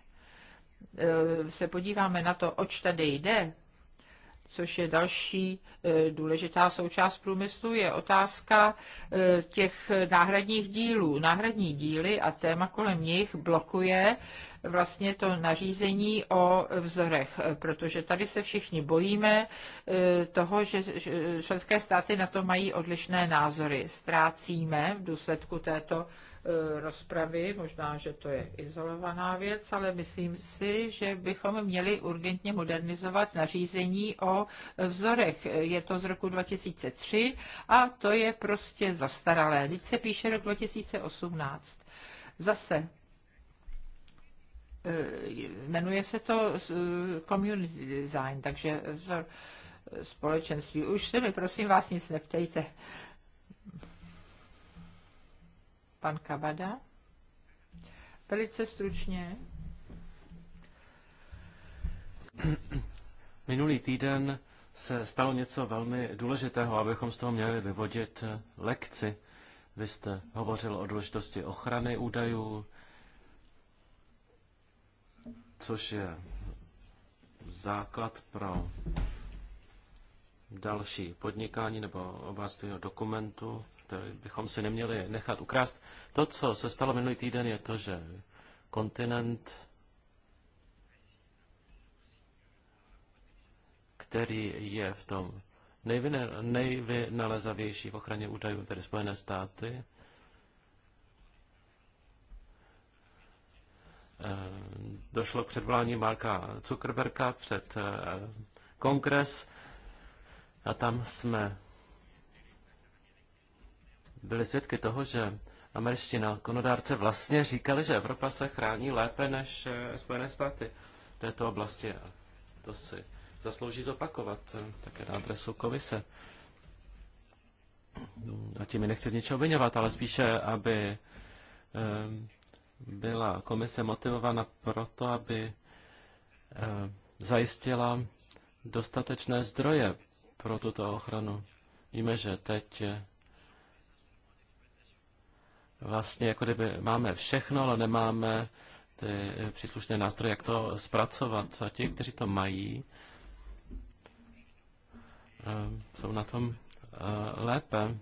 e, se podíváme na to, oč tady jde, což je další e, důležitá součást průmyslu, je otázka e, těch náhradních dílů. Náhradní díly a téma kolem nich blokuje vlastně to nařízení o vzorech, protože tady se všichni bojíme e, toho, že členské státy na to mají odlišné názory. Ztrácíme v důsledku této E, rozpravy, možná, že to je izolovaná věc, ale myslím si, že bychom měli urgentně modernizovat nařízení o vzorech. Je to z roku 2003 a to je prostě zastaralé. Teď se píše rok 2018. Zase e, jmenuje se to e, community design, takže vzor společenství. Už se mi prosím vás nic neptejte. Pan Kabada. Velice stručně. Minulý týden se stalo něco velmi důležitého, abychom z toho měli vyvodit lekci. Vy jste hovořil o důležitosti ochrany údajů, což je základ pro další podnikání nebo oblastního dokumentu to bychom si neměli nechat ukrást. To, co se stalo minulý týden, je to, že kontinent, který je v tom nejvynalezavější v ochraně údajů, tedy Spojené státy, eh, došlo k předvolání Marka Zuckerberga před eh, kongres a tam jsme byli svědky toho, že američtí zákonodárce vlastně říkali, že Evropa se chrání lépe než eh, Spojené státy v této oblasti. A to si zaslouží zopakovat eh, také na adresu komise. No, a tím nechci z něčeho vyňovat, ale spíše, aby eh, byla komise motivována proto, aby zajistila dostatečné zdroje pro tuto ochranu. Víme, že teď vlastně jako kdyby máme všechno, ale nemáme ty příslušné nástroje, jak to zpracovat. A ti, kteří to mají, ehm, jsou na tom eh, lépe.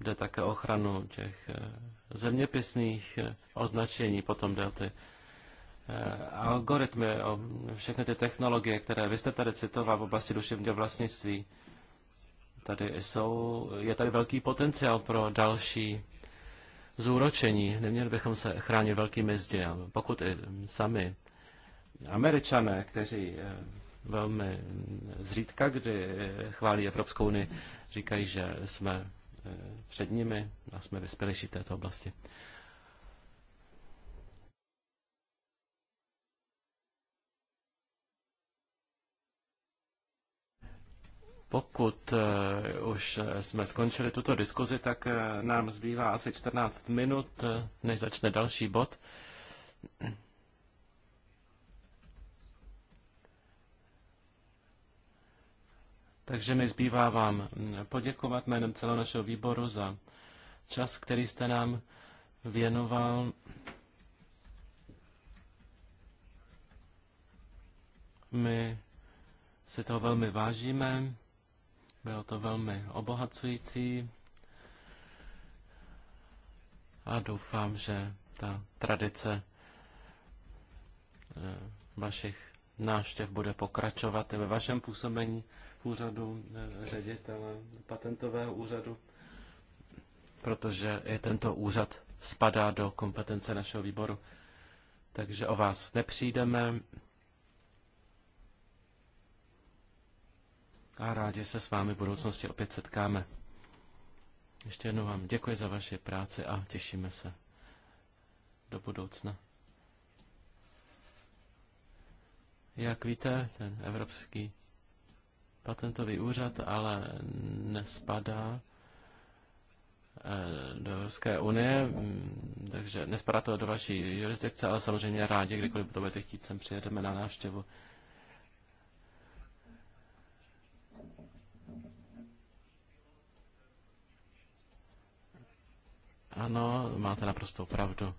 Jde také ochranu těch eh, zeměpisných eh, označení, potom jde o ty algoritmy, o všechny ty technologie, které vy jste tady citoval v oblasti duševního vlastnictví tady jsou, je tady velký potenciál pro další zúročení. Neměli bychom se chránit velkými zdi. Pokud i sami američané, kteří eh, velmi zřídka, kdy chválí Evropskou unii, říkají, že jsme eh, před nimi a jsme vyspělejší v této oblasti. Pokud eh, už eh, jsme skončili tuto diskuzi, tak eh, nám zbývá asi 14 minut, než začne další bod. Takže mi zbývá vám poděkovat jménem celého našeho výboru za čas, který jste nám věnoval. My si toho velmi vážíme. Bylo to velmi obohacující a doufám, že ta tradice eh, vašich náštěv bude pokračovat i ve vašem působení v úřadu eh, ředitele patentového úřadu, protože i tento úřad spadá do kompetence našeho výboru. Takže o vás nepřijdeme. a rádi se s vámi v budoucnosti opět setkáme. Ještě jednou vám děkuji za vaši práci a těšíme se do budoucna. Jak víte, ten Evropský patentový úřad ale nespadá eh, do Evropské unie, mm, takže nespadá to do vaší jurisdikce, ale samozřejmě rádi, kdykoliv to budete chtít, sem přijedeme na návštěvu. Ano, máte naprosto pravdu.